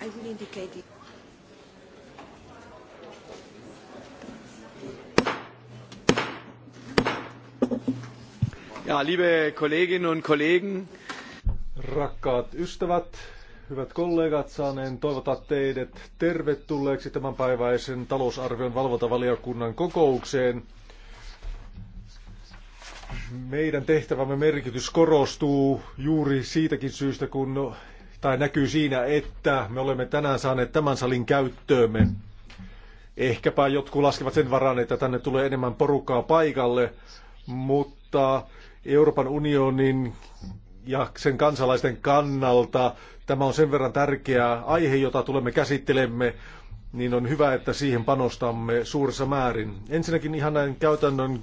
I will indicate it. Ja, liebe Kolleginnen und Kollegen. Rakkaat ystävät, hyvät kollegat, saaneen toivottaa teidät tervetulleeksi tämänpäiväisen talousarvion valvontavaliokunnan kokoukseen. Meidän tehtävämme merkitys korostuu juuri siitäkin syystä, kun tai näkyy siinä, että me olemme tänään saaneet tämän salin käyttöömme. Ehkäpä jotkut laskevat sen varaan, että tänne tulee enemmän porukkaa paikalle, mutta Euroopan unionin ja sen kansalaisten kannalta tämä on sen verran tärkeä aihe, jota tulemme käsittelemme, niin on hyvä, että siihen panostamme suuressa määrin. Ensinnäkin ihan näin käytännön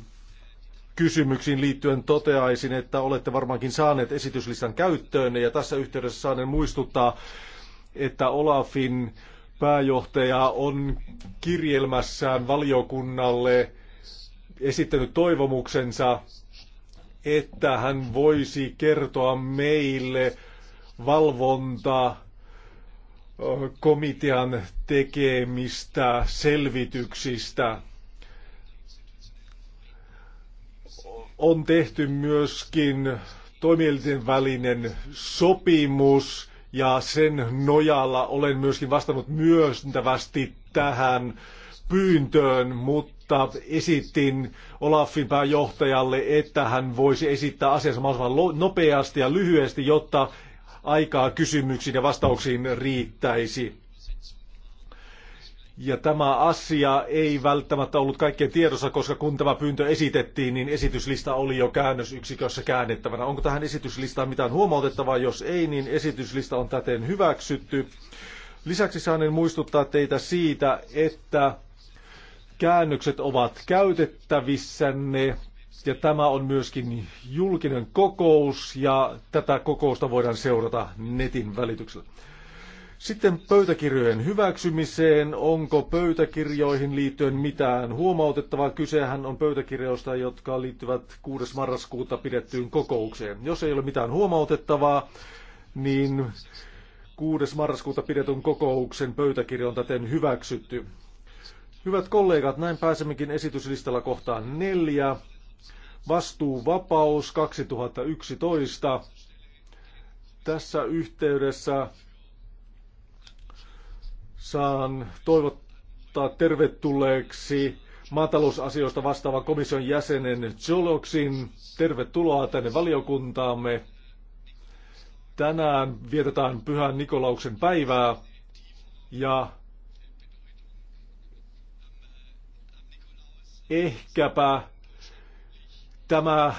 kysymyksiin liittyen toteaisin, että olette varmaankin saaneet esityslistan käyttöön ja tässä yhteydessä saanen muistuttaa, että Olafin pääjohtaja on kirjelmässään valiokunnalle esittänyt toivomuksensa, että hän voisi kertoa meille valvonta komitean tekemistä selvityksistä On tehty myöskin toimielinten välinen sopimus ja sen nojalla olen myöskin vastannut myöntävästi tähän pyyntöön, mutta esitin Olafin pääjohtajalle, että hän voisi esittää asiansa mahdollisimman nopeasti ja lyhyesti, jotta aikaa kysymyksiin ja vastauksiin riittäisi. Ja tämä asia ei välttämättä ollut kaikkien tiedossa, koska kun tämä pyyntö esitettiin, niin esityslista oli jo käännösyksikössä käännettävänä. Onko tähän esityslistaan mitään huomautettavaa? Jos ei, niin esityslista on täten hyväksytty. Lisäksi saanen muistuttaa teitä siitä, että käännökset ovat käytettävissänne ja tämä on myöskin julkinen kokous ja tätä kokousta voidaan seurata netin välityksellä. Sitten pöytäkirjojen hyväksymiseen. Onko pöytäkirjoihin liittyen mitään huomautettavaa? Kysehän on pöytäkirjoista, jotka liittyvät 6. marraskuuta pidettyyn kokoukseen. Jos ei ole mitään huomautettavaa, niin 6. marraskuuta pidetyn kokouksen pöytäkirja on täten hyväksytty. Hyvät kollegat, näin pääsemmekin esityslistalla kohtaan neljä. Vastuuvapaus 2011. Tässä yhteydessä saan toivottaa tervetulleeksi maatalousasioista vastaavan komission jäsenen Joloksin. Tervetuloa tänne valiokuntaamme. Tänään vietetään Pyhän Nikolauksen päivää ja ehkäpä tämä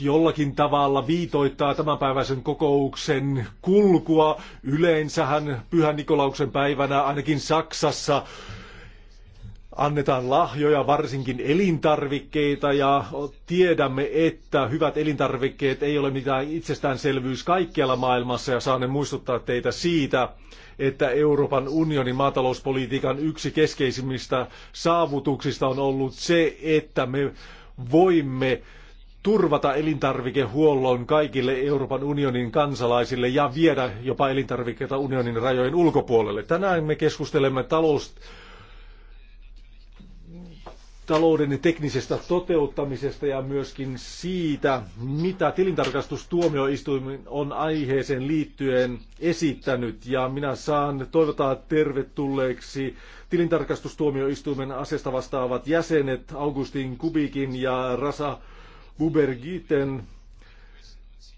jollakin tavalla viitoittaa tämänpäiväisen kokouksen kulkua. Yleensähän Pyhän Nikolauksen päivänä ainakin Saksassa annetaan lahjoja, varsinkin elintarvikkeita ja tiedämme, että hyvät elintarvikkeet ei ole mitään itsestäänselvyys kaikkialla maailmassa ja ne muistuttaa teitä siitä, että Euroopan unionin maatalouspolitiikan yksi keskeisimmistä saavutuksista on ollut se, että me voimme turvata elintarvikehuollon kaikille Euroopan unionin kansalaisille ja viedä jopa elintarvikkeita unionin rajojen ulkopuolelle. Tänään me keskustelemme talous, talouden teknisestä toteuttamisesta ja myöskin siitä, mitä tilintarkastustuomioistuin on aiheeseen liittyen esittänyt. Ja minä saan toivottaa tervetulleeksi tilintarkastustuomioistuimen asiasta vastaavat jäsenet Augustin Kubikin ja Rasa Bubergiten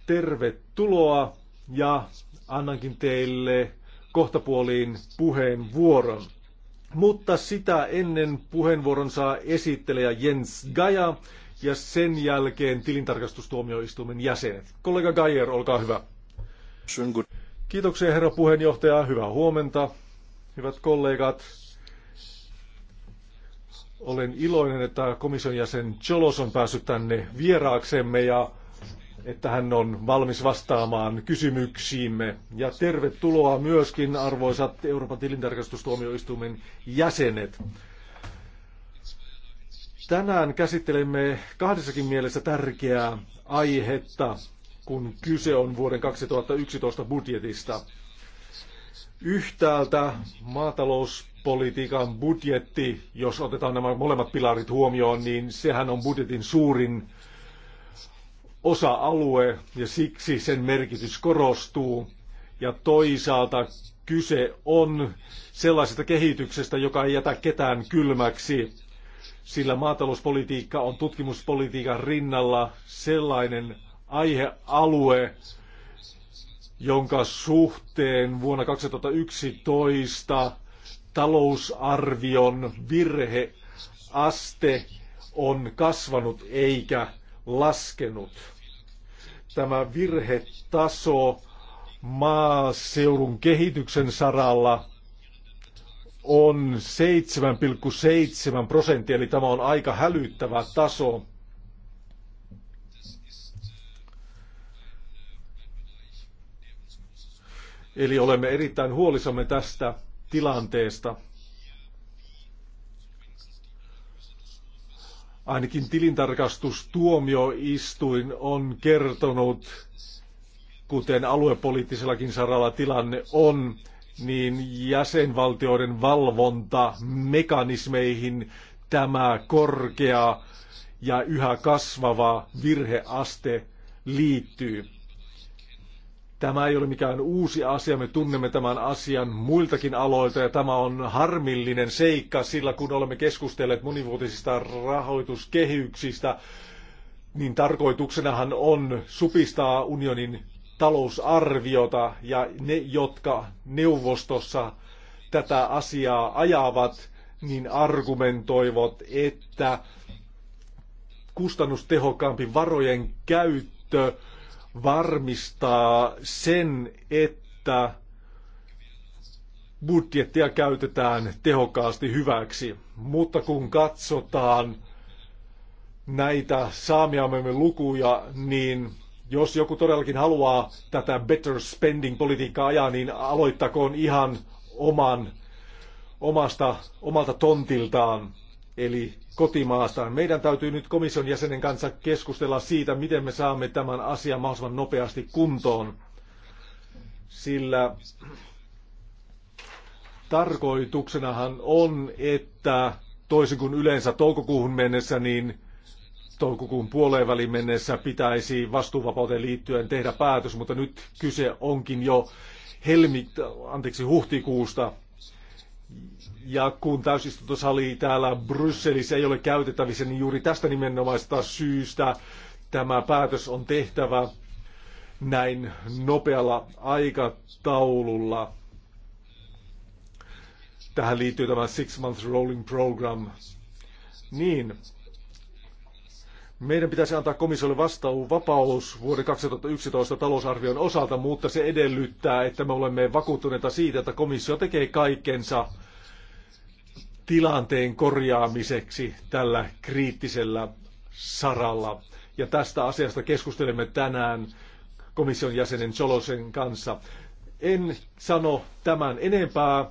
tervetuloa ja annankin teille kohtapuoliin puheenvuoron. Mutta sitä ennen puheenvuoron saa esittelijä Jens Gaja ja sen jälkeen tilintarkastustuomioistuimen jäsenet. Kollega Gajer, olkaa hyvä. Kiitoksia herra puheenjohtaja, hyvää huomenta. Hyvät kollegat, olen iloinen, että komission jäsen Cholos on päässyt tänne vieraaksemme ja että hän on valmis vastaamaan kysymyksiimme. Ja tervetuloa myöskin arvoisat Euroopan tilintarkastustuomioistuimen jäsenet. Tänään käsittelemme kahdessakin mielessä tärkeää aihetta, kun kyse on vuoden 2011 budjetista. Yhtäältä maatalous politiikan budjetti, jos otetaan nämä molemmat pilarit huomioon, niin sehän on budjetin suurin osa-alue ja siksi sen merkitys korostuu. Ja toisaalta kyse on sellaisesta kehityksestä, joka ei jätä ketään kylmäksi, sillä maatalouspolitiikka on tutkimuspolitiikan rinnalla sellainen aihealue, jonka suhteen vuonna 2011 talousarvion virheaste on kasvanut eikä laskenut. Tämä virhetaso maaseudun kehityksen saralla on 7,7 prosenttia, eli tämä on aika hälyttävä taso. Eli olemme erittäin huolissamme tästä tilanteesta. Ainakin tilintarkastustuomioistuin on kertonut, kuten aluepoliittisellakin saralla tilanne on, niin jäsenvaltioiden valvontamekanismeihin tämä korkea ja yhä kasvava virheaste liittyy. Tämä ei ole mikään uusi asia, me tunnemme tämän asian muiltakin aloilta ja tämä on harmillinen seikka, sillä kun olemme keskustelleet monivuotisista rahoituskehyksistä, niin tarkoituksenahan on supistaa unionin talousarviota ja ne, jotka neuvostossa tätä asiaa ajavat, niin argumentoivat, että kustannustehokkaampi varojen käyttö varmistaa sen, että budjettia käytetään tehokkaasti hyväksi. Mutta kun katsotaan näitä saamiamme lukuja, niin jos joku todellakin haluaa tätä better spending politiikkaa ajaa, niin aloittakoon ihan oman, omasta, omalta tontiltaan. Eli kotimaastaan. Meidän täytyy nyt komission jäsenen kanssa keskustella siitä, miten me saamme tämän asian mahdollisimman nopeasti kuntoon. Sillä tarkoituksenahan on, että toisin kuin yleensä toukokuuhun mennessä, niin toukokuun puoleen väliin mennessä pitäisi vastuuvapauteen liittyen tehdä päätös, mutta nyt kyse onkin jo helmi, anteeksi, huhtikuusta. Ja kun täysistuntosali täällä Brysselissä ei ole käytettävissä, niin juuri tästä nimenomaista syystä tämä päätös on tehtävä näin nopealla aikataululla. Tähän liittyy tämä Six Month Rolling Program. Niin, meidän pitäisi antaa komissiolle vastaus vapaus vuoden 2011 talousarvion osalta, mutta se edellyttää, että me olemme vakuuttuneita siitä, että komissio tekee kaikkensa – tilanteen korjaamiseksi tällä kriittisellä saralla. Ja tästä asiasta keskustelemme tänään komission jäsenen Cholosen kanssa. En sano tämän enempää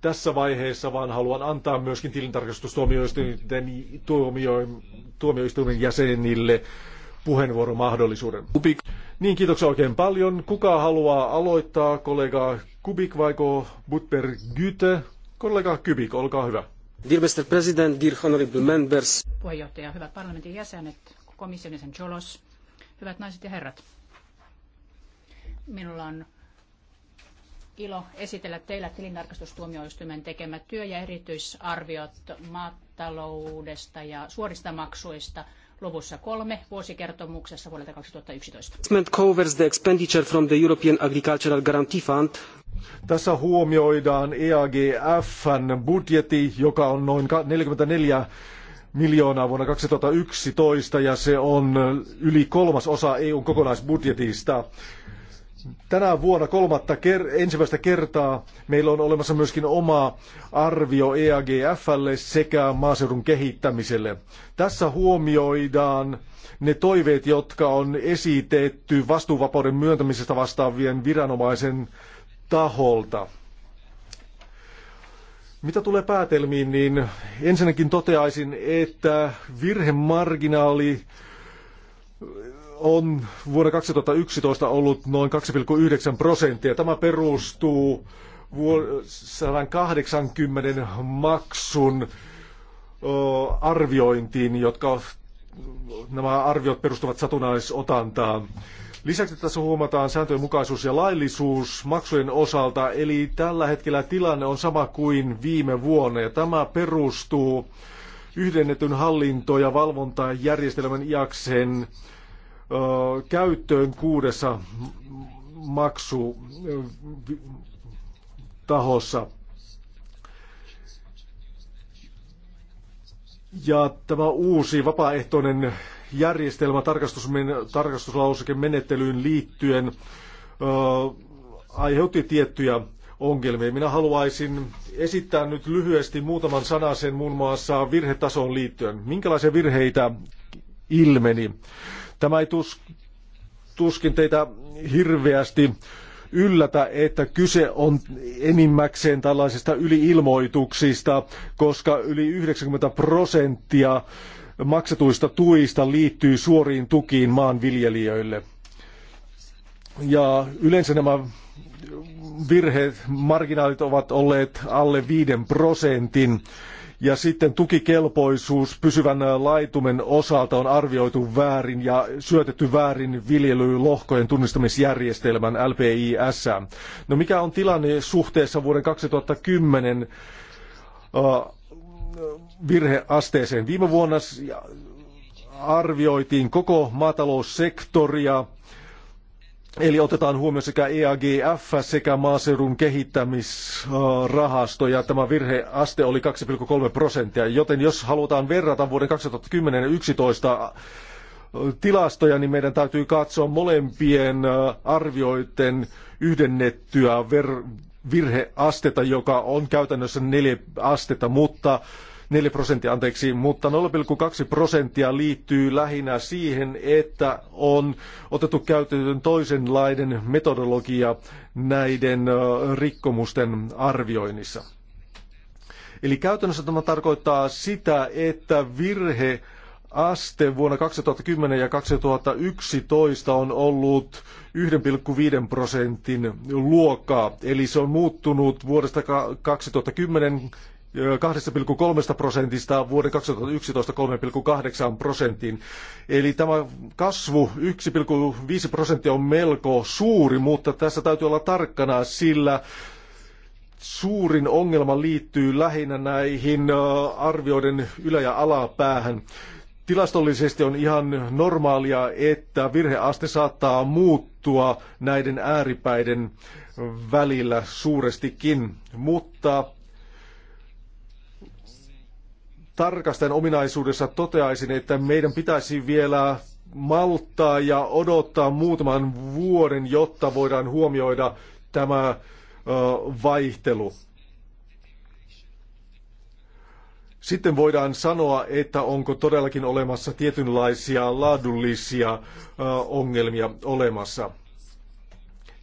tässä vaiheessa, vaan haluan antaa myöskin tilintarkastustuomioistuimen jäsenille puheenvuoromahdollisuuden. Kubik. Niin, kiitoksia oikein paljon. Kuka haluaa aloittaa? Kollega Kubik vaiko Butper Gyte? Kollega Kybik, olkaa hyvä. Dear Mr. President, dear honorable members. Puheenjohtaja, hyvät parlamentin jäsenet, komission jäsen Jolos, hyvät naiset ja herrat. Minulla on ilo esitellä teillä tilintarkastustuomioistuimen tekemät työ- ja erityisarviot maataloudesta ja suorista maksuista – luvussa kolme vuosikertomuksessa vuodelta 2011. Covers the expenditure from the European Agricultural Guarantee Fund. Tässä huomioidaan EAGFn budjetti, joka on noin 44 miljoonaa vuonna 2011 ja se on yli kolmas osa EUn kokonaisbudjetista tänä vuonna kolmatta ker- ensimmäistä kertaa meillä on olemassa myöskin oma arvio EAGFlle sekä maaseudun kehittämiselle. Tässä huomioidaan ne toiveet, jotka on esitetty vastuuvapauden myöntämisestä vastaavien viranomaisen taholta. Mitä tulee päätelmiin, niin ensinnäkin toteaisin, että virhemarginaali on vuonna 2011 ollut noin 2,9 prosenttia. Tämä perustuu 180 maksun arviointiin, jotka nämä arviot perustuvat satunnaisotantaan. Lisäksi tässä huomataan sääntöjen mukaisuus ja laillisuus maksujen osalta, eli tällä hetkellä tilanne on sama kuin viime vuonna, ja tämä perustuu yhdennetyn hallinto- ja valvontajärjestelmän iakseen käyttöön kuudessa maksutahossa. Ja tämä uusi vapaaehtoinen järjestelmä tarkastuslausekin menettelyyn liittyen ö, aiheutti tiettyjä ongelmia. Minä haluaisin esittää nyt lyhyesti muutaman sanan sen muun muassa virhetasoon liittyen. Minkälaisia virheitä ilmeni? Tämä ei tus, tuskin teitä hirveästi yllätä, että kyse on enimmäkseen tällaisista yliilmoituksista, koska yli 90 prosenttia maksetuista tuista liittyy suoriin tukiin maanviljelijöille. Ja yleensä nämä virheet, marginaalit ovat olleet alle 5 prosentin ja sitten tukikelpoisuus pysyvän laitumen osalta on arvioitu väärin ja syötetty väärin viljelylohkojen tunnistamisjärjestelmän LPIS. No mikä on tilanne suhteessa vuoden 2010 virheasteeseen? Viime vuonna arvioitiin koko maataloussektoria Eli otetaan huomioon sekä EAGF sekä maaseudun kehittämisrahasto ja tämä virheaste oli 2,3 prosenttia. Joten jos halutaan verrata vuoden 2010 ja 2011 tilastoja, niin meidän täytyy katsoa molempien arvioiden yhdennettyä virheastetta, joka on käytännössä neljä astetta, mutta 4 prosenttia, anteeksi, mutta 0,2 prosenttia liittyy lähinnä siihen, että on otettu käyttöön toisenlainen metodologia näiden rikkomusten arvioinnissa. Eli käytännössä tämä tarkoittaa sitä, että virhe aste vuonna 2010 ja 2011 on ollut 1,5 prosentin luokkaa, eli se on muuttunut vuodesta 2010 2,3 prosentista vuoden 2011 3,8 prosenttiin. Eli tämä kasvu 1,5 prosenttia on melko suuri, mutta tässä täytyy olla tarkkana, sillä suurin ongelma liittyy lähinnä näihin arvioiden ylä- ja alapäähän. Tilastollisesti on ihan normaalia, että virheaste saattaa muuttua näiden ääripäiden välillä suurestikin, mutta tarkastajan ominaisuudessa toteaisin, että meidän pitäisi vielä malttaa ja odottaa muutaman vuoden, jotta voidaan huomioida tämä vaihtelu. Sitten voidaan sanoa, että onko todellakin olemassa tietynlaisia laadullisia ongelmia olemassa.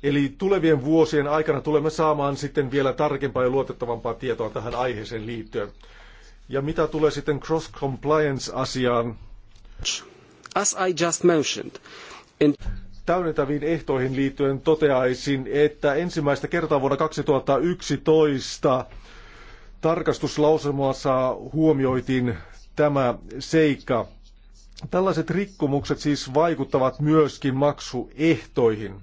Eli tulevien vuosien aikana tulemme saamaan sitten vielä tarkempaa ja luotettavampaa tietoa tähän aiheeseen liittyen. Ja mitä tulee sitten cross-compliance-asiaan? As I just mentioned, in... Täydentäviin ehtoihin liittyen toteaisin, että ensimmäistä kertaa vuonna 2011 tarkastuslauselmassa huomioitiin tämä seikka. Tällaiset rikkomukset siis vaikuttavat myöskin maksuehtoihin.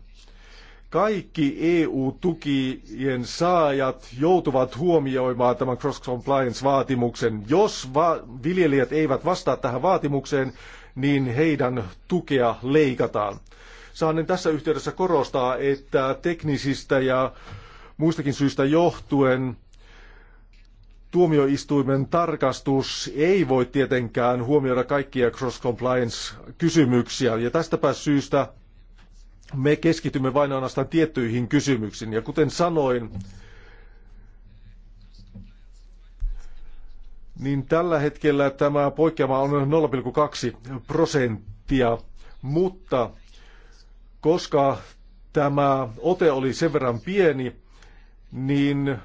Kaikki EU-tukien saajat joutuvat huomioimaan tämän cross-compliance-vaatimuksen. Jos va- viljelijät eivät vastaa tähän vaatimukseen, niin heidän tukea leikataan. Saanen tässä yhteydessä korostaa, että teknisistä ja muistakin syistä johtuen tuomioistuimen tarkastus ei voi tietenkään huomioida kaikkia cross-compliance-kysymyksiä. Ja tästäpä syystä me keskitymme vain ainoastaan tiettyihin kysymyksiin. Ja kuten sanoin, niin tällä hetkellä tämä poikkeama on 0,2 prosenttia, mutta koska tämä ote oli sen verran pieni, niin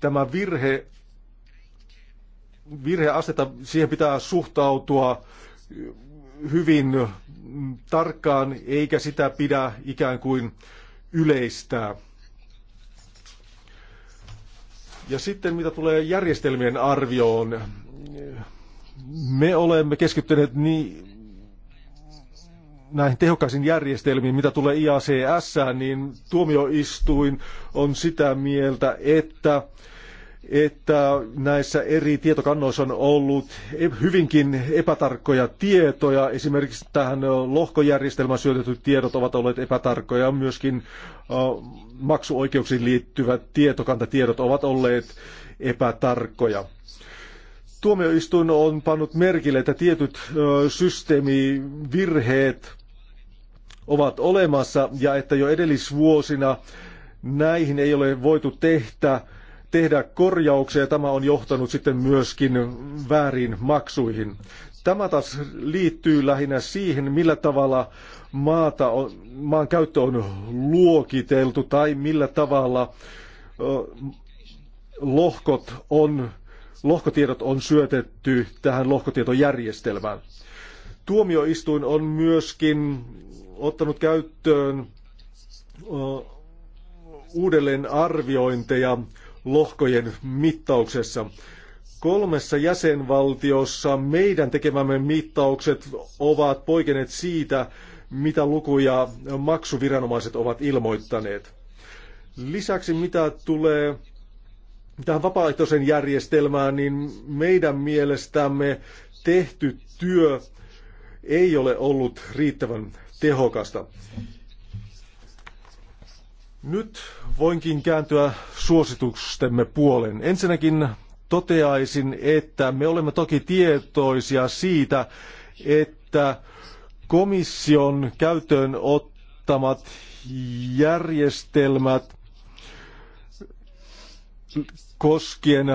tämä virhe, virheastetta, siihen pitää suhtautua hyvin tarkkaan, eikä sitä pidä ikään kuin yleistää. Ja sitten mitä tulee järjestelmien arvioon, me olemme keskittyneet niin näihin tehokkaisiin järjestelmiin, mitä tulee IACS, niin tuomioistuin on sitä mieltä, että että näissä eri tietokannoissa on ollut hyvinkin epätarkkoja tietoja. Esimerkiksi tähän lohkojärjestelmään syötetyt tiedot ovat olleet epätarkkoja. Myöskin maksuoikeuksiin liittyvät tietokantatiedot ovat olleet epätarkkoja. Tuomioistuin on pannut merkille, että tietyt systeemivirheet ovat olemassa ja että jo edellisvuosina näihin ei ole voitu tehdä tehdä korjauksia ja tämä on johtanut sitten myöskin väärin maksuihin. Tämä taas liittyy lähinnä siihen, millä tavalla maata on, maan käyttö on luokiteltu tai millä tavalla lohkot on, lohkotiedot on syötetty tähän lohkotietojärjestelmään. Tuomioistuin on myöskin ottanut käyttöön uudelleen arviointeja lohkojen mittauksessa. Kolmessa jäsenvaltiossa meidän tekemämme mittaukset ovat poikeneet siitä, mitä lukuja maksuviranomaiset ovat ilmoittaneet. Lisäksi mitä tulee tähän vapaaehtoisen järjestelmään, niin meidän mielestämme tehty työ ei ole ollut riittävän tehokasta. Nyt voinkin kääntyä suositustemme puolen. Ensinnäkin toteaisin, että me olemme toki tietoisia siitä, että komission käyttöön ottamat järjestelmät koskien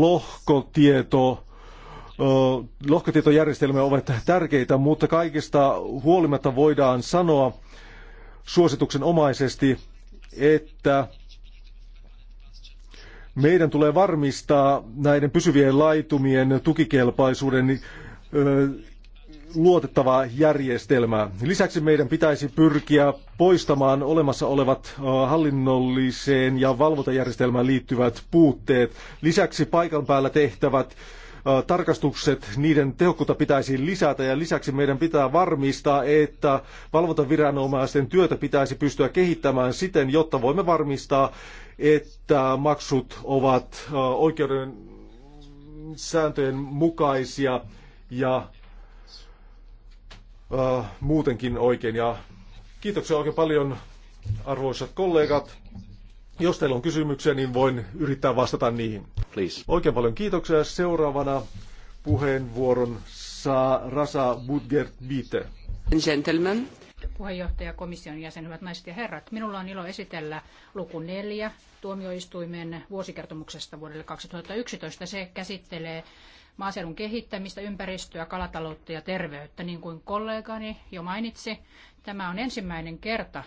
lohkotieto, lohkotietojärjestelmiä ovat tärkeitä, mutta kaikista huolimatta voidaan sanoa suosituksen omaisesti, että meidän tulee varmistaa näiden pysyvien laitumien tukikelpaisuuden luotettava järjestelmä. Lisäksi meidän pitäisi pyrkiä poistamaan olemassa olevat hallinnolliseen ja valvontajärjestelmään liittyvät puutteet. Lisäksi paikan päällä tehtävät tarkastukset, niiden tehokkuutta pitäisi lisätä ja lisäksi meidän pitää varmistaa, että valvontaviranomaisten työtä pitäisi pystyä kehittämään siten, jotta voimme varmistaa, että maksut ovat oikeuden sääntöjen mukaisia ja muutenkin oikein. Ja kiitoksia oikein paljon arvoisat kollegat. Jos teillä on kysymyksiä, niin voin yrittää vastata niihin. Please. Oikein paljon kiitoksia. Seuraavana puheenvuoron saa Rasa Budgert Vite. Gentlemen. Puheenjohtaja, komission jäsen, hyvät naiset ja herrat. Minulla on ilo esitellä luku neljä tuomioistuimen vuosikertomuksesta vuodelle 2011. Se käsittelee maaseudun kehittämistä, ympäristöä, kalataloutta ja terveyttä. Niin kuin kollegani jo mainitsi, tämä on ensimmäinen kerta,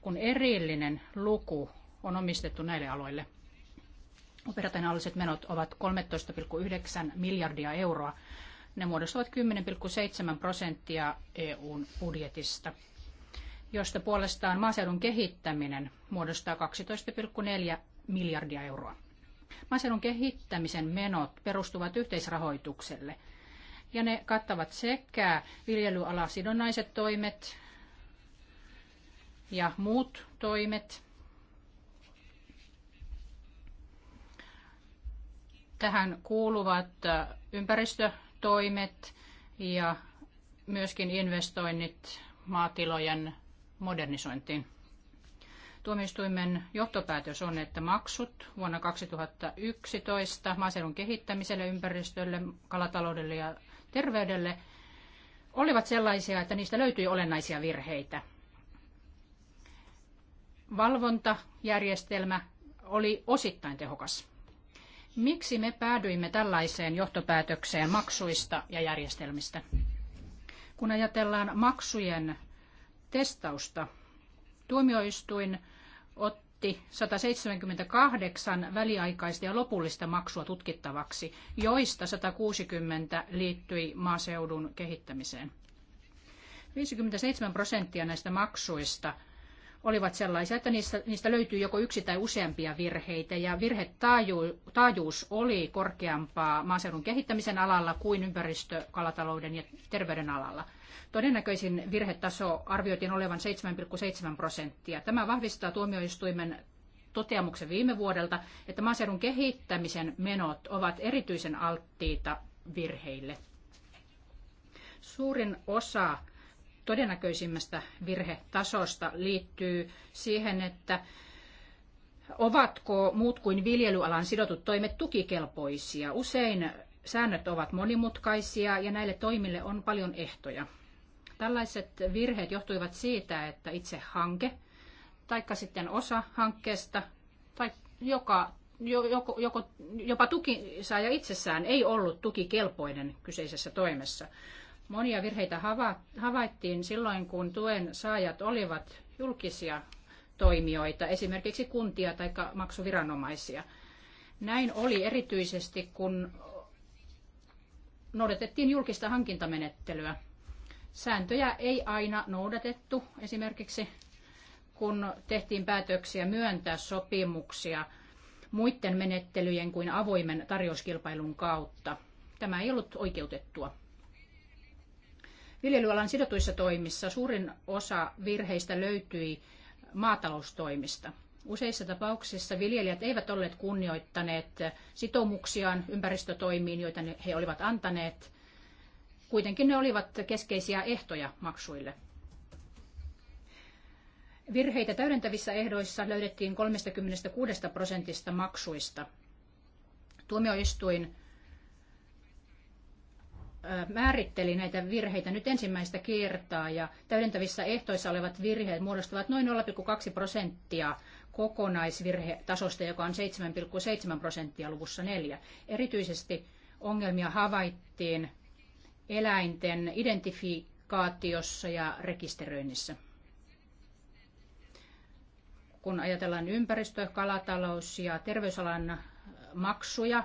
kun erillinen luku on omistettu näille aloille. Operationaaliset menot ovat 13,9 miljardia euroa. Ne muodostavat 10,7 prosenttia EUn budjetista, josta puolestaan maaseudun kehittäminen muodostaa 12,4 miljardia euroa. Maaseudun kehittämisen menot perustuvat yhteisrahoitukselle ja ne kattavat sekä viljelyalasidonnaiset toimet ja muut toimet, Tähän kuuluvat ympäristötoimet ja myöskin investoinnit maatilojen modernisointiin. Tuomioistuimen johtopäätös on, että maksut vuonna 2011 maaseudun kehittämiselle, ympäristölle, kalataloudelle ja terveydelle olivat sellaisia, että niistä löytyi olennaisia virheitä. Valvontajärjestelmä oli osittain tehokas. Miksi me päädyimme tällaiseen johtopäätökseen maksuista ja järjestelmistä? Kun ajatellaan maksujen testausta, tuomioistuin otti 178 väliaikaista ja lopullista maksua tutkittavaksi, joista 160 liittyi maaseudun kehittämiseen. 57 prosenttia näistä maksuista olivat sellaisia, että niistä, niistä löytyy joko yksi tai useampia virheitä, ja virhetaajuus oli korkeampaa maaseudun kehittämisen alalla kuin ympäristö-, kalatalouden ja terveyden alalla. Todennäköisin virhetaso arvioitiin olevan 7,7 prosenttia. Tämä vahvistaa tuomioistuimen toteamuksen viime vuodelta, että maaseudun kehittämisen menot ovat erityisen alttiita virheille. Suurin osa todennäköisimmästä virhetasosta liittyy siihen, että ovatko muut kuin viljelyalan sidotut toimet tukikelpoisia. Usein säännöt ovat monimutkaisia ja näille toimille on paljon ehtoja. Tällaiset virheet johtuivat siitä, että itse hanke tai sitten osa hankkeesta tai joka, joko, joko, jopa tukisaaja itsessään ei ollut tukikelpoinen kyseisessä toimessa. Monia virheitä havaittiin silloin, kun tuen saajat olivat julkisia toimijoita, esimerkiksi kuntia tai maksuviranomaisia. Näin oli erityisesti, kun noudatettiin julkista hankintamenettelyä. Sääntöjä ei aina noudatettu esimerkiksi, kun tehtiin päätöksiä myöntää sopimuksia muiden menettelyjen kuin avoimen tarjouskilpailun kautta. Tämä ei ollut oikeutettua viljelyalan sidotuissa toimissa suurin osa virheistä löytyi maataloustoimista. Useissa tapauksissa viljelijät eivät olleet kunnioittaneet sitoumuksiaan ympäristötoimiin, joita he olivat antaneet. Kuitenkin ne olivat keskeisiä ehtoja maksuille. Virheitä täydentävissä ehdoissa löydettiin 36 prosentista maksuista. Tuomioistuin määritteli näitä virheitä nyt ensimmäistä kertaa ja täydentävissä ehtoissa olevat virheet muodostavat noin 0,2 prosenttia kokonaisvirhetasosta, joka on 7,7 prosenttia luvussa neljä. Erityisesti ongelmia havaittiin eläinten identifikaatiossa ja rekisteröinnissä. Kun ajatellaan ympäristö-, kalatalous- ja terveysalan maksuja,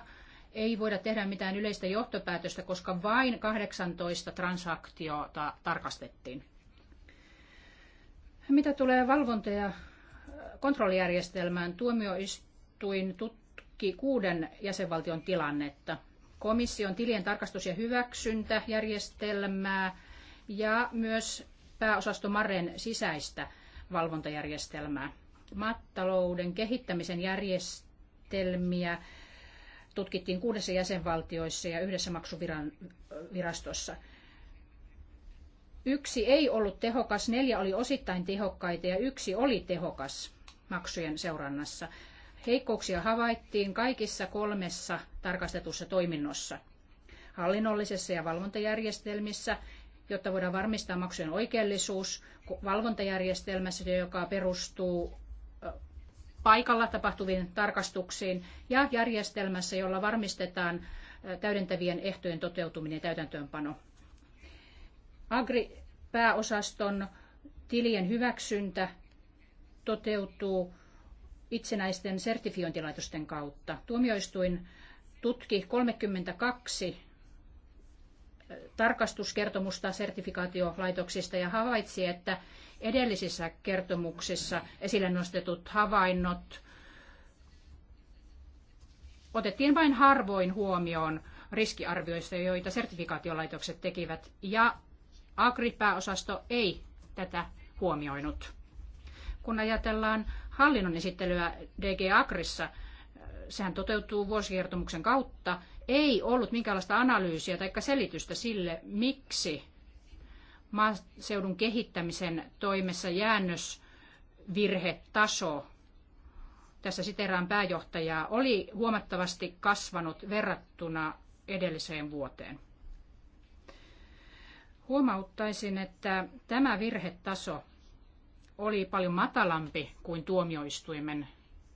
ei voida tehdä mitään yleistä johtopäätöstä, koska vain 18 transaktiota tarkastettiin. Mitä tulee valvonta- ja äh, kontrollijärjestelmään, tuomioistuin tutki kuuden jäsenvaltion tilannetta. Komission tilien tarkastus- ja hyväksyntäjärjestelmää ja myös pääosasto Maren sisäistä valvontajärjestelmää. Maatalouden kehittämisen järjestelmiä tutkittiin kuudessa jäsenvaltioissa ja yhdessä maksuvirastossa. Yksi ei ollut tehokas, neljä oli osittain tehokkaita ja yksi oli tehokas maksujen seurannassa. Heikkouksia havaittiin kaikissa kolmessa tarkastetussa toiminnossa, hallinnollisessa ja valvontajärjestelmissä, jotta voidaan varmistaa maksujen oikeellisuus, valvontajärjestelmässä, joka perustuu paikalla tapahtuviin tarkastuksiin ja järjestelmässä, jolla varmistetaan täydentävien ehtojen toteutuminen ja täytäntöönpano. Agri-pääosaston tilien hyväksyntä toteutuu itsenäisten sertifiointilaitosten kautta. Tuomioistuin tutki 32 tarkastuskertomusta sertifikaatiolaitoksista ja havaitsi, että edellisissä kertomuksissa esille nostetut havainnot otettiin vain harvoin huomioon riskiarvioista, joita sertifikaatiolaitokset tekivät, ja Agri-pääosasto ei tätä huomioinut. Kun ajatellaan hallinnon esittelyä DG Agrissa, sehän toteutuu vuosikertomuksen kautta, ei ollut minkäänlaista analyysiä tai selitystä sille, miksi maaseudun kehittämisen toimessa jäännösvirhetaso, tässä siteraan pääjohtajaa, oli huomattavasti kasvanut verrattuna edelliseen vuoteen. Huomauttaisin, että tämä virhetaso oli paljon matalampi kuin tuomioistuimen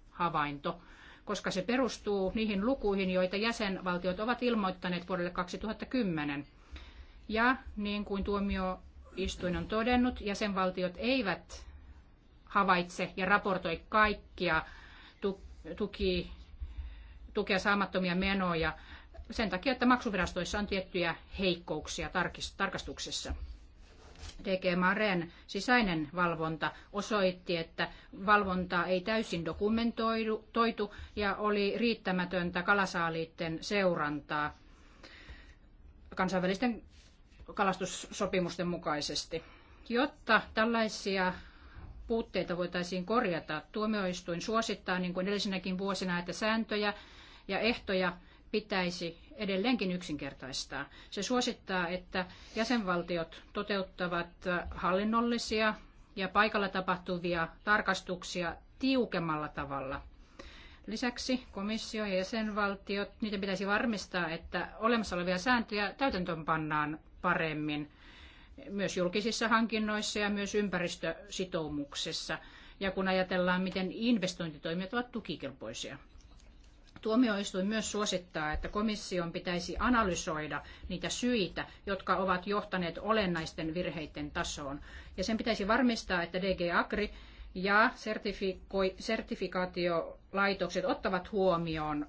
havainto, koska se perustuu niihin lukuihin, joita jäsenvaltiot ovat ilmoittaneet vuodelle 2010. Ja niin kuin tuomioistuin on todennut, jäsenvaltiot eivät havaitse ja raportoi kaikkia tuki, tukea saamattomia menoja sen takia, että maksuvirastoissa on tiettyjä heikkouksia tarkastuksessa. DG Maren sisäinen valvonta osoitti, että valvontaa ei täysin dokumentoitu ja oli riittämätöntä kalasaaliitten seurantaa kansainvälisten kalastussopimusten mukaisesti. Jotta tällaisia puutteita voitaisiin korjata, tuomioistuin suosittaa, niin kuin edellisenäkin vuosina, että sääntöjä ja ehtoja pitäisi edelleenkin yksinkertaistaa. Se suosittaa, että jäsenvaltiot toteuttavat hallinnollisia ja paikalla tapahtuvia tarkastuksia tiukemmalla tavalla. Lisäksi komissio ja jäsenvaltiot, niiden pitäisi varmistaa, että olemassa olevia sääntöjä täytäntöön pannaan paremmin myös julkisissa hankinnoissa ja myös ympäristösitoumuksessa. Ja kun ajatellaan, miten investointitoimet ovat tukikelpoisia. Tuomioistuin myös suosittaa, että komission pitäisi analysoida niitä syitä, jotka ovat johtaneet olennaisten virheiden tasoon. Ja sen pitäisi varmistaa, että DG Agri ja sertifikaatiolaitokset ottavat huomioon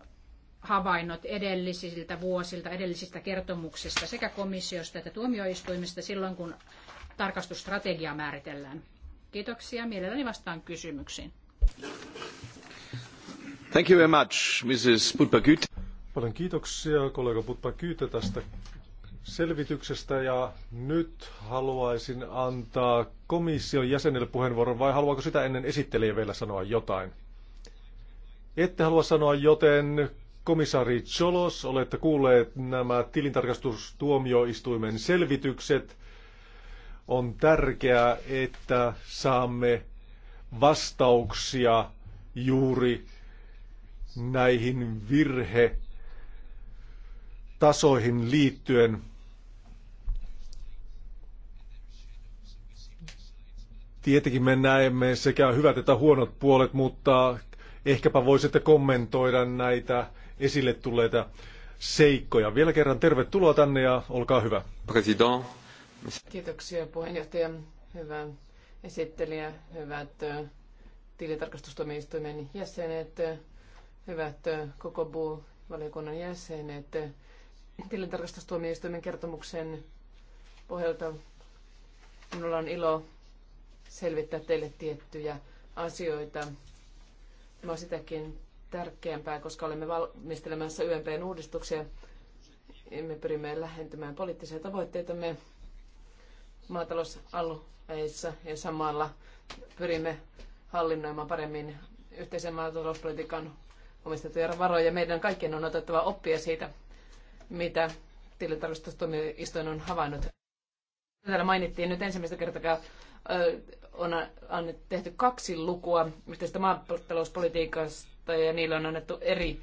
havainnot edellisiltä vuosilta, edellisistä kertomuksista sekä komissiosta että tuomioistuimista silloin, kun tarkastusstrategiaa määritellään. Kiitoksia. Mielelläni vastaan kysymyksiin. Thank you very much, Mrs. Putpakyt. Paljon kiitoksia kollega Putpakyte tästä selvityksestä ja nyt haluaisin antaa komission jäsenelle puheenvuoron vai haluaako sitä ennen esittelijä vielä sanoa jotain? Ette halua sanoa, joten komissaari Cholos, olette kuulleet nämä tilintarkastustuomioistuimen selvitykset. On tärkeää, että saamme vastauksia juuri näihin virhe tasoihin liittyen. Tietenkin me näemme sekä hyvät että huonot puolet, mutta ehkäpä voisitte kommentoida näitä esille tulleita seikkoja. Vielä kerran tervetuloa tänne ja olkaa hyvä. President. Kiitoksia puheenjohtaja. Hyvä esittelijä, hyvät tilintarkastustuomioistuimen jäsenet, hyvät koko valiokunnan jäsenet. Tilintarkastustuomioistuimen kertomuksen pohjalta minulla on ilo selvittää teille tiettyjä asioita. Mä sitäkin tärkeämpää, koska olemme valmistelemassa YMPn uudistuksia. Me pyrimme lähentymään poliittisia tavoitteitamme maatalousalueissa ja samalla pyrimme hallinnoimaan paremmin yhteisen maatalouspolitiikan omistettuja varoja. Meidän kaikkien on otettava oppia siitä, mitä tilintarkastustuomioistuin on havainnut. Täällä mainittiin nyt ensimmäistä kertaa on tehty kaksi lukua yhteisestä maatalouspolitiikasta ja niille on annettu eri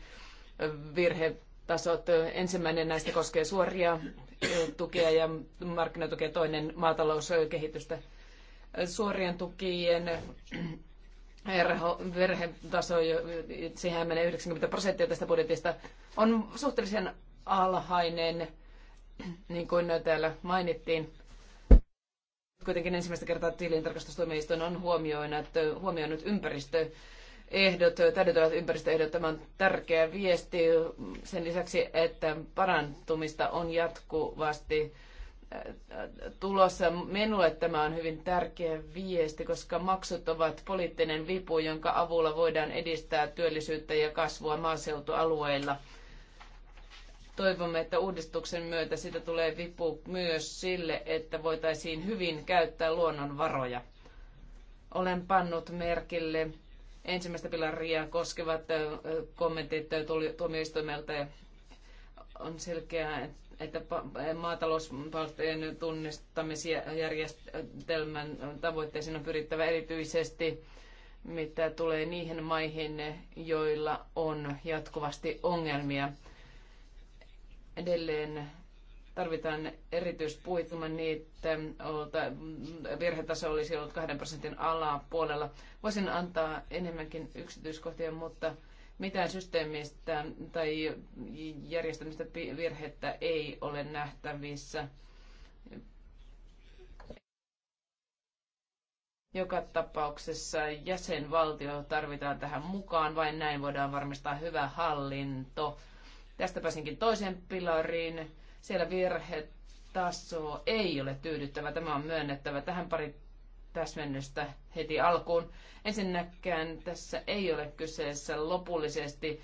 virhetasot. Ensimmäinen näistä koskee suoria tukia ja markkinatukea, toinen maatalouskehitystä. Suorien tukien verhetaso, siihen menee 90 prosenttia tästä budjetista, on suhteellisen alhainen, niin kuin täällä mainittiin. Kuitenkin ensimmäistä kertaa tilintarkastustuomioistuin on huomioinut, huomioinut ympäristö ehdot, täydentävät ympäristöehdot. Tämä on tärkeä viesti sen lisäksi, että parantumista on jatkuvasti äh, tulossa. Minulle tämä on hyvin tärkeä viesti, koska maksut ovat poliittinen vipu, jonka avulla voidaan edistää työllisyyttä ja kasvua maaseutualueilla. Toivomme, että uudistuksen myötä sitä tulee vipu myös sille, että voitaisiin hyvin käyttää luonnonvaroja. Olen pannut merkille ensimmäistä pilaria koskevat kommentit tuomioistuimelta on selkeää, että maatalouspalstojen tunnistamisjärjestelmän tavoitteisiin on pyrittävä erityisesti, mitä tulee niihin maihin, joilla on jatkuvasti ongelmia. Edelleen tarvitaan erityispuituma niitä, että virhetaso olisi ollut kahden prosentin alapuolella. Voisin antaa enemmänkin yksityiskohtia, mutta mitään systeemistä tai järjestämistä virhettä ei ole nähtävissä. Joka tapauksessa jäsenvaltio tarvitaan tähän mukaan, vain näin voidaan varmistaa hyvä hallinto. Tästä pääsinkin toisen pilariin siellä virhetaso ei ole tyydyttävä, tämä on myönnettävä. Tähän pari täsmennystä heti alkuun. Ensinnäkään tässä ei ole kyseessä lopullisesti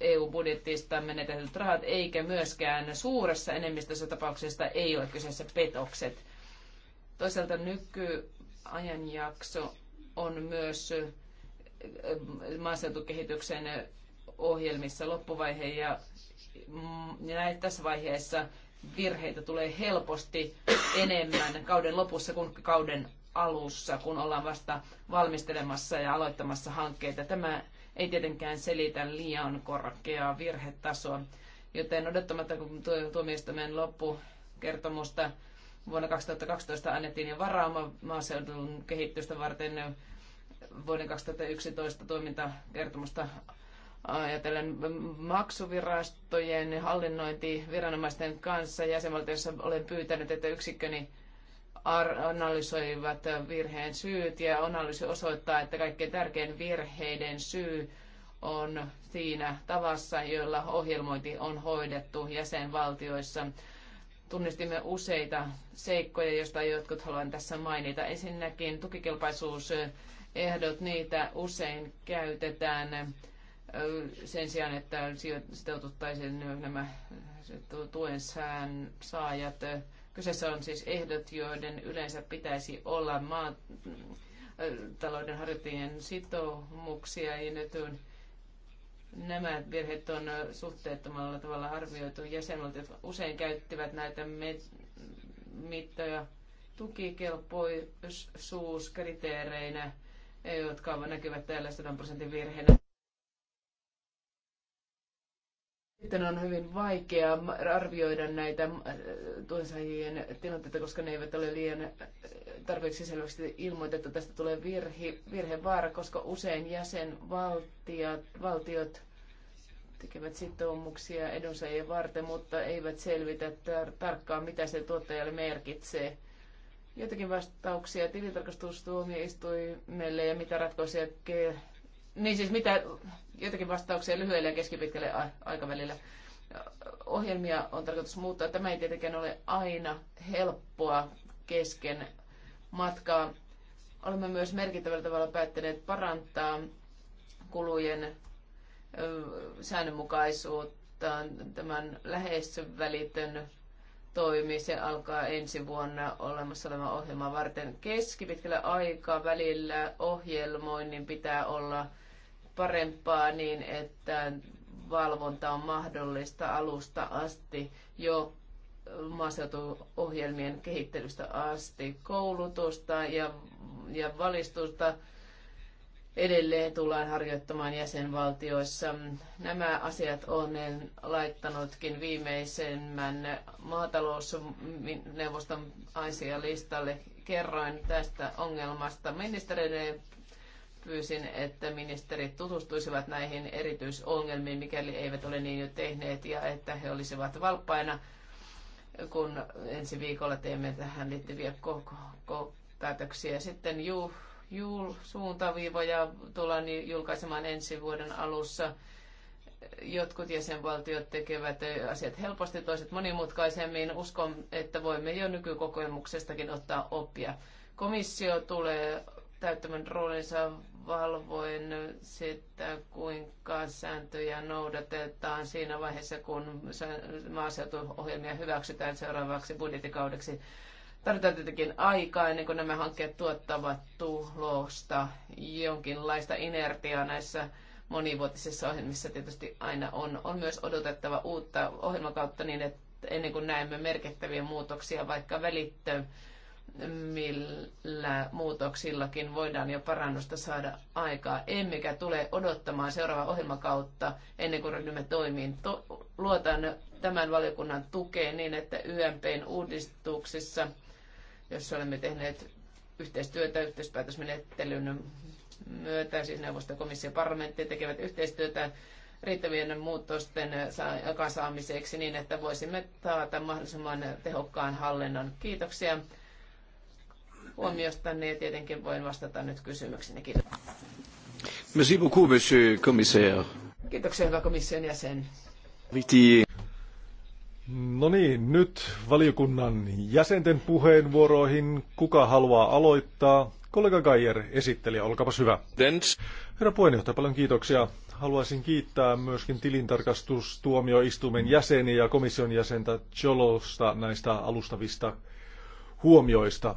EU-budjettista menetetyt rahat, eikä myöskään suuressa enemmistössä tapauksesta ei ole kyseessä petokset. Toisaalta nykyajanjakso on myös maaseutukehityksen ohjelmissa loppuvaihe ja Mm, näin tässä vaiheessa virheitä tulee helposti enemmän kauden lopussa kuin kauden alussa, kun ollaan vasta valmistelemassa ja aloittamassa hankkeita. Tämä ei tietenkään selitä liian korkeaa virhetasoa, joten odottamatta kun tuomioistuimen loppukertomusta vuonna 2012 annettiin jo varauma maaseudun kehitystä varten vuoden 2011 toimintakertomusta ajatellen maksuvirastojen hallinnointiviranomaisten kanssa jäsenvaltiossa olen pyytänyt, että yksikköni analysoivat virheen syyt ja analyysi osoittaa, että kaikkein tärkein virheiden syy on siinä tavassa, jolla ohjelmointi on hoidettu jäsenvaltioissa. Tunnistimme useita seikkoja, joista jotkut haluan tässä mainita. Ensinnäkin tukikelpaisuusehdot, niitä usein käytetään sen sijaan, että sitoututtaisiin nämä tuen sään saajat. Kyseessä on siis ehdot, joiden yleensä pitäisi olla maatalouden harjoittajien sitoumuksia ja nyt on Nämä virheet on suhteettomalla tavalla arvioitu. Jäsenvaltiot usein käyttivät näitä mittoja tukikelpoisuuskriteereinä, jotka näkyvät täällä 100 prosentin virheenä Sitten on hyvin vaikea arvioida näitä äh, tuensaajien tilanteita, koska ne eivät ole liian äh, tarpeeksi selvästi ilmoitettu. Tästä tulee virhe, virhevaara, koska usein jäsenvaltiot valtiot tekevät sitoumuksia edunsaajien varten, mutta eivät selvitä tar- tarkkaan, mitä se tuottajalle merkitsee. Jotakin vastauksia tilintarkastustuomioistuimelle ja mitä ratkaisuja niin siis mitä, jotakin vastauksia lyhyelle ja keskipitkälle aikavälillä. Ohjelmia on tarkoitus muuttaa. Tämä ei tietenkään ole aina helppoa kesken matkaa. Olemme myös merkittävällä tavalla päättäneet parantaa kulujen säännönmukaisuutta. Tämän lähes toimi, se alkaa ensi vuonna olemassa olevan ohjelman varten. Keskipitkällä aikavälillä välillä ohjelmoinnin pitää olla parempaa niin, että valvonta on mahdollista alusta asti jo maaseutuohjelmien kehittelystä asti koulutusta ja, ja valistusta edelleen tullaan harjoittamaan jäsenvaltioissa. Nämä asiat olen laittanutkin viimeisemmän maatalousneuvoston asialistalle. Kerroin tästä ongelmasta ministerille pyysin, että ministerit tutustuisivat näihin erityisongelmiin, mikäli eivät ole niin jo tehneet, ja että he olisivat valppaina, kun ensi viikolla teemme tähän liittyviä päätöksiä. Sitten juu, juu, suuntaviivoja tullaan julkaisemaan ensi vuoden alussa. Jotkut jäsenvaltiot tekevät asiat helposti, toiset monimutkaisemmin. Uskon, että voimme jo nykykokemuksestakin ottaa oppia. Komissio tulee täyttämän roolinsa valvoen sitä, kuinka sääntöjä noudatetaan siinä vaiheessa, kun maaseutuohjelmia hyväksytään seuraavaksi budjettikaudeksi. Tarvitaan tietenkin aikaa ennen kuin nämä hankkeet tuottavat tulosta. Jonkinlaista inertiaa näissä monivuotisissa ohjelmissa tietysti aina on. On myös odotettava uutta ohjelmakautta niin, että ennen kuin näemme merkittäviä muutoksia, vaikka välittömästi millä muutoksillakin voidaan jo parannusta saada aikaa, emmekä tule odottamaan seuraavaa ohjelmakautta ennen kuin ryhdymme toimiin. To- luotan tämän valiokunnan tukeen niin, että YMPn uudistuksissa, jossa olemme tehneet yhteistyötä yhteispäätösmenettelyn myötä, siis neuvosto, komissio ja parlamentti tekevät yhteistyötä riittävien muutosten kasaamiseksi niin, että voisimme taata mahdollisimman tehokkaan hallinnon. Kiitoksia huomiostanne ja tietenkin voin vastata nyt kysymyksiin. Kiitos. Merci beaucoup, monsieur commissaire. Kiitoksia, hyvä komission jäsen. No niin, nyt valiokunnan jäsenten puheenvuoroihin. Kuka haluaa aloittaa? Kollega Geier, esittelijä, olkaapa hyvä. Herra puheenjohtaja, paljon kiitoksia. Haluaisin kiittää myöskin tilintarkastustuomioistuimen jäseniä ja komission jäsentä Cholosta näistä alustavista huomioista.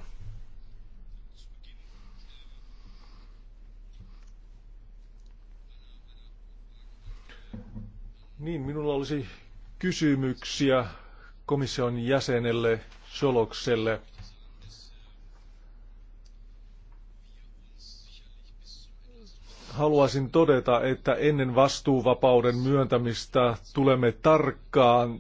Niin, minulla olisi kysymyksiä komission jäsenelle Solokselle. Haluaisin todeta, että ennen vastuuvapauden myöntämistä tulemme tarkkaan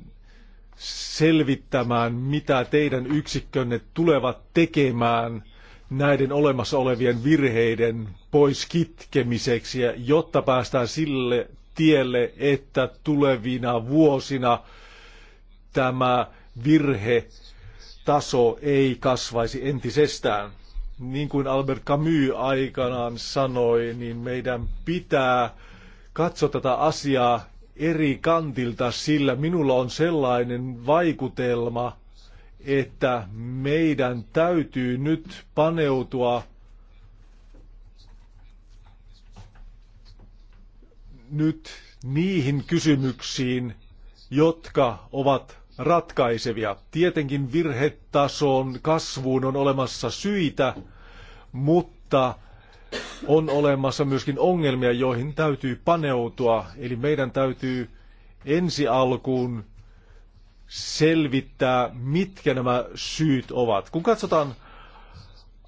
selvittämään, mitä teidän yksikkönne tulevat tekemään näiden olemassa olevien virheiden pois kitkemiseksi, jotta päästään sille tielle, että tulevina vuosina tämä virhe taso ei kasvaisi entisestään. Niin kuin Albert Camus aikanaan sanoi, niin meidän pitää katsoa tätä asiaa eri kantilta, sillä minulla on sellainen vaikutelma, että meidän täytyy nyt paneutua nyt niihin kysymyksiin, jotka ovat ratkaisevia. Tietenkin virhetason kasvuun on olemassa syitä, mutta on olemassa myöskin ongelmia, joihin täytyy paneutua. Eli meidän täytyy ensi alkuun selvittää, mitkä nämä syyt ovat. Kun katsotaan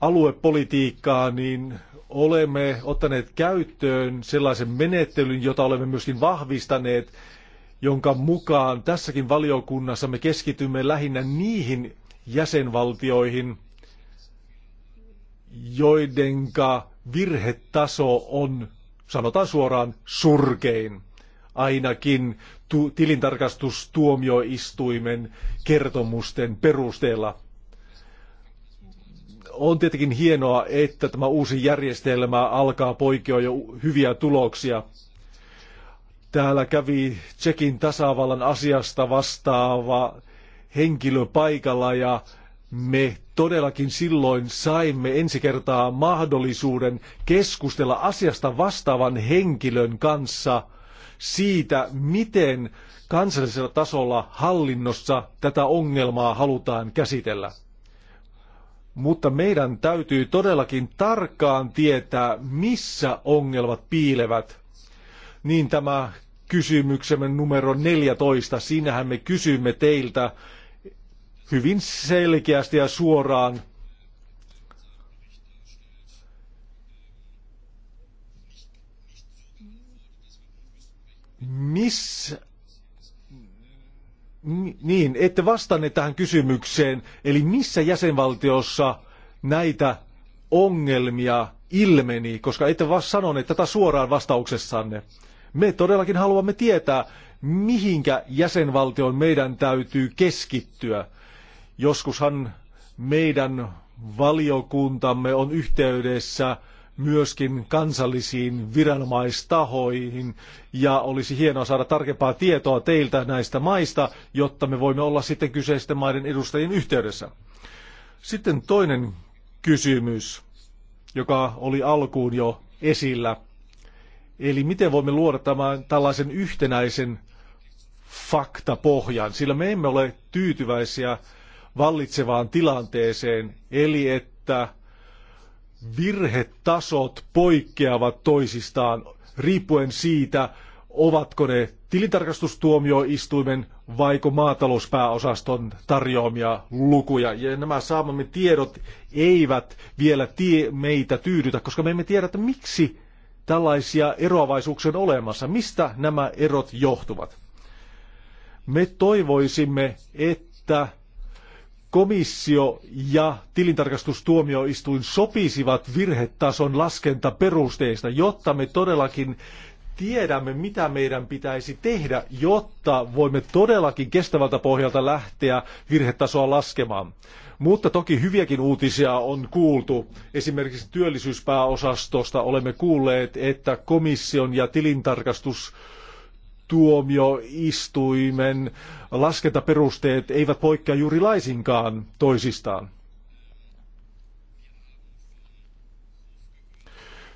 aluepolitiikkaa, niin olemme ottaneet käyttöön sellaisen menettelyn, jota olemme myöskin vahvistaneet, jonka mukaan tässäkin valiokunnassa me keskitymme lähinnä niihin jäsenvaltioihin, joidenka virhetaso on, sanotaan suoraan, surkein. Ainakin tu- tilintarkastustuomioistuimen kertomusten perusteella on tietenkin hienoa, että tämä uusi järjestelmä alkaa poikia jo hyviä tuloksia. Täällä kävi Tsekin tasavallan asiasta vastaava henkilö paikalla ja me todellakin silloin saimme ensi kertaa mahdollisuuden keskustella asiasta vastaavan henkilön kanssa siitä, miten kansallisella tasolla hallinnossa tätä ongelmaa halutaan käsitellä. Mutta meidän täytyy todellakin tarkkaan tietää, missä ongelmat piilevät. Niin tämä kysymyksemme numero 14, siinähän me kysymme teiltä hyvin selkeästi ja suoraan, missä niin, ette vastanne tähän kysymykseen, eli missä jäsenvaltiossa näitä ongelmia ilmeni, koska ette vaan sanoneet tätä suoraan vastauksessanne. Me todellakin haluamme tietää, mihinkä jäsenvaltioon meidän täytyy keskittyä. Joskushan meidän valiokuntamme on yhteydessä myöskin kansallisiin viranomaistahoihin ja olisi hienoa saada tarkempaa tietoa teiltä näistä maista, jotta me voimme olla sitten kyseisten maiden edustajien yhteydessä. Sitten toinen kysymys, joka oli alkuun jo esillä. Eli miten voimme luoda tämän tällaisen yhtenäisen faktapohjan, sillä me emme ole tyytyväisiä vallitsevaan tilanteeseen, eli että virhetasot poikkeavat toisistaan riippuen siitä, ovatko ne tilintarkastustuomioistuimen vaiko maatalouspääosaston tarjoamia lukuja. Ja nämä saamamme tiedot eivät vielä tie meitä tyydytä, koska me emme tiedä, että miksi tällaisia eroavaisuuksia on olemassa, mistä nämä erot johtuvat. Me toivoisimme, että komissio ja tilintarkastustuomioistuin sopisivat virhetason laskentaperusteista, jotta me todellakin tiedämme, mitä meidän pitäisi tehdä, jotta voimme todellakin kestävältä pohjalta lähteä virhetasoa laskemaan. Mutta toki hyviäkin uutisia on kuultu. Esimerkiksi työllisyyspääosastosta olemme kuulleet, että komission ja tilintarkastus tuomioistuimen laskentaperusteet eivät poikkea juuri laisinkaan toisistaan.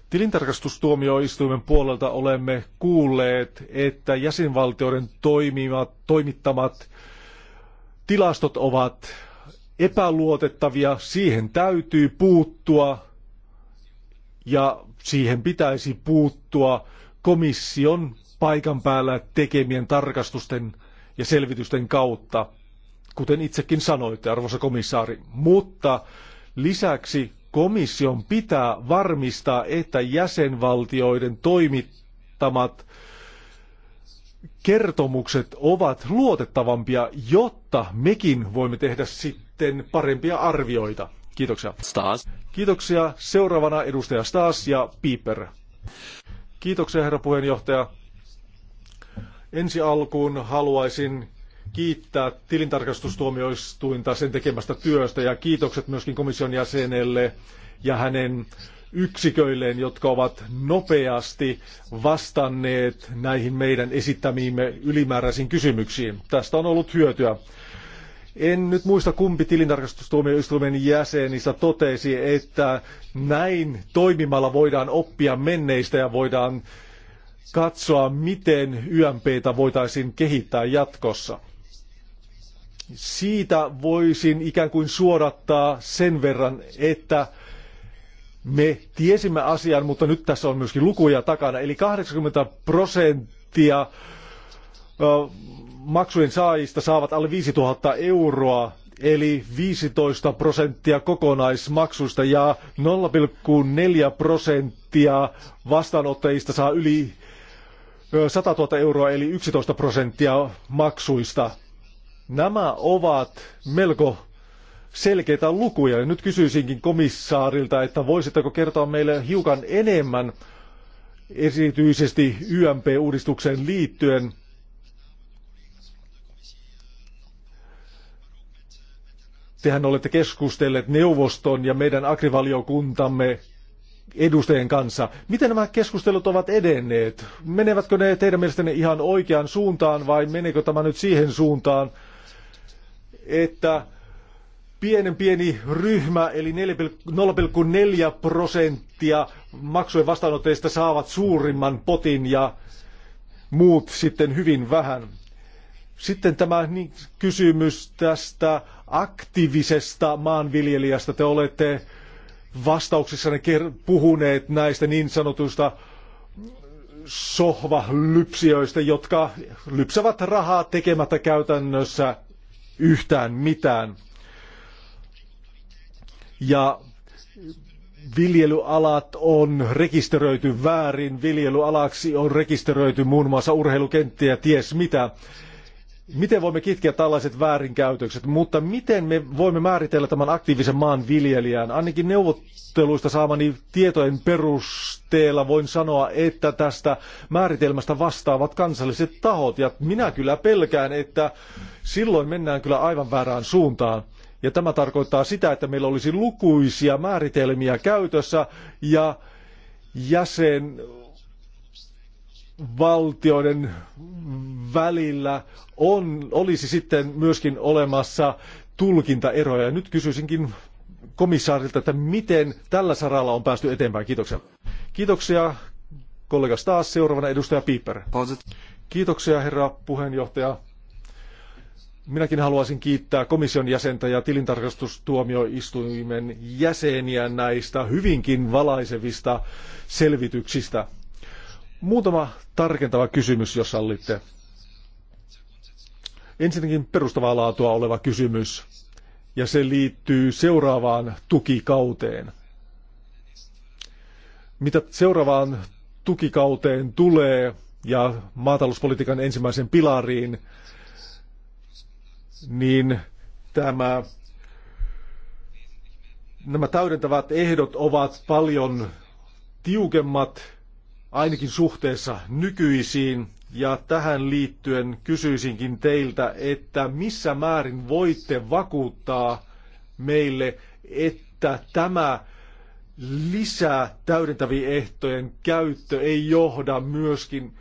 Tilintarkastustuomioistuimen puolelta olemme kuulleet, että jäsenvaltioiden toimimat, toimittamat tilastot ovat epäluotettavia, siihen täytyy puuttua ja siihen pitäisi puuttua komission paikan päällä tekemien tarkastusten ja selvitysten kautta, kuten itsekin sanoitte, arvoisa komissaari. Mutta lisäksi komission pitää varmistaa, että jäsenvaltioiden toimittamat kertomukset ovat luotettavampia, jotta mekin voimme tehdä sitten parempia arvioita. Kiitoksia. Stas. Kiitoksia. Seuraavana edustaja Stas ja Piper. Kiitoksia herra puheenjohtaja. Ensi alkuun haluaisin kiittää tilintarkastustuomioistuinta sen tekemästä työstä ja kiitokset myöskin komission jäsenelle ja hänen yksiköilleen, jotka ovat nopeasti vastanneet näihin meidän esittämiimme ylimääräisiin kysymyksiin. Tästä on ollut hyötyä. En nyt muista kumpi tilintarkastustuomioistuimen jäsenistä totesi, että näin toimimalla voidaan oppia menneistä ja voidaan katsoa, miten YMPtä voitaisiin kehittää jatkossa. Siitä voisin ikään kuin suodattaa sen verran, että me tiesimme asian, mutta nyt tässä on myöskin lukuja takana. Eli 80 prosenttia maksujen saajista saavat alle 5000 euroa, eli 15 prosenttia kokonaismaksuista ja 0,4 prosenttia vastaanottajista saa yli 100 000 euroa eli 11 prosenttia maksuista. Nämä ovat melko selkeitä lukuja. Nyt kysyisinkin komissaarilta, että voisitteko kertoa meille hiukan enemmän erityisesti YMP-uudistukseen liittyen. Tehän olette keskustelleet neuvoston ja meidän agrivaliokuntamme edustajien kanssa. Miten nämä keskustelut ovat edenneet? Menevätkö ne teidän mielestänne ihan oikeaan suuntaan vai menekö tämä nyt siihen suuntaan, että pienen pieni ryhmä, eli 0,4 prosenttia maksujen vastaanotteista saavat suurimman potin ja muut sitten hyvin vähän. Sitten tämä niin- kysymys tästä aktiivisesta maanviljelijästä. Te olette Vastauksissa ne puhuneet näistä niin sanotuista sohvalypsijöistä, jotka lypsävät rahaa tekemättä käytännössä yhtään mitään. Ja viljelyalat on rekisteröity väärin, viljelyalaksi on rekisteröity muun muassa urheilukenttiä ties mitä miten voimme kitkeä tällaiset väärinkäytökset, mutta miten me voimme määritellä tämän aktiivisen maanviljelijän? Ainakin neuvotteluista saamani tietojen perusteella voin sanoa, että tästä määritelmästä vastaavat kansalliset tahot. Ja minä kyllä pelkään, että silloin mennään kyllä aivan väärään suuntaan. Ja tämä tarkoittaa sitä, että meillä olisi lukuisia määritelmiä käytössä ja jäsenvaltioiden välillä on, olisi sitten myöskin olemassa tulkintaeroja. Nyt kysyisinkin komissaarilta, että miten tällä saralla on päästy eteenpäin. Kiitoksia. Kiitoksia kollega taas seuraavana edustaja Piper. Kiitoksia herra puheenjohtaja. Minäkin haluaisin kiittää komission jäsentä ja tilintarkastustuomioistuimen jäseniä näistä hyvinkin valaisevista selvityksistä. Muutama tarkentava kysymys, jos sallitte. Ensinnäkin perustavaa laatua oleva kysymys, ja se liittyy seuraavaan tukikauteen. Mitä seuraavaan tukikauteen tulee ja maatalouspolitiikan ensimmäisen pilariin, niin tämä, nämä täydentävät ehdot ovat paljon tiukemmat ainakin suhteessa nykyisiin ja tähän liittyen kysyisinkin teiltä, että missä määrin voitte vakuuttaa meille, että tämä lisää täydentäviä ehtojen käyttö ei johda myöskin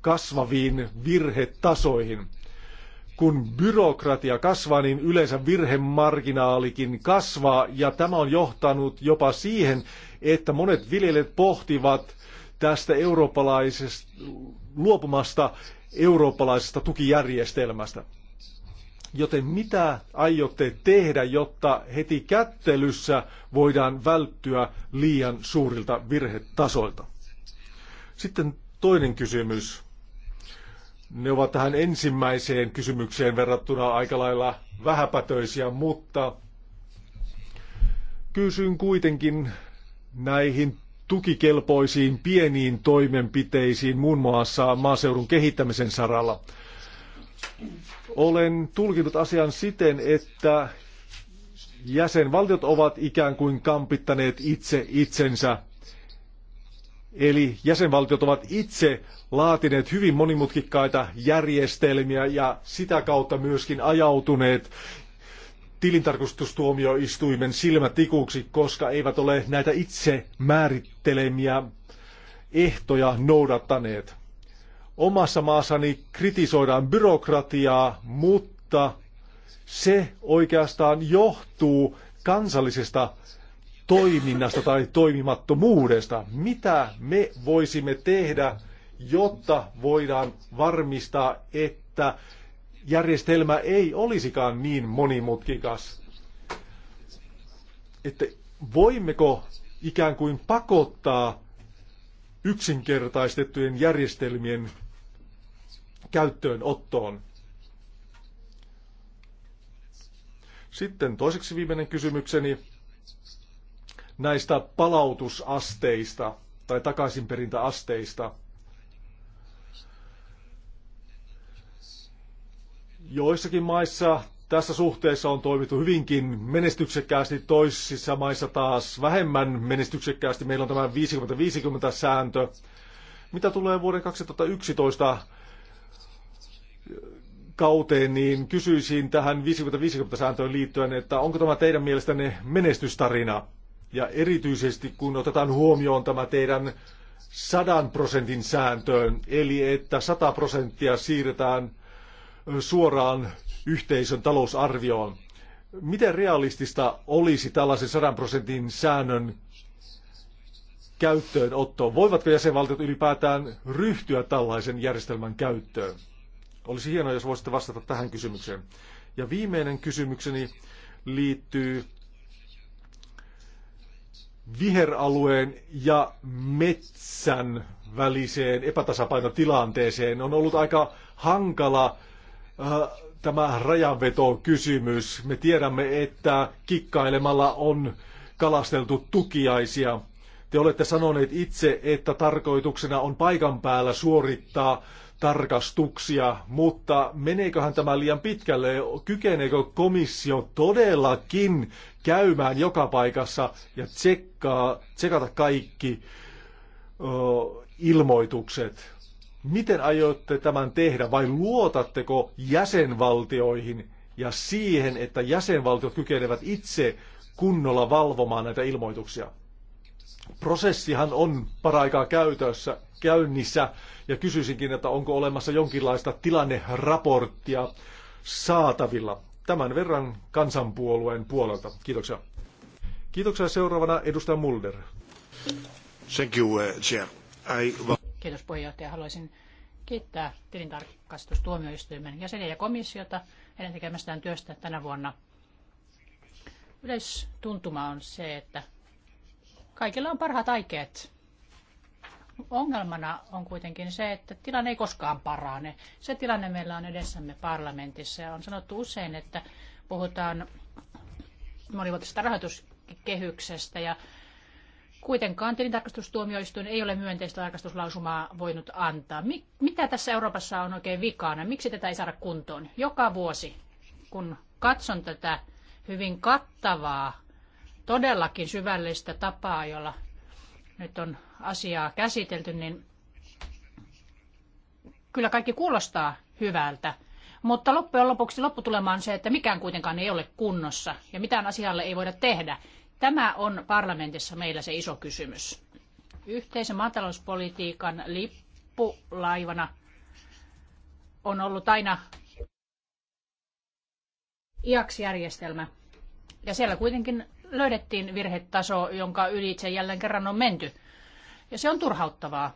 kasvaviin virhetasoihin. Kun byrokratia kasvaa, niin yleensä virhemarginaalikin kasvaa, ja tämä on johtanut jopa siihen, että monet viljelijät pohtivat tästä eurooppalaisesta luopumasta eurooppalaisesta tukijärjestelmästä. Joten mitä aiotte tehdä, jotta heti kättelyssä voidaan välttyä liian suurilta virhetasoilta? Sitten toinen kysymys. Ne ovat tähän ensimmäiseen kysymykseen verrattuna aika lailla vähäpätöisiä, mutta kysyn kuitenkin näihin tukikelpoisiin pieniin toimenpiteisiin muun muassa maaseudun kehittämisen saralla. Olen tulkinut asian siten, että jäsenvaltiot ovat ikään kuin kampittaneet itse itsensä. Eli jäsenvaltiot ovat itse laatineet hyvin monimutkikkaita järjestelmiä ja sitä kautta myöskin ajautuneet tilintarkastustuomioistuimen silmätikuksi, koska eivät ole näitä itse määrittelemiä ehtoja noudattaneet. Omassa maassani kritisoidaan byrokratiaa, mutta se oikeastaan johtuu kansallisesta toiminnasta tai toimimattomuudesta. Mitä me voisimme tehdä, jotta voidaan varmistaa, että järjestelmä ei olisikaan niin monimutkikas. Että voimmeko ikään kuin pakottaa yksinkertaistettujen järjestelmien käyttöönottoon? Sitten toiseksi viimeinen kysymykseni näistä palautusasteista tai takaisinperintäasteista – Joissakin maissa tässä suhteessa on toimittu hyvinkin menestyksekkäästi, toisissa maissa taas vähemmän menestyksekkäästi. Meillä on tämä 50-50 sääntö. Mitä tulee vuoden 2011 kauteen, niin kysyisin tähän 50-50 sääntöön liittyen, että onko tämä teidän mielestänne menestystarina? Ja erityisesti kun otetaan huomioon tämä teidän sadan prosentin sääntöön, eli että 100 prosenttia siirretään suoraan yhteisön talousarvioon. Miten realistista olisi tällaisen 100 prosentin säännön käyttöönotto? Voivatko jäsenvaltiot ylipäätään ryhtyä tällaisen järjestelmän käyttöön? Olisi hienoa, jos voisitte vastata tähän kysymykseen. Ja viimeinen kysymykseni liittyy viheralueen ja metsän väliseen epätasapainotilanteeseen. On ollut aika hankala Äh, tämä rajanvetokysymys. Me tiedämme, että kikkailemalla on kalasteltu tukiaisia. Te olette sanoneet itse, että tarkoituksena on paikan päällä suorittaa tarkastuksia, mutta meneeköhän tämä liian pitkälle? Kykeneekö komissio todellakin käymään joka paikassa ja tsekkaa, tsekata kaikki ö, ilmoitukset? Miten aiotte tämän tehdä vai luotatteko jäsenvaltioihin ja siihen, että jäsenvaltiot kykenevät itse kunnolla valvomaan näitä ilmoituksia? Prosessihan on paraikaa käytössä, käynnissä ja kysyisinkin, että onko olemassa jonkinlaista tilanneraporttia saatavilla tämän verran kansanpuolueen puolelta. Kiitoksia. Kiitoksia seuraavana edustaja Mulder. Thank you, uh, chair. I... Kiitos puheenjohtaja. Haluaisin kiittää tilintarkastustuomioistuimen jäseniä ja komissiota heidän tekemästään työstä tänä vuonna. Yleistuntuma on se, että kaikilla on parhaat aikeet. Ongelmana on kuitenkin se, että tilanne ei koskaan parane. Se tilanne meillä on edessämme parlamentissa ja on sanottu usein, että puhutaan monivuotisesta rahoituskehyksestä ja Kuitenkaan tilintarkastustuomioistuin ei ole myönteistä tarkastuslausumaa voinut antaa. Mi- mitä tässä Euroopassa on oikein vikana? Miksi tätä ei saada kuntoon? Joka vuosi, kun katson tätä hyvin kattavaa, todellakin syvällistä tapaa, jolla nyt on asiaa käsitelty, niin kyllä kaikki kuulostaa hyvältä. Mutta loppujen lopuksi lopputulema on se, että mikään kuitenkaan ei ole kunnossa ja mitään asialle ei voida tehdä. Tämä on parlamentissa meillä se iso kysymys. Yhteisen maatalouspolitiikan lippulaivana on ollut aina IAX-järjestelmä. Ja siellä kuitenkin löydettiin virhetaso, jonka ylitse jälleen kerran on menty. Ja se on turhauttavaa.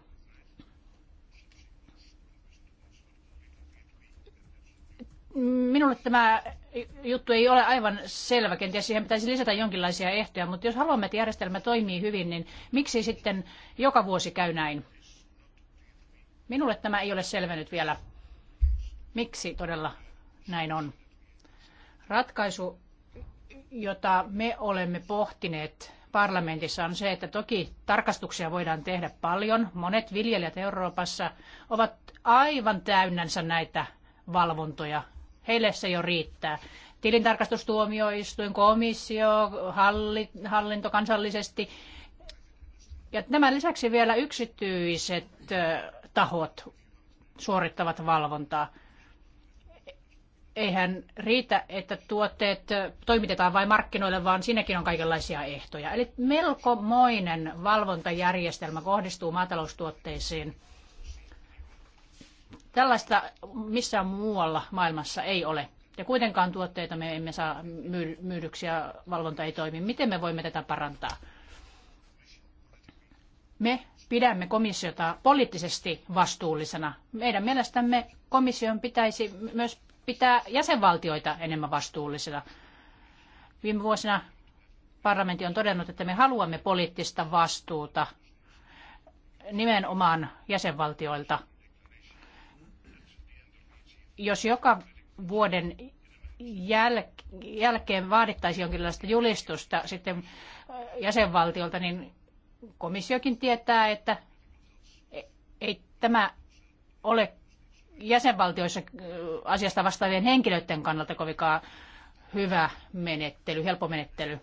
Minulle tämä juttu ei ole aivan selvä, kenties siihen pitäisi lisätä jonkinlaisia ehtoja, mutta jos haluamme, että järjestelmä toimii hyvin, niin miksi sitten joka vuosi käy näin? Minulle tämä ei ole selvennyt vielä. Miksi todella näin on? Ratkaisu, jota me olemme pohtineet parlamentissa on se, että toki tarkastuksia voidaan tehdä paljon. Monet viljelijät Euroopassa ovat aivan täynnänsä näitä valvontoja Heille se jo riittää. Tilintarkastustuomioistuin, komissio, halli, hallinto kansallisesti. Ja nämä lisäksi vielä yksityiset tahot suorittavat valvontaa. Eihän riitä, että tuotteet toimitetaan vain markkinoille, vaan siinäkin on kaikenlaisia ehtoja. Eli melkomoinen valvontajärjestelmä kohdistuu maataloustuotteisiin. Tällaista missään muualla maailmassa ei ole. Ja kuitenkaan tuotteita me emme saa myydyksi ja valvonta ei toimi. Miten me voimme tätä parantaa? Me pidämme komissiota poliittisesti vastuullisena. Meidän mielestämme komission pitäisi myös pitää jäsenvaltioita enemmän vastuullisena. Viime vuosina parlamentti on todennut, että me haluamme poliittista vastuuta nimenomaan jäsenvaltioilta – jos joka vuoden jäl- jälkeen vaadittaisiin jonkinlaista julistusta sitten äh, jäsenvaltiolta, niin komissiokin tietää, että e- ei tämä ole jäsenvaltioissa äh, asiasta vastaavien henkilöiden kannalta kovinkaan hyvä menettely, helppo menettely.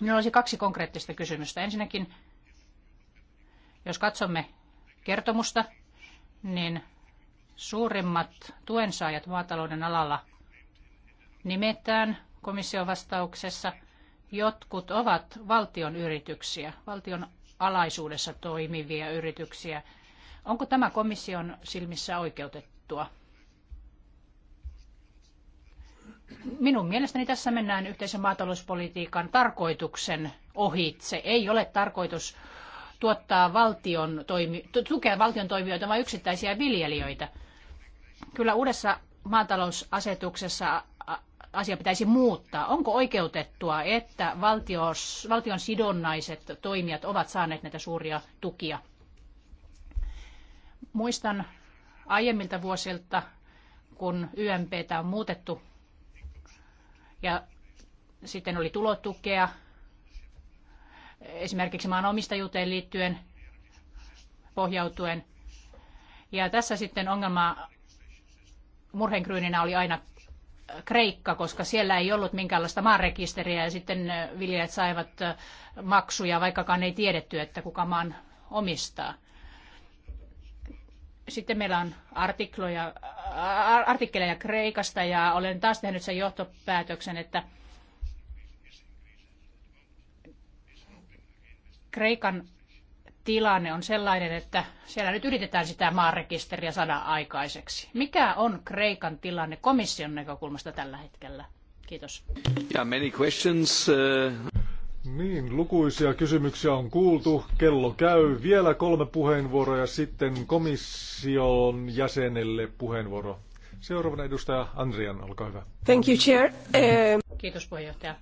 Minulla olisi kaksi konkreettista kysymystä. Ensinnäkin, jos katsomme kertomusta, niin suurimmat tuensaajat maatalouden alalla nimetään komission vastauksessa. Jotkut ovat valtion yrityksiä, valtion alaisuudessa toimivia yrityksiä. Onko tämä komission silmissä oikeutettua? Minun mielestäni tässä mennään yhteisen maatalouspolitiikan tarkoituksen ohitse. Ei ole tarkoitus tuottaa valtion toimi, tukea valtion toimijoita, vaan yksittäisiä viljelijöitä – Kyllä uudessa maatalousasetuksessa asia pitäisi muuttaa. Onko oikeutettua, että valtios, valtion sidonnaiset toimijat ovat saaneet näitä suuria tukia? Muistan aiemmilta vuosilta, kun YMPtä on muutettu ja sitten oli tulotukea, esimerkiksi maanomistajuuteen liittyen pohjautuen. Ja tässä sitten ongelma murhenkryyninä oli aina Kreikka, koska siellä ei ollut minkäänlaista maanrekisteriä ja sitten viljelijät saivat maksuja, vaikkakaan ei tiedetty, että kuka maan omistaa. Sitten meillä on artikloja, artikkeleja Kreikasta ja olen taas tehnyt sen johtopäätöksen, että Kreikan tilanne on sellainen, että siellä nyt yritetään sitä maanrekisteriä saada aikaiseksi. Mikä on Kreikan tilanne komission näkökulmasta tällä hetkellä? Kiitos. Yeah, many questions. Uh, niin, lukuisia kysymyksiä on kuultu. Kello käy. Vielä kolme puheenvuoroa ja sitten komission jäsenelle puheenvuoro. Seuraavana edustaja Andrian, olkaa hyvä. Thank you, Chair. Kiitos puheenjohtaja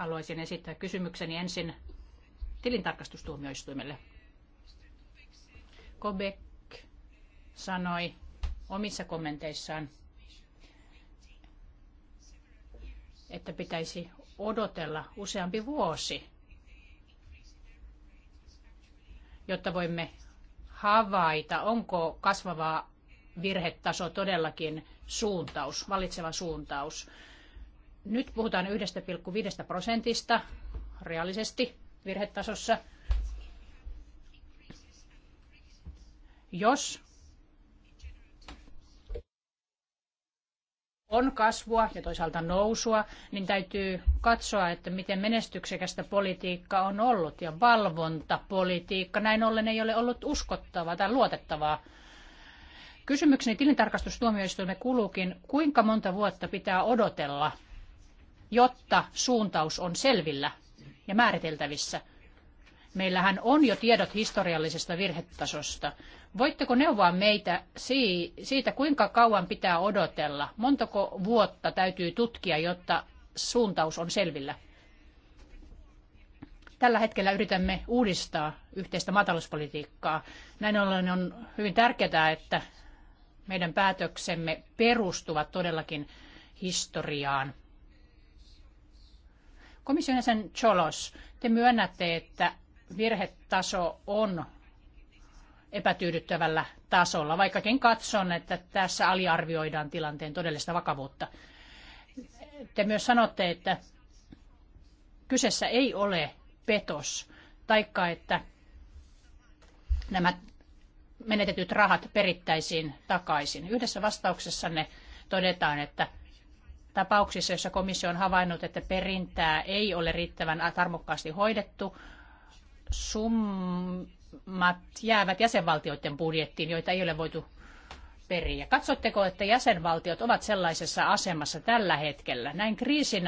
haluaisin esittää kysymykseni ensin tilintarkastustuomioistuimelle. Kobek sanoi omissa kommenteissaan, että pitäisi odotella useampi vuosi, jotta voimme havaita, onko kasvava virhetaso todellakin suuntaus, valitseva suuntaus. Nyt puhutaan 1,5 prosentista reaalisesti virhetasossa. Jos on kasvua ja toisaalta nousua, niin täytyy katsoa, että miten menestyksekästä politiikka on ollut ja valvontapolitiikka. Näin ollen ei ole ollut uskottavaa tai luotettavaa. Kysymykseni tilintarkastustuomioistuimen kulukin kuinka monta vuotta pitää odotella jotta suuntaus on selvillä ja määriteltävissä. Meillähän on jo tiedot historiallisesta virhetasosta. Voitteko neuvoa meitä siitä, kuinka kauan pitää odotella? Montako vuotta täytyy tutkia, jotta suuntaus on selvillä? Tällä hetkellä yritämme uudistaa yhteistä maatalouspolitiikkaa. Näin ollen on hyvin tärkeää, että meidän päätöksemme perustuvat todellakin historiaan. Komission jäsen Cholos, te myönnätte, että virhetaso on epätyydyttävällä tasolla, vaikkakin katson, että tässä aliarvioidaan tilanteen todellista vakavuutta. Te myös sanotte, että kyseessä ei ole petos, taikka että nämä menetetyt rahat perittäisiin takaisin. Yhdessä vastauksessanne todetaan, että tapauksissa, joissa komissio on havainnut, että perintää ei ole riittävän tarmokkaasti hoidettu, summat jäävät jäsenvaltioiden budjettiin, joita ei ole voitu periä. Katsotteko, että jäsenvaltiot ovat sellaisessa asemassa tällä hetkellä, näin kriisin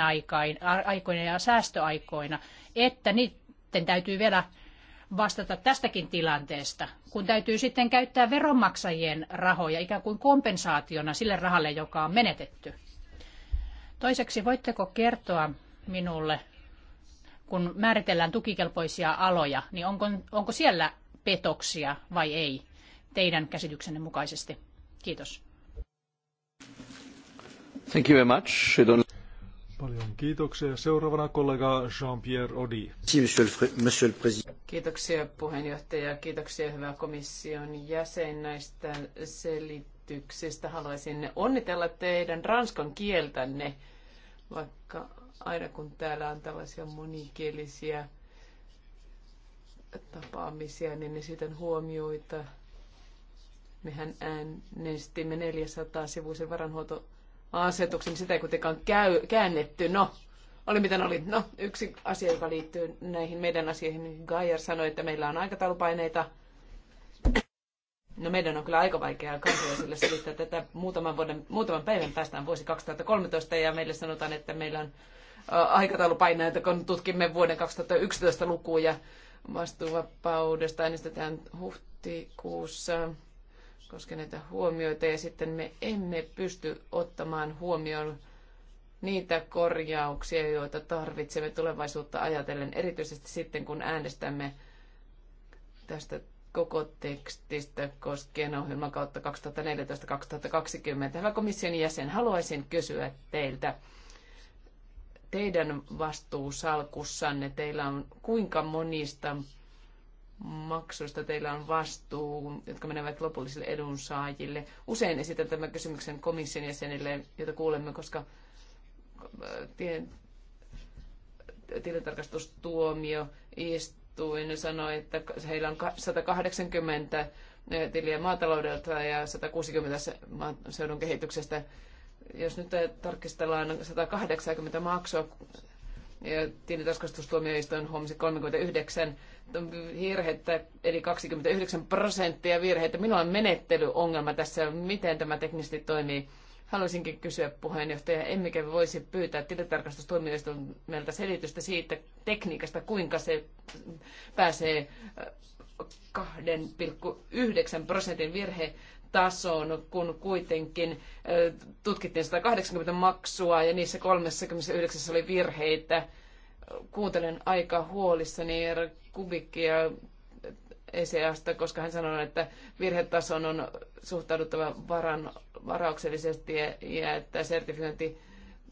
aikoina ja säästöaikoina, että niiden täytyy vielä vastata tästäkin tilanteesta, kun täytyy sitten käyttää veronmaksajien rahoja ikään kuin kompensaationa sille rahalle, joka on menetetty? Toiseksi, voitteko kertoa minulle, kun määritellään tukikelpoisia aloja, niin onko, onko siellä petoksia vai ei teidän käsityksenne mukaisesti? Kiitos. Thank you very much. Paljon kiitoksia. Seuraavana kollega Jean-Pierre Odi. Kiitoksia puheenjohtaja. Kiitoksia hyvä komission jäsen näistä selityksistä. Haluaisin onnitella teidän ranskan kieltänne vaikka aina kun täällä on tällaisia monikielisiä tapaamisia, niin esitän huomioita. Mehän äänestimme 400-sivuisen varanhuoltoasetuksen. Sitä ei kuitenkaan käy, käännetty. No, oli mitä oli. No, yksi asia, joka liittyy näihin meidän asioihin. Niin Gajar sanoi, että meillä on aikataulupaineita – No meidän on kyllä aika vaikeaa kansalaisille selittää tätä. Muutaman, vuoden, muutaman päivän päästään vuosi 2013 ja meille sanotaan, että meillä on että kun tutkimme vuoden 2011 lukuja vastuuvapaudesta äänestetään huhtikuussa koska näitä huomioita ja sitten me emme pysty ottamaan huomioon niitä korjauksia, joita tarvitsemme tulevaisuutta ajatellen, erityisesti sitten kun äänestämme tästä koko tekstistä koskien ohjelman kautta 2014-2020. Hyvä komission jäsen, haluaisin kysyä teiltä teidän vastuusalkussanne, teillä on kuinka monista maksuista teillä on vastuu, jotka menevät lopullisille edunsaajille. Usein esitän tämän kysymyksen komission jäsenille, jota kuulemme, koska äh, tilintarkastustuomio, ne sanoi, että heillä on 180 eh, tiliä maataloudelta ja 160 seudun kehityksestä. Jos nyt eh, tarkistellaan 180 maksua, ja tilintarkastustuomioistuin huomasi 39 virhettä, eli 29 prosenttia virheitä. Minulla on menettelyongelma tässä, miten tämä teknisesti toimii. Haluaisinkin kysyä puheenjohtaja, emmekä voisi pyytää tilintarkastustoimijoilta selitystä siitä tekniikasta, kuinka se pääsee 2,9 prosentin virhe tasoon, kun kuitenkin tutkittiin 180 maksua ja niissä 39 oli virheitä. Kuuntelen aika huolissani Eero Kubikkia ECAsta, koska hän sanoi, että virhetason on suhtauduttava varan varauksellisesti ja että sertifiointi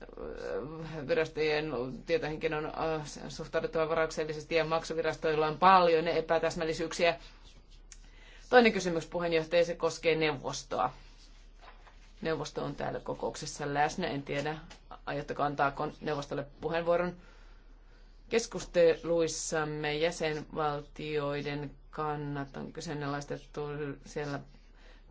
äh, virastojen tietoihinkin on äh, suhtauduttava varauksellisesti ja maksuvirastoilla on paljon epätäsmällisyyksiä. Toinen kysymys puheenjohtaja, se koskee neuvostoa. Neuvosto on täällä kokouksessa läsnä. En tiedä, aiotteko antaa neuvostolle puheenvuoron. Keskusteluissamme jäsenvaltioiden kannat on kyseenalaistettu. Siellä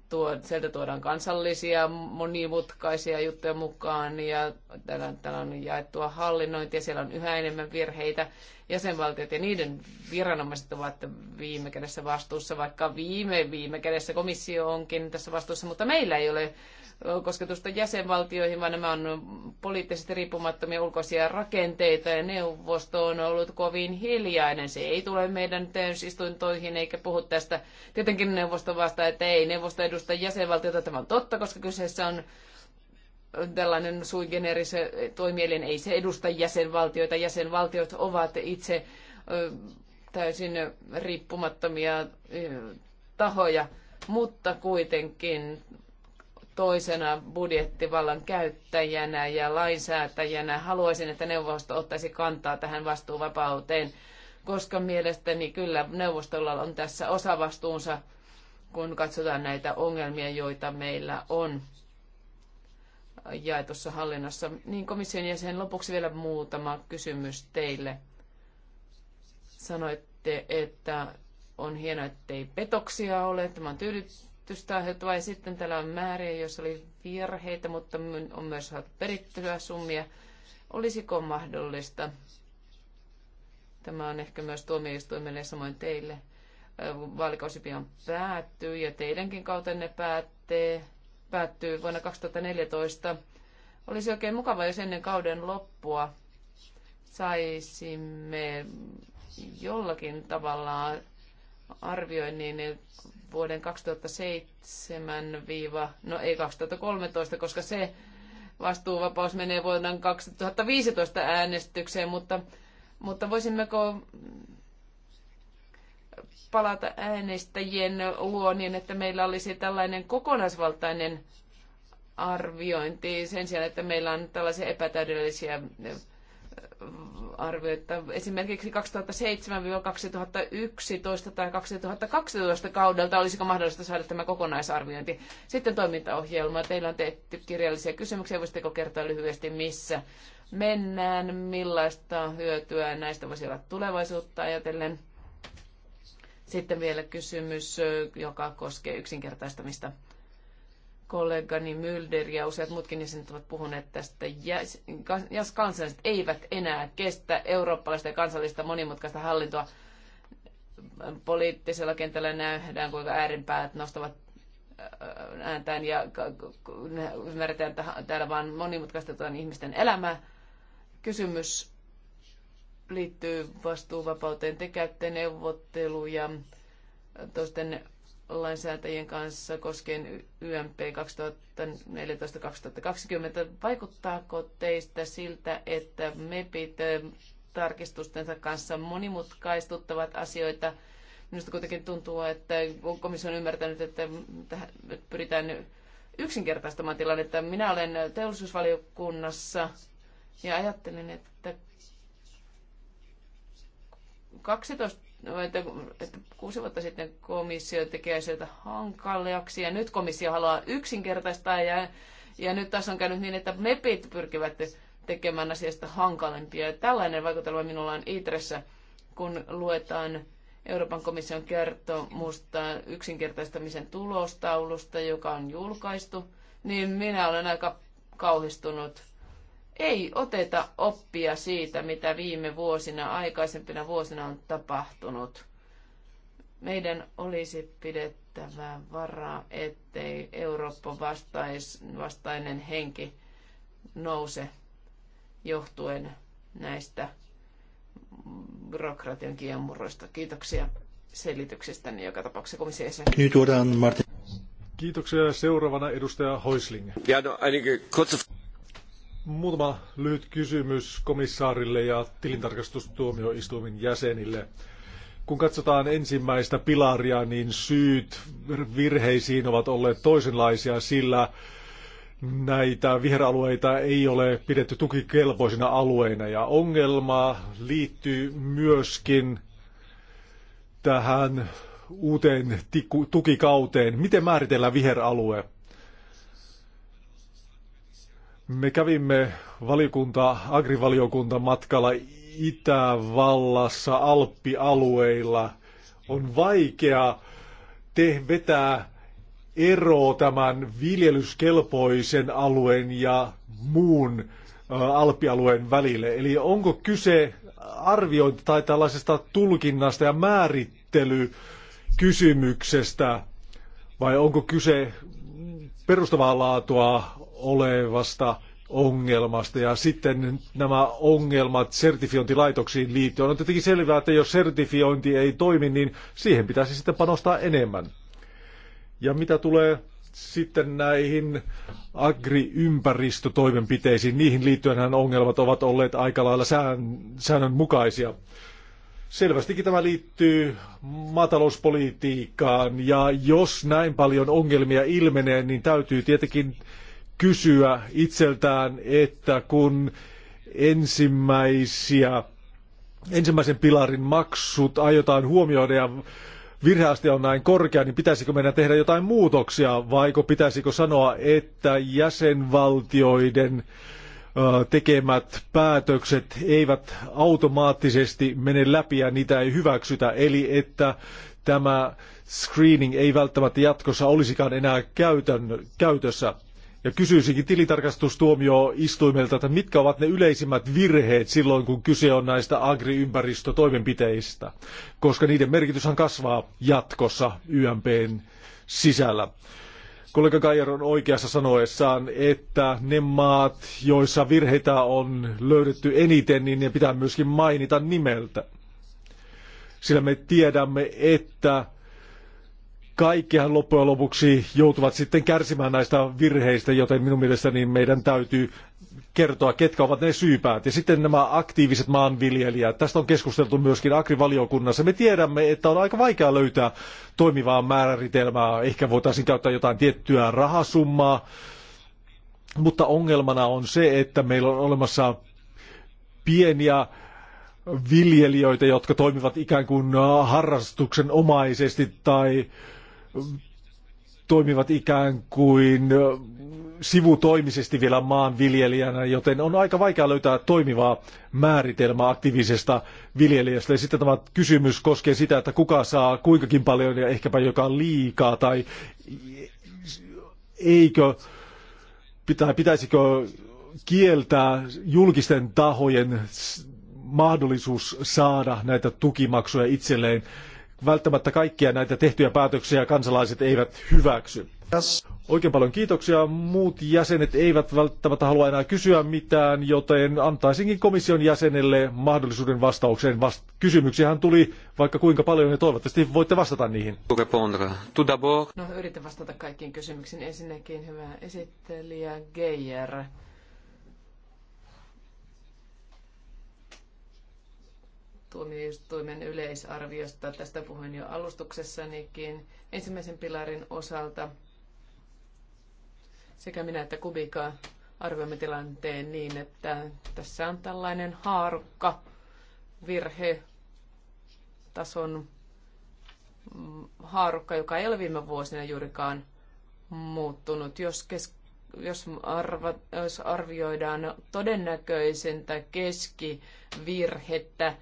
tuo, sieltä tuodaan kansallisia monimutkaisia juttuja mukaan ja täällä, täällä on jaettua hallinnointia, siellä on yhä enemmän virheitä. Jäsenvaltiot ja niiden viranomaiset ovat viime kädessä vastuussa, vaikka viime, viime kädessä komissio onkin tässä vastuussa, mutta meillä ei ole kosketusta jäsenvaltioihin, vaan nämä on poliittisesti riippumattomia ulkoisia rakenteita ja neuvosto on ollut kovin hiljainen. Se ei tule meidän täysistuntoihin eikä puhu tästä. Tietenkin neuvosto vastaa, että ei neuvosto edusta jäsenvaltiota. Tämä on totta, koska kyseessä on tällainen sui generis toimielin, ei se edusta jäsenvaltioita. Jäsenvaltiot ovat itse täysin riippumattomia tahoja, mutta kuitenkin toisena budjettivallan käyttäjänä ja lainsäätäjänä haluaisin, että neuvosto ottaisi kantaa tähän vastuuvapauteen, koska mielestäni kyllä neuvostolla on tässä osavastuunsa, kun katsotaan näitä ongelmia, joita meillä on jaetussa hallinnassa. Niin komission jäsen, lopuksi vielä muutama kysymys teille. Sanoitte, että on hienoa, ettei petoksia ole. Tämä on tyydyttävää menetystä vai sitten täällä on määriä, jos oli virheitä, mutta on myös saatu perittyä summia. Olisiko mahdollista, tämä on ehkä myös tuomioistuimelle samoin teille, vaalikausi pian päättyy ja teidänkin kautta ne päättee, päättyy vuonna 2014. Olisi oikein mukava, jos ennen kauden loppua saisimme jollakin tavalla arvioinnin vuoden 2007, no ei 2013, koska se vastuuvapaus menee vuoden 2015 äänestykseen, mutta, mutta voisimmeko palata äänestäjien luo niin, että meillä olisi tällainen kokonaisvaltainen arviointi sen sijaan, että meillä on tällaisia epätäydellisiä arvioita. Esimerkiksi 2007-2011 tai 2012 kaudelta olisiko mahdollista saada tämä kokonaisarviointi. Sitten toimintaohjelma. Teillä on tehty kirjallisia kysymyksiä. Voisitteko kertoa lyhyesti, missä mennään, millaista hyötyä näistä voisi olla tulevaisuutta ajatellen. Sitten vielä kysymys, joka koskee yksinkertaistamista kollegani Mylder ja useat muutkin jäsenet ovat puhuneet tästä. Jos kansalliset eivät enää kestä eurooppalaista ja kansallista monimutkaista hallintoa, poliittisella kentällä nähdään, kuinka äärinpäät nostavat äh, ääntään ja ymmärretään, että täällä vain monimutkaistetaan ihmisten elämää. Kysymys liittyy vastuuvapauteen. Te käytte neuvotteluja toisten lainsäätäjien kanssa koskien YMP 2014-2020. Vaikuttaako teistä siltä, että MEPit tarkistustensa kanssa monimutkaistuttavat asioita? Minusta kuitenkin tuntuu, että komissio on ymmärtänyt, että pyritään yksinkertaistamaan tilannetta. Minä olen teollisuusvaliokunnassa ja ajattelin, että 12 No, että, että kuusi vuotta sitten komissio tekee asioita hankalaksi ja nyt komissio haluaa yksinkertaistaa ja, ja nyt tässä on käynyt niin, että MEPit pyrkivät tekemään asiasta hankalampia. Ja tällainen vaikutelma minulla on Itressä, kun luetaan Euroopan komission kertomusta yksinkertaistamisen tulostaulusta, joka on julkaistu, niin minä olen aika kauhistunut ei oteta oppia siitä, mitä viime vuosina, aikaisempina vuosina on tapahtunut. Meidän olisi pidettävä varaa, ettei Eurooppa vastainen henki nouse johtuen näistä byrokratian kiemurroista. Kiitoksia niin joka tapauksessa komissiossa. Nyt tuodaan Martin. Kiitoksia. Seuraavana edustaja Hoisling. Ja no, ainakin Muutama lyhyt kysymys komissaarille ja tilintarkastustuomioistuimen jäsenille. Kun katsotaan ensimmäistä pilaria, niin syyt virheisiin ovat olleet toisenlaisia, sillä näitä viheralueita ei ole pidetty tukikelpoisina alueina. Ja ongelma liittyy myöskin tähän uuteen tukikauteen. Miten määritellään viheralue? Me kävimme valiokunta, agrivaliokunta matkalla Itävallassa, Alppialueilla. On vaikea te vetää ero tämän viljelyskelpoisen alueen ja muun alppialueen välille. Eli onko kyse arviointi tai tällaisesta tulkinnasta ja määrittelykysymyksestä, vai onko kyse perustavaa laatua olevasta ongelmasta ja sitten nämä ongelmat sertifiointilaitoksiin liittyen. On tietenkin selvää, että jos sertifiointi ei toimi, niin siihen pitäisi sitten panostaa enemmän. Ja mitä tulee sitten näihin agriympäristötoimenpiteisiin, niihin liittyenhän ongelmat ovat olleet aika lailla sään, säännönmukaisia. Selvästikin tämä liittyy maatalouspolitiikkaan ja jos näin paljon ongelmia ilmenee, niin täytyy tietenkin kysyä itseltään, että kun ensimmäisiä, ensimmäisen pilarin maksut aiotaan huomioida ja virheaste on näin korkea, niin pitäisikö meidän tehdä jotain muutoksia, vaiko pitäisikö sanoa, että jäsenvaltioiden tekemät päätökset eivät automaattisesti mene läpi ja niitä ei hyväksytä, eli että tämä screening ei välttämättä jatkossa olisikaan enää käytön, käytössä. Ja kysyisinkin tilintarkastustuomioistuimelta, että mitkä ovat ne yleisimmät virheet silloin, kun kyse on näistä agriympäristötoimenpiteistä, koska niiden merkityshän kasvaa jatkossa YMPn sisällä. Kollega Kajer on oikeassa sanoessaan, että ne maat, joissa virheitä on löydetty eniten, niin ne pitää myöskin mainita nimeltä. Sillä me tiedämme, että kaikkihan loppujen lopuksi joutuvat sitten kärsimään näistä virheistä, joten minun mielestäni meidän täytyy kertoa, ketkä ovat ne syypäät. Ja sitten nämä aktiiviset maanviljelijät. Tästä on keskusteltu myöskin agrivaliokunnassa. Me tiedämme, että on aika vaikea löytää toimivaa määritelmää. Ehkä voitaisiin käyttää jotain tiettyä rahasummaa. Mutta ongelmana on se, että meillä on olemassa pieniä viljelijöitä, jotka toimivat ikään kuin harrastuksen omaisesti tai toimivat ikään kuin sivutoimisesti vielä maanviljelijänä, joten on aika vaikea löytää toimivaa määritelmää aktiivisesta viljelijästä. Ja sitten tämä kysymys koskee sitä, että kuka saa kuinkakin paljon ja ehkäpä joka on liikaa tai eikö, pitä, pitäisikö kieltää julkisten tahojen mahdollisuus saada näitä tukimaksuja itselleen välttämättä kaikkia näitä tehtyjä päätöksiä kansalaiset eivät hyväksy. Oikein paljon kiitoksia. Muut jäsenet eivät välttämättä halua enää kysyä mitään, joten antaisinkin komission jäsenelle mahdollisuuden vastaukseen. Vast- Kysymyksiähän tuli vaikka kuinka paljon ja toivottavasti voitte vastata niihin. No yritän vastata kaikkiin kysymyksiin. Ensinnäkin hyvä esittelijä Geijer. tuomioistuimen yleisarviosta. Tästä puhuin jo alustuksessanikin ensimmäisen pilarin osalta. Sekä minä että Kubika arvioimme tilanteen niin, että tässä on tällainen haarukka virhe tason mm, haarukka, joka ei ole viime vuosina juurikaan muuttunut. Jos, kes, jos, arva, jos arvioidaan todennäköisintä keskivirhettä,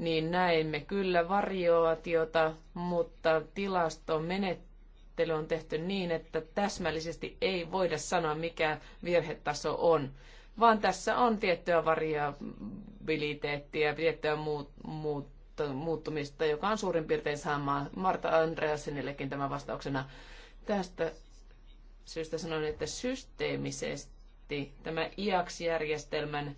niin näemme kyllä variaatiota, mutta tilastomenettely on tehty niin, että täsmällisesti ei voida sanoa, mikä virhetaso on, vaan tässä on tiettyä variabiliteettia, tiettyä muuttumista, joka on suurin piirtein sama. Marta Andreasenillekin tämä vastauksena tästä syystä sanoin, että systeemisesti tämä IAX-järjestelmän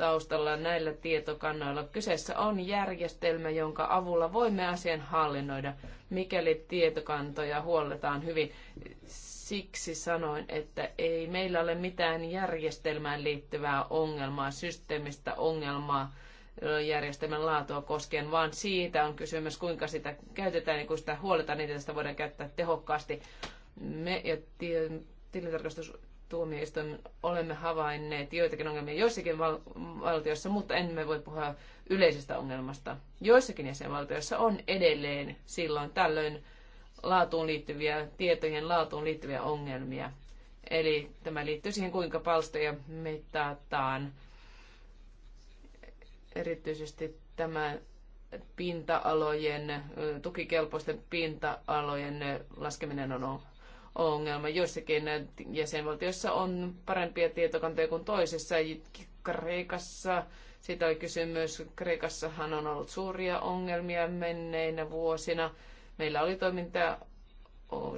taustalla näillä tietokannoilla. Kyseessä on järjestelmä, jonka avulla voimme asian hallinnoida, mikäli tietokantoja huolletaan hyvin. Siksi sanoin, että ei meillä ole mitään järjestelmään liittyvää ongelmaa, systeemistä ongelmaa järjestelmän laatua koskien, vaan siitä on kysymys, kuinka sitä käytetään ja kun sitä huoletaan, niin sitä voidaan käyttää tehokkaasti. Me ja tilintarkastus tuomioistuin olemme havainneet joitakin ongelmia joissakin val- valtioissa, mutta emme voi puhua yleisestä ongelmasta. Joissakin jäsenvaltioissa on edelleen silloin tällöin laatuun liittyviä, tietojen laatuun liittyviä ongelmia. Eli tämä liittyy siihen, kuinka palstoja mitataan. Erityisesti tämä pinta-alojen, tukikelpoisten pinta-alojen laskeminen on ongelma. Joissakin jäsenvaltioissa on parempia tietokantoja kuin toisissa. Kreikassa, siitä oli kysymys, Kreikassahan on ollut suuria ongelmia menneinä vuosina. Meillä oli toiminta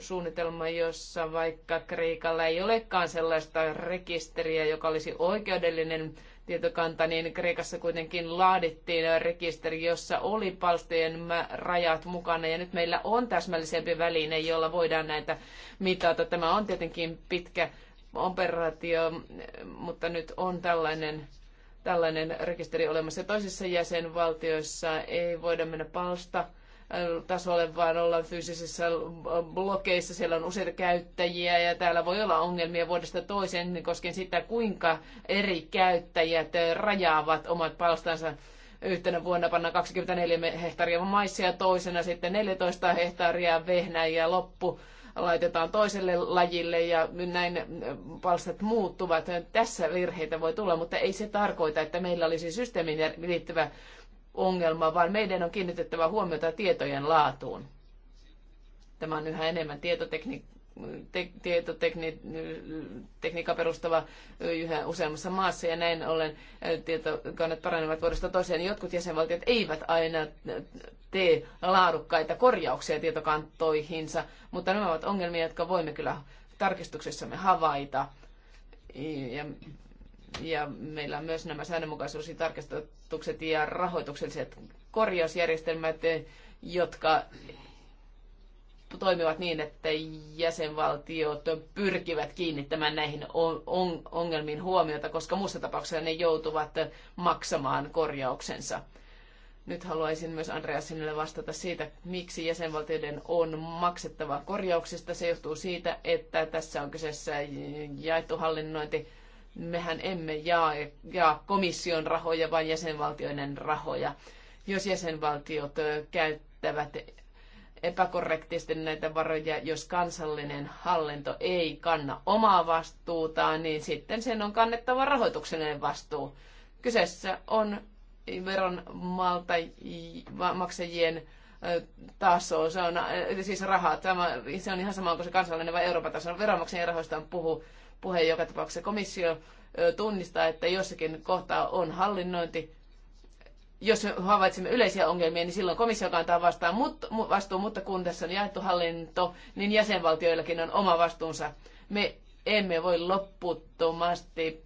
suunnitelma, jossa vaikka Kreikalla ei olekaan sellaista rekisteriä, joka olisi oikeudellinen tietokanta, niin Kreikassa kuitenkin laadittiin rekisteri, jossa oli palstojen rajat mukana. Ja nyt meillä on täsmällisempi väline, jolla voidaan näitä mitata. Tämä on tietenkin pitkä operaatio, mutta nyt on tällainen tällainen rekisteri olemassa. Toisissa jäsenvaltioissa ei voida mennä palsta tasolle, vaan ollaan fyysisissä blokeissa. Siellä on useita käyttäjiä ja täällä voi olla ongelmia vuodesta toiseen koskien sitä, kuinka eri käyttäjät rajaavat omat palstansa yhtenä vuonna panna 24 hehtaaria maissia, toisena sitten 14 hehtaaria vehnää ja loppu laitetaan toiselle lajille ja näin palstat muuttuvat. Tässä virheitä voi tulla, mutta ei se tarkoita, että meillä olisi systeemiin liittyvä ongelma, vaan meidän on kiinnitettävä huomiota tietojen laatuun. Tämä on yhä enemmän tietotekni, te, tietotekniikka perustava yhä useammassa maassa ja näin ollen tietokannat paranevat vuodesta toiseen. Jotkut jäsenvaltiot eivät aina tee laadukkaita korjauksia tietokantoihinsa, mutta nämä ovat ongelmia, jotka voimme kyllä tarkistuksessamme havaita. Ja ja meillä on myös nämä tarkastukset ja rahoitukselliset korjausjärjestelmät, jotka toimivat niin, että jäsenvaltiot pyrkivät kiinnittämään näihin ongelmiin huomiota, koska muussa tapauksessa ne joutuvat maksamaan korjauksensa. Nyt haluaisin myös Andreas sinulle vastata siitä, miksi jäsenvaltioiden on maksettava korjauksista. Se johtuu siitä, että tässä on kyseessä jaettu hallinnointi mehän emme jaa, jaa komission rahoja, vaan jäsenvaltioiden rahoja. Jos jäsenvaltiot käyttävät epäkorrektisti näitä varoja, jos kansallinen hallinto ei kanna omaa vastuutaan, niin sitten sen on kannettava rahoituksellinen vastuu. Kyseessä on veron malta, maksajien taso, se on siis rahaa, tämä, se on ihan sama, kuin se kansallinen vai Euroopan taso, veronmaksajien rahoista on puhu, puheen, joka tapauksessa. Komissio tunnistaa, että jossakin kohtaa on hallinnointi. Jos havaitsemme yleisiä ongelmia, niin silloin komissio kantaa vastaan vastuun, mutta kun tässä on jaettu hallinto, niin jäsenvaltioillakin on oma vastuunsa. Me emme voi lopputtomasti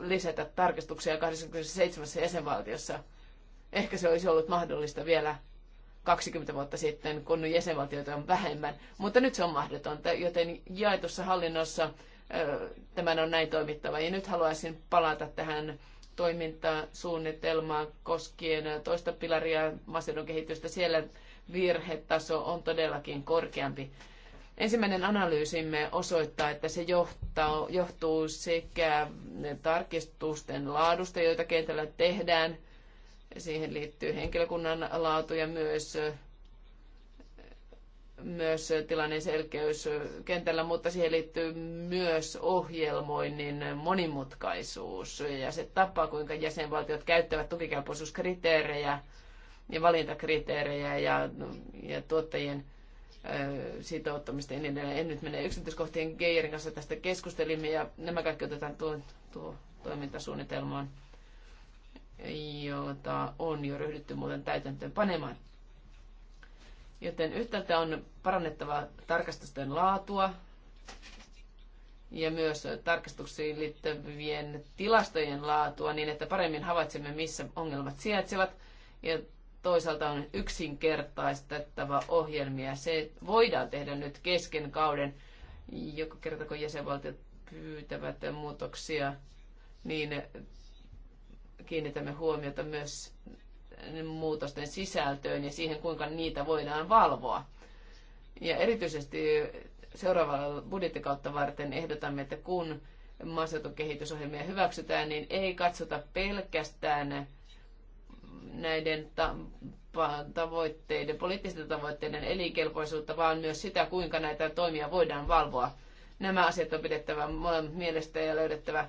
lisätä tarkistuksia 27 jäsenvaltiossa. Ehkä se olisi ollut mahdollista vielä 20 vuotta sitten, kun jäsenvaltioita on vähemmän, mutta nyt se on mahdotonta, joten jaetussa hallinnossa tämän on näin toimittava. Ja nyt haluaisin palata tähän toimintasuunnitelmaan koskien toista pilaria maaseudun kehitystä. Siellä virhetaso on todellakin korkeampi. Ensimmäinen analyysimme osoittaa, että se johtaa, johtuu sekä tarkistusten laadusta, joita kentällä tehdään, siihen liittyy henkilökunnan laatu ja myös myös tilanne selkeys kentällä, mutta siihen liittyy myös ohjelmoinnin monimutkaisuus ja se tapa, kuinka jäsenvaltiot käyttävät tukikelpoisuuskriteerejä ja valintakriteerejä ja, ja tuottajien sitouttamista ja niin edelleen. En nyt mene yksityiskohtien Geijerin kanssa tästä keskustelimme ja nämä kaikki otetaan tuo, tuo toimintasuunnitelmaan, jota on jo ryhdytty muuten täytäntöön panemaan. Joten yhtäältä on parannettava tarkastusten laatua ja myös tarkastuksiin liittyvien tilastojen laatua niin, että paremmin havaitsemme, missä ongelmat sijaitsevat. Ja toisaalta on yksinkertaistettava ohjelmia. Se voidaan tehdä nyt kesken kauden, joka kerta kun jäsenvaltiot pyytävät muutoksia, niin kiinnitämme huomiota myös muutosten sisältöön ja siihen, kuinka niitä voidaan valvoa. Ja erityisesti seuraavalla budjettikautta varten ehdotamme, että kun maaseutukehitysohjelmia hyväksytään, niin ei katsota pelkästään näiden tavoitteiden, poliittisten tavoitteiden elinkelpoisuutta, vaan myös sitä, kuinka näitä toimia voidaan valvoa. Nämä asiat on pidettävä molemmat mielestä ja löydettävä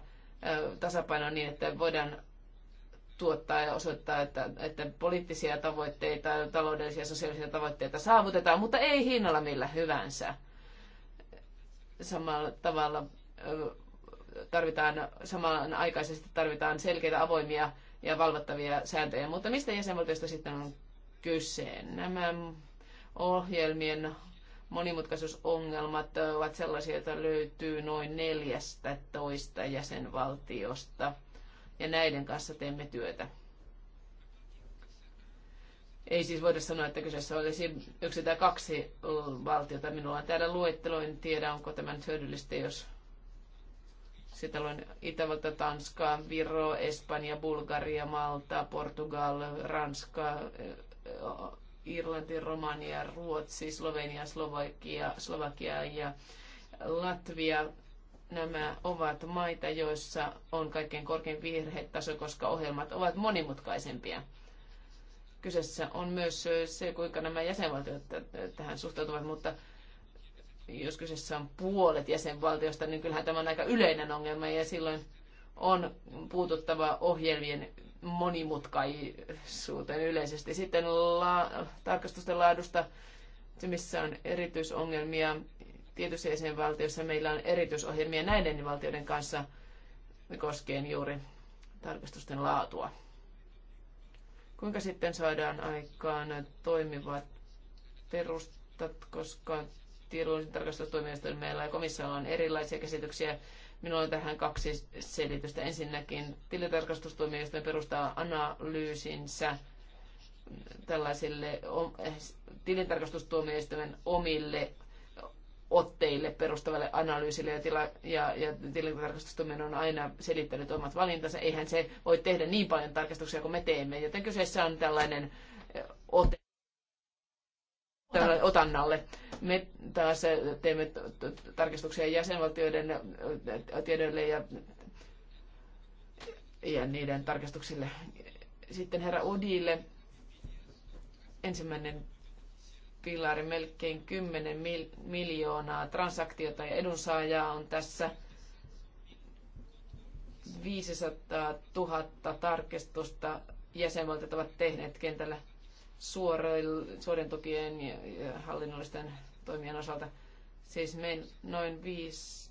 tasapaino niin, että voidaan tuottaa ja osoittaa, että, että poliittisia tavoitteita, taloudellisia ja sosiaalisia tavoitteita saavutetaan, mutta ei hinnalla millä hyvänsä. Samalla tavalla tarvitaan, samanaikaisesti tarvitaan selkeitä avoimia ja valvottavia sääntöjä, mutta mistä jäsenvaltiosta sitten on kyse? Nämä ohjelmien monimutkaisuusongelmat ovat sellaisia, joita löytyy noin 14 jäsenvaltiosta – ja näiden kanssa teemme työtä. Ei siis voida sanoa, että kyseessä olisi yksi tai kaksi valtiota. Minulla on täällä luettelo, en tiedä onko tämä nyt hyödyllistä, jos sitä on Itävalta, Tanska, Viro, Espanja, Bulgaria, Malta, Portugal, Ranska, eh, Irlanti, Romania, Ruotsi, Slovenia, Slovakia, Slovakia ja Latvia nämä ovat maita, joissa on kaikkein korkein virhetaso, koska ohjelmat ovat monimutkaisempia. Kyseessä on myös se, kuinka nämä jäsenvaltiot tähän suhtautuvat, mutta jos kyseessä on puolet jäsenvaltiosta, niin kyllähän tämä on aika yleinen ongelma ja silloin on puututtava ohjelmien monimutkaisuuteen yleisesti. Sitten la- tarkastusten laadusta, se missä on erityisongelmia, tietyissä jäsenvaltioissa meillä on erityisohjelmia näiden valtioiden kanssa koskien juuri tarkastusten laatua. Kuinka sitten saadaan aikaan toimivat perustat, koska tiedullisen meillä ja komissiolla on erilaisia käsityksiä. Minulla on tähän kaksi selitystä. Ensinnäkin tilitarkastustoimijoistojen perustaa analyysinsä tällaisille eh, tilintarkastustuomioistuimen omille otteille perustuvalle analyysille ja, tila, ja, ja tilintarkastustuminen on aina selittänyt omat valintansa. Eihän se voi tehdä niin paljon tarkastuksia kuin me teemme, joten kyseessä on tällainen eh, ote otannalle. Me taas eh, teemme tarkistuksia jäsenvaltioiden eh, tiedoille ja, ja niiden tarkastuksille. Sitten herra Odille ensimmäinen pilari, melkein 10 miljoonaa transaktiota ja edunsaajaa on tässä 500 000 tarkistusta jäsenvaltiot ovat tehneet kentällä suorien tukien ja hallinnollisten toimien osalta. Siis meidän noin 5,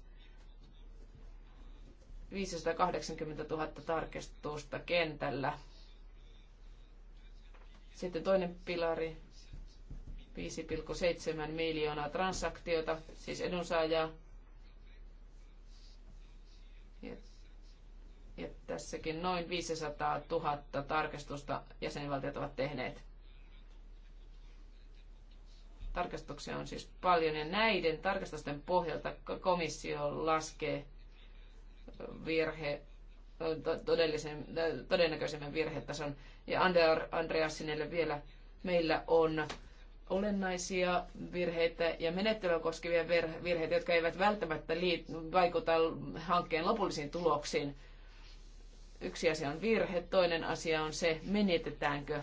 580 000 tarkistusta kentällä. Sitten toinen pilari, 5,7 miljoonaa transaktiota, siis edunsaajaa. Ja, ja tässäkin noin 500 000 tarkastusta jäsenvaltiot ovat tehneet. Tarkastuksia on siis paljon ja näiden tarkastusten pohjalta komissio laskee virhe todellisen, äh, todennäköisemmän virhetason. Ja Andreasinelle vielä meillä on olennaisia virheitä ja menettelyä koskevia virheitä, jotka eivät välttämättä vaikuta hankkeen lopullisiin tuloksiin. Yksi asia on virhe, toinen asia on se, menetetäänkö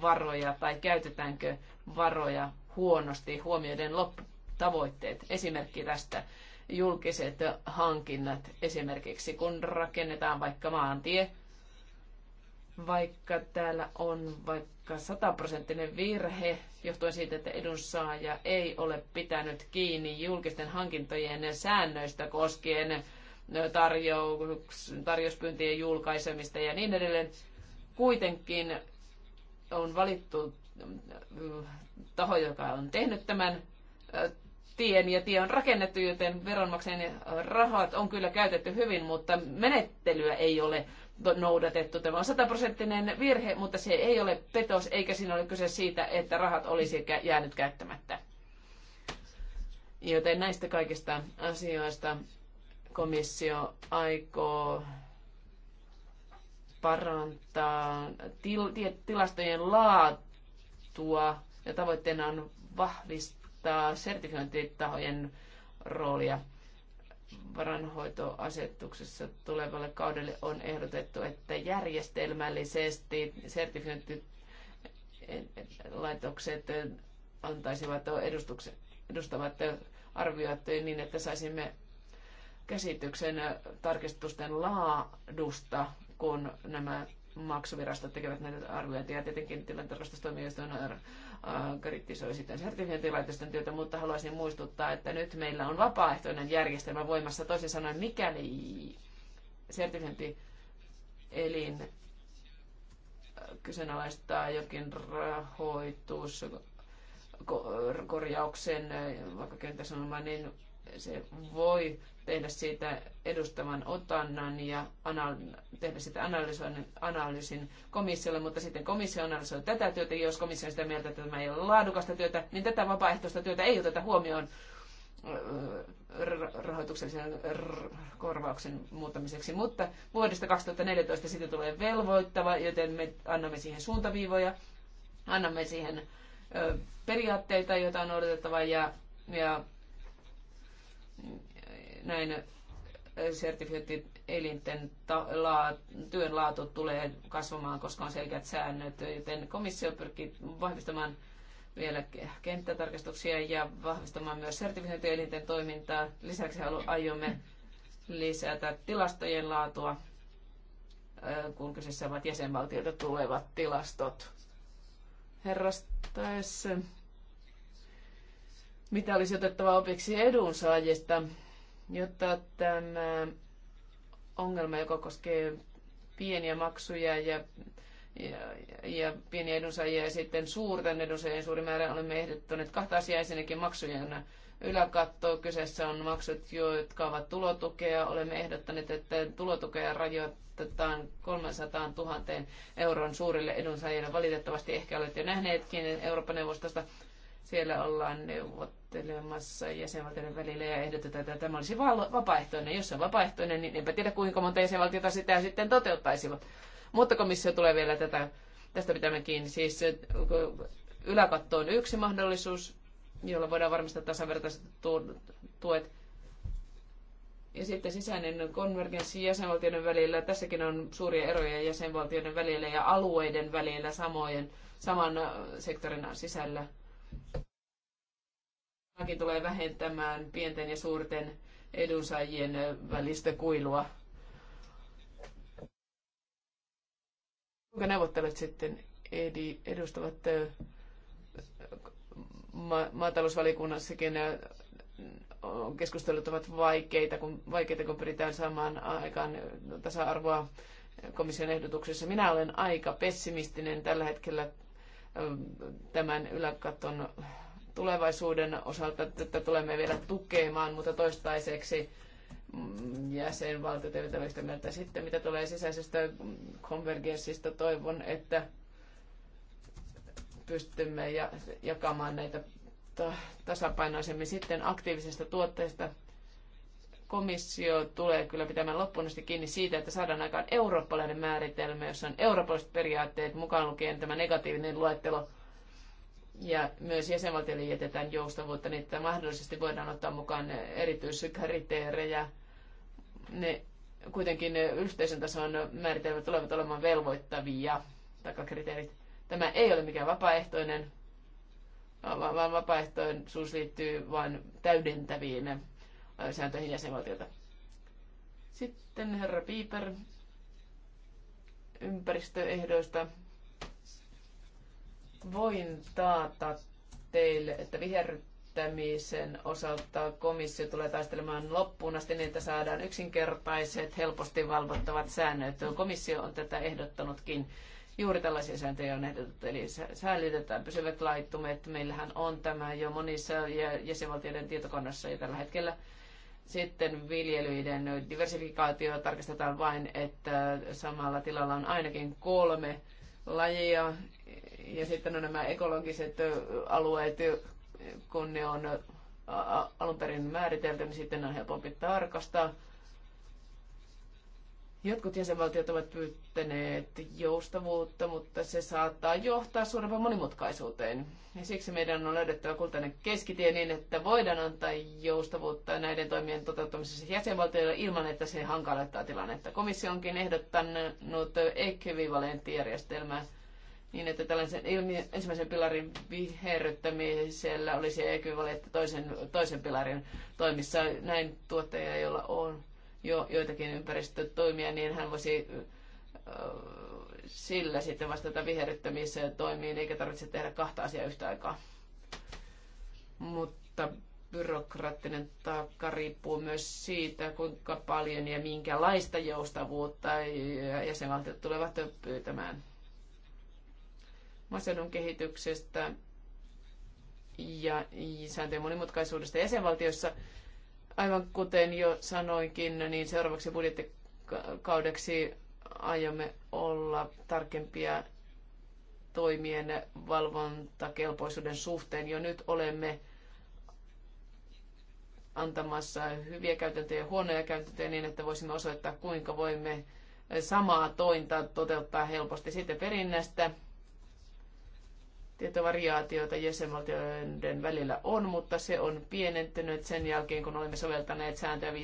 varoja tai käytetäänkö varoja huonosti huomioiden lopputavoitteet. Esimerkki tästä julkiset hankinnat esimerkiksi, kun rakennetaan vaikka maantie, vaikka täällä on vaikka sataprosenttinen virhe, johtuen siitä, että edunsaaja ei ole pitänyt kiinni julkisten hankintojen säännöistä koskien tarjous, tarjouspyyntien julkaisemista ja niin edelleen. Kuitenkin on valittu taho, joka on tehnyt tämän tien ja tie on rakennettu, joten veronmaksajien rahat on kyllä käytetty hyvin, mutta menettelyä ei ole noudatettu. Tämä on sataprosenttinen virhe, mutta se ei ole petos, eikä siinä ole kyse siitä, että rahat olisi jäänyt käyttämättä. Joten näistä kaikista asioista komissio aikoo parantaa til- tilastojen laatua ja tavoitteena on vahvistaa sertifiointitahojen roolia varanhoitoasetuksessa tulevalle kaudelle on ehdotettu, että järjestelmällisesti sertifiointilaitokset antaisivat edustavat arviot niin, että saisimme käsityksen tarkistusten laadusta, kun nämä maksuvirastot tekevät näitä arviointeja. Tietenkin tilintarkastustoimijoista on kritisoi sitten sertifiointilaitosten työtä, mutta haluaisin muistuttaa, että nyt meillä on vapaaehtoinen järjestelmä voimassa. Toisin sanoen, mikäli sertifiointielin äh, kyseenalaistaa jokin rahoitus äh, korjauksen, äh, vaikka kenties sanomaan, niin se voi tehdä siitä edustavan otannan ja tehdä sitä analysoinnin, analyysin komissiolle, mutta sitten komissio analysoi tätä työtä, jos komissio on sitä mieltä, että tämä ei ole laadukasta työtä, niin tätä vapaaehtoista työtä ei oteta huomioon äh, rahoituksellisen korvauksen muuttamiseksi, mutta vuodesta 2014 siitä tulee velvoittava, joten me annamme siihen suuntaviivoja, annamme siihen äh, periaatteita, joita on odotettava ja, ja näin äh, sertifiointielinten la- työn laatu tulee kasvamaan, koska on selkeät säännöt, joten komissio pyrkii vahvistamaan vielä kenttätarkastuksia ja vahvistamaan myös sertifiointielinten toimintaa. Lisäksi aiomme lisätä tilastojen laatua, äh, kun kyseessä ovat jäsenvaltioita tulevat tilastot. Herrastaessa, mitä olisi otettava opiksi edunsaajista? jotta tämä ongelma, joka koskee pieniä maksuja ja, ja, ja pieniä edunsaajia ja sitten suurten edunsaajien suuri määrä, olemme ehdottaneet kahta asiaa ensinnäkin maksujen yläkatto. Kyseessä on maksut, jotka ovat tulotukea. Olemme ehdottaneet, että tulotukea rajoitetaan 300 000 euron suurille edunsaajille. Valitettavasti ehkä olette jo nähneetkin Euroopan neuvostosta. Siellä ollaan neuvot neuvottelemassa jäsenvaltioiden välillä ja ehdotetaan, että tämä olisi vapaaehtoinen. Jos se on vapaaehtoinen, niin enpä tiedä kuinka monta jäsenvaltiota sitä sitten toteuttaisivat. Mutta komissio tulee vielä tätä, tästä pitämään kiinni. Siis eh, yläkatto on yksi mahdollisuus, jolla voidaan varmistaa tasavertaiset tuet. Ja sitten sisäinen konvergenssi jäsenvaltioiden välillä. Tässäkin on suuria eroja jäsenvaltioiden välillä ja alueiden välillä samojen, saman eh, sektorin sisällä. Laki tulee vähentämään pienten ja suurten edunsaajien välistä kuilua. Kuinka neuvottelut sitten edustavat maatalousvalikunnassakin keskustelut ovat vaikeita, kun, vaikeita, kun pyritään saamaan aikaan tasa-arvoa komission ehdotuksessa. Minä olen aika pessimistinen tällä hetkellä tämän yläkaton tulevaisuuden osalta tätä tulemme vielä tukemaan, mutta toistaiseksi mm, jäsenvaltiot eivät ole yhtä mieltä. Sitten mitä tulee sisäisestä konvergenssista, toivon, että pystymme ja, jakamaan näitä tasapainoisemmin. Sitten aktiivisesta tuotteesta komissio tulee kyllä pitämään loppuun asti kiinni siitä, että saadaan aikaan eurooppalainen määritelmä, jossa on eurooppalaiset periaatteet, mukaan lukien tämä negatiivinen luettelo – ja myös jäsenvaltioille jätetään joustavuutta, niin että mahdollisesti voidaan ottaa mukaan erityiskriteerejä. Ne kuitenkin yhteisön tason määritelmät tulevat olemaan velvoittavia, takakriteerit. Tämä ei ole mikään vapaaehtoinen, vaan vapaaehtoisuus liittyy vain täydentäviin äh, sääntöihin jäsenvaltiota. Sitten herra Piiper ympäristöehdoista Voin taata teille, että viherryttämisen osalta komissio tulee taistelemaan loppuun asti niin, että saadaan yksinkertaiset, helposti valvottavat säännöt. Komissio on tätä ehdottanutkin. Juuri tällaisia sääntöjä on ehdotettu, eli säilytetään pysyvät laittumet. Meillähän on tämä jo monissa jäsenvaltioiden tietokannassa jo tällä hetkellä. Sitten viljelyiden diversifikaatio tarkistetaan vain, että samalla tilalla on ainakin kolme lajia ja sitten on nämä ekologiset alueet, kun ne on alun perin määritelty, niin sitten on helpompi tarkastaa. Jotkut jäsenvaltiot ovat pyytäneet joustavuutta, mutta se saattaa johtaa suurempaan monimutkaisuuteen. Ja siksi meidän on löydettävä kultainen keskitie niin, että voidaan antaa joustavuutta näiden toimien toteuttamisessa jäsenvaltioilla ilman, että se hankaloittaa tilannetta. Komissio onkin ehdottanut ekvivalenttijärjestelmää. järjestelmää niin, että tällaisen ilmi, ensimmäisen pilarin viherryttämisellä olisi ekvivalentti toisen, toisen pilarin toimissa. Näin tuottaja, jolla on jo joitakin ympäristötoimia, niin hän voisi sillä sitten vastata viherryttämiseen toimiin, eikä tarvitse tehdä kahta asiaa yhtä aikaa. Mutta byrokraattinen taakka riippuu myös siitä, kuinka paljon ja minkälaista joustavuutta jäsenvaltiot tulevat pyytämään maaseudun kehityksestä ja sääntöjen monimutkaisuudesta jäsenvaltiossa. Aivan kuten jo sanoinkin, niin seuraavaksi budjettikaudeksi aiomme olla tarkempia toimien valvontakelpoisuuden suhteen. Jo nyt olemme antamassa hyviä käytäntöjä ja huonoja käytäntöjä niin, että voisimme osoittaa, kuinka voimme samaa tointa toteuttaa helposti. Sitten perinnästä variaatioita jäsenvaltioiden välillä on, mutta se on pienentynyt sen jälkeen, kun olemme soveltaneet sääntöä 50-50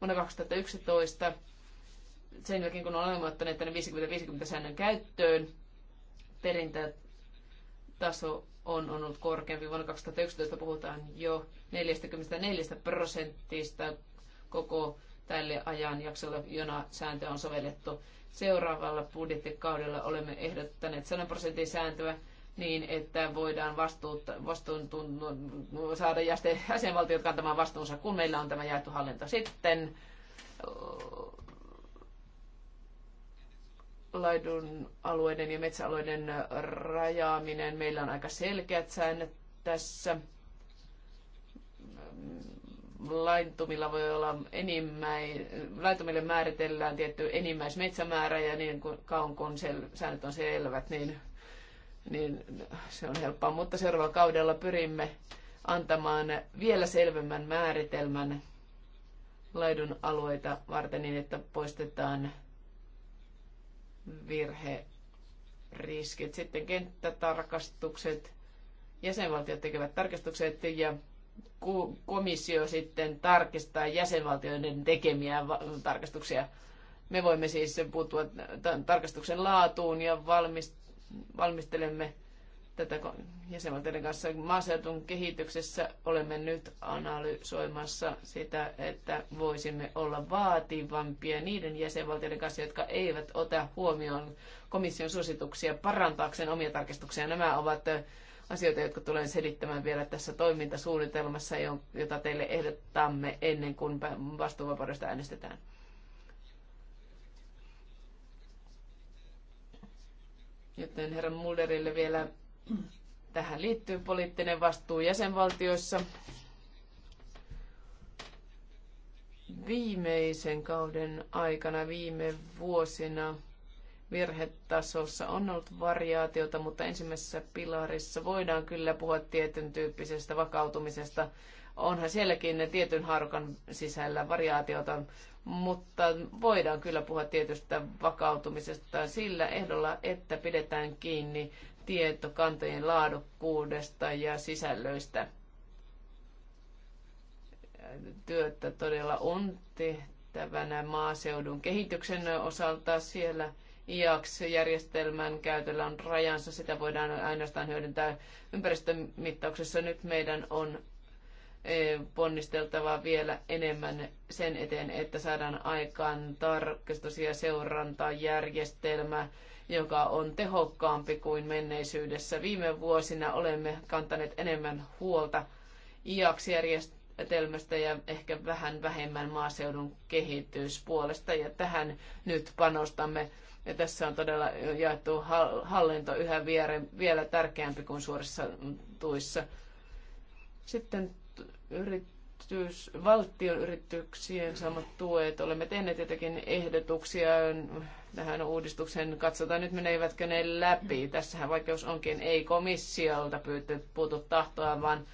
vuonna 2011. Sen jälkeen, kun olemme ottaneet tänne 50-50-säännön käyttöön, perintätaso on ollut korkeampi. Vuonna 2011 puhutaan jo 44 prosentista koko tälle ajanjaksolle, jona sääntöä on sovellettu. Seuraavalla budjettikaudella olemme ehdottaneet 100 prosentin sääntöä niin, että voidaan vastuut, vastuun, saada jäsenvaltiot kantamaan vastuunsa, kun meillä on tämä jaettu hallinto. Sitten laidun alueiden ja metsäalueiden rajaaminen. Meillä on aika selkeät säännöt tässä laitumilla voi olla enimmäi, laitumille määritellään tietty enimmäismetsämäärä ja niin kauan kun sel, säännöt on selvät, niin, niin se on helppoa. Mutta seuraavalla kaudella pyrimme antamaan vielä selvemmän määritelmän laidun alueita varten niin, että poistetaan virheriskit. Sitten kenttätarkastukset, jäsenvaltiot tekevät tarkastukset ja komissio sitten tarkistaa jäsenvaltioiden tekemiä tarkastuksia. Me voimme siis puuttua tarkastuksen laatuun ja valmistelemme tätä jäsenvaltioiden kanssa. maaseutun kehityksessä olemme nyt analysoimassa sitä, että voisimme olla vaativampia niiden jäsenvaltioiden kanssa, jotka eivät ota huomioon komission suosituksia parantaakseen omia tarkistuksia. Nämä ovat asioita, jotka tulen selittämään vielä tässä toimintasuunnitelmassa, jota teille ehdottamme ennen kuin vastuuvapaudesta äänestetään. Joten herra Mulderille vielä tähän liittyy poliittinen vastuu jäsenvaltioissa. Viimeisen kauden aikana, viime vuosina, virhetasossa on ollut variaatiota, mutta ensimmäisessä pilarissa voidaan kyllä puhua tietyn tyyppisestä vakautumisesta. Onhan sielläkin tietyn haarukan sisällä variaatiota, mutta voidaan kyllä puhua tietystä vakautumisesta sillä ehdolla, että pidetään kiinni tietokantojen laadukkuudesta ja sisällöistä. Työtä todella on tehtävänä maaseudun kehityksen osalta. Siellä IAX-järjestelmän e käytöllä on rajansa. Sitä voidaan ainoastaan hyödyntää ympäristömittauksessa. Nyt meidän on e, ponnisteltava vielä enemmän sen eteen, että saadaan aikaan tarkistus- ja seurantajärjestelmä, joka on tehokkaampi kuin menneisyydessä. Viime vuosina olemme kantaneet enemmän huolta IAX-järjestelmästä e ja ehkä vähän vähemmän maaseudun kehityspuolesta, ja tähän nyt panostamme ja tässä on todella jaettu hallinto yhä viere, vielä tärkeämpi kuin suorissa tuissa. Sitten yritys, valtion yrityksien saamat tuet. Olemme tehneet jotakin ehdotuksia tähän uudistukseen. Katsotaan nyt meneivätkö ne läpi. Tässähän vaikeus onkin. Ei komissiolta pyytty puutu tahtoa, vaan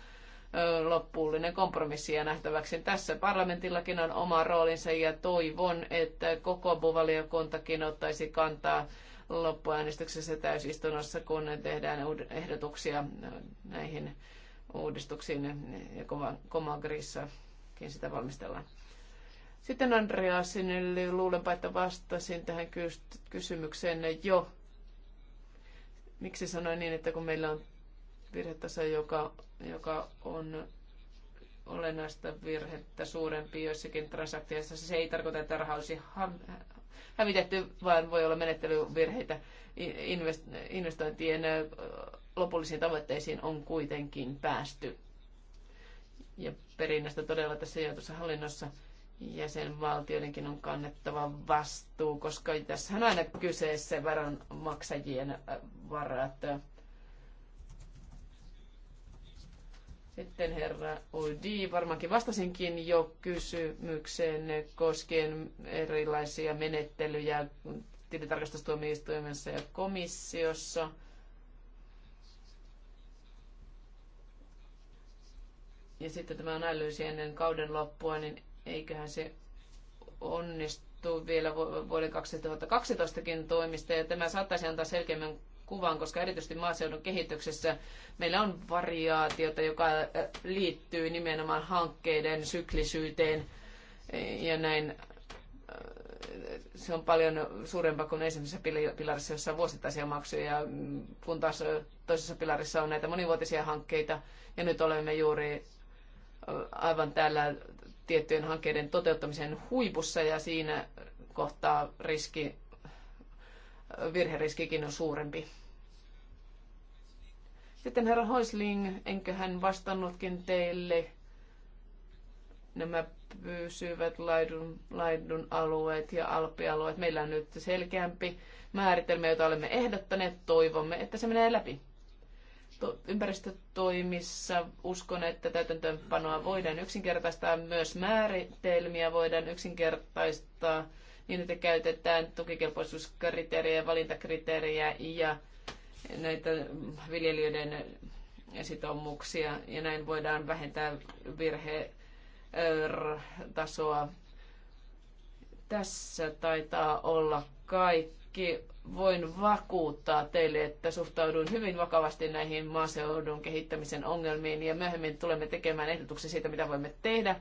loppuullinen kompromissi ja nähtäväksi. Tässä parlamentillakin on oma roolinsa ja toivon, että koko valiokuntakin ottaisi kantaa loppuäänestyksessä täysistunnossa, kun tehdään ehdotuksia näihin uudistuksiin ja Komagrissakin sitä valmistellaan. Sitten eli luulenpa, että vastasin tähän kysymykseen jo. Miksi sanoin niin, että kun meillä on virhetaso, joka joka on olennaista virhettä suurempi joissakin transaktioissa. Se ei tarkoita, että raha olisi hävitetty, vaan voi olla menettelyvirheitä. Investointien lopullisiin tavoitteisiin on kuitenkin päästy. Ja perinnästä todella tässä joutussa hallinnossa jäsenvaltioidenkin on kannettava vastuu, koska tässä on aina kyseessä veronmaksajien varat. Sitten herra Udi, varmaankin vastasinkin jo kysymykseen koskien erilaisia menettelyjä tilintarkastustuomioistuimessa ja komissiossa. Ja sitten tämä analyysi ennen kauden loppua, niin eiköhän se onnistu vielä vuoden 2012kin toimista. Ja tämä saattaisi antaa selkeämmän kuvan, koska erityisesti maaseudun kehityksessä meillä on variaatiota, joka äh, liittyy nimenomaan hankkeiden syklisyyteen ja näin äh, se on paljon suurempaa kuin ensimmäisessä pilarissa, jossa on vuosittaisia maksuja, mm, kun taas äh, toisessa pilarissa on näitä monivuotisia hankkeita. Ja nyt olemme juuri aivan täällä tiettyjen hankkeiden toteuttamisen huipussa ja siinä kohtaa riski, virheriskikin on suurempi. Sitten herra Hoisling, enkö hän vastannutkin teille nämä pysyvät laidun, laidun alueet ja alppialueet. Meillä on nyt selkeämpi määritelmä, jota olemme ehdottaneet. Toivomme, että se menee läpi. To- ympäristötoimissa uskon, että täytäntöönpanoa voidaan yksinkertaistaa. Myös määritelmiä voidaan yksinkertaistaa niin, että käytetään tukikelpoisuuskriteerejä, valintakriteerejä ja näitä viljelijöiden sitoumuksia ja näin voidaan vähentää virhetasoa. Tässä taitaa olla kaikki. Voin vakuuttaa teille, että suhtaudun hyvin vakavasti näihin maaseudun kehittämisen ongelmiin ja myöhemmin tulemme tekemään ehdotuksia siitä, mitä voimme tehdä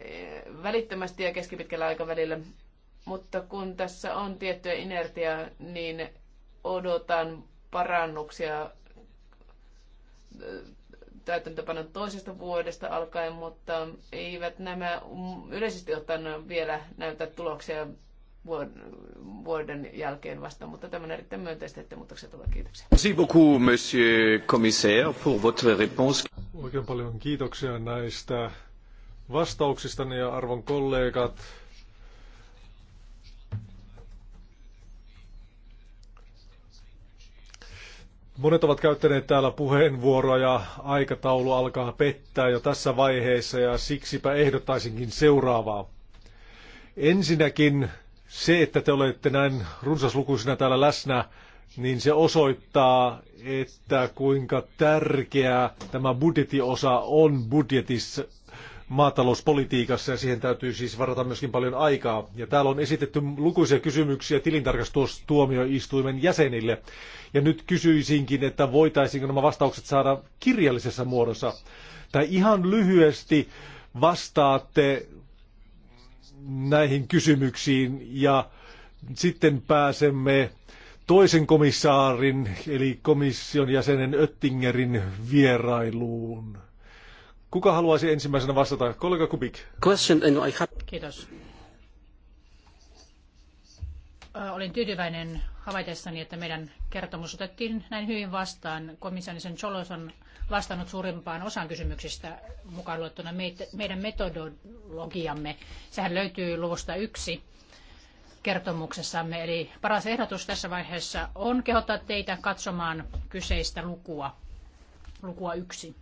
e, välittömästi ja keskipitkällä aikavälillä. Mutta kun tässä on tiettyä inertiaa, niin odotan parannuksia äh, täytäntöpanon toisesta vuodesta alkaen, mutta eivät nämä mm, yleisesti ottaen vielä näytä tuloksia vuoden jälkeen vasta, mutta tämä on erittäin myönteistä, että muutokset ovat kiitoksia. Merci beaucoup, monsieur commissaire, pour votre réponse. Oikein paljon kiitoksia näistä vastauksistanne ja arvon kollegat. Monet ovat käyttäneet täällä puheenvuoroa ja aikataulu alkaa pettää jo tässä vaiheessa ja siksipä ehdottaisinkin seuraavaa. Ensinnäkin se, että te olette näin runsaslukuisina täällä läsnä, niin se osoittaa, että kuinka tärkeää tämä budjettiosa on budjetissa, maatalouspolitiikassa ja siihen täytyy siis varata myöskin paljon aikaa. Ja täällä on esitetty lukuisia kysymyksiä tilintarkastustuomioistuimen jäsenille. Ja nyt kysyisinkin, että voitaisiinko nämä vastaukset saada kirjallisessa muodossa. Tai ihan lyhyesti vastaatte näihin kysymyksiin ja sitten pääsemme toisen komissaarin eli komission jäsenen Öttingerin vierailuun. Kuka haluaisi ensimmäisenä vastata? Kollega Kubik. Question and I have... Kiitos. Olin tyytyväinen havaitessani, että meidän kertomus otettiin näin hyvin vastaan. Komissaarisen Cholos on vastannut suurimpaan osaan kysymyksistä mukaan luettuna meidän metodologiamme. Sehän löytyy luvusta yksi kertomuksessamme. Eli paras ehdotus tässä vaiheessa on kehottaa teitä katsomaan kyseistä lukua, lukua yksi.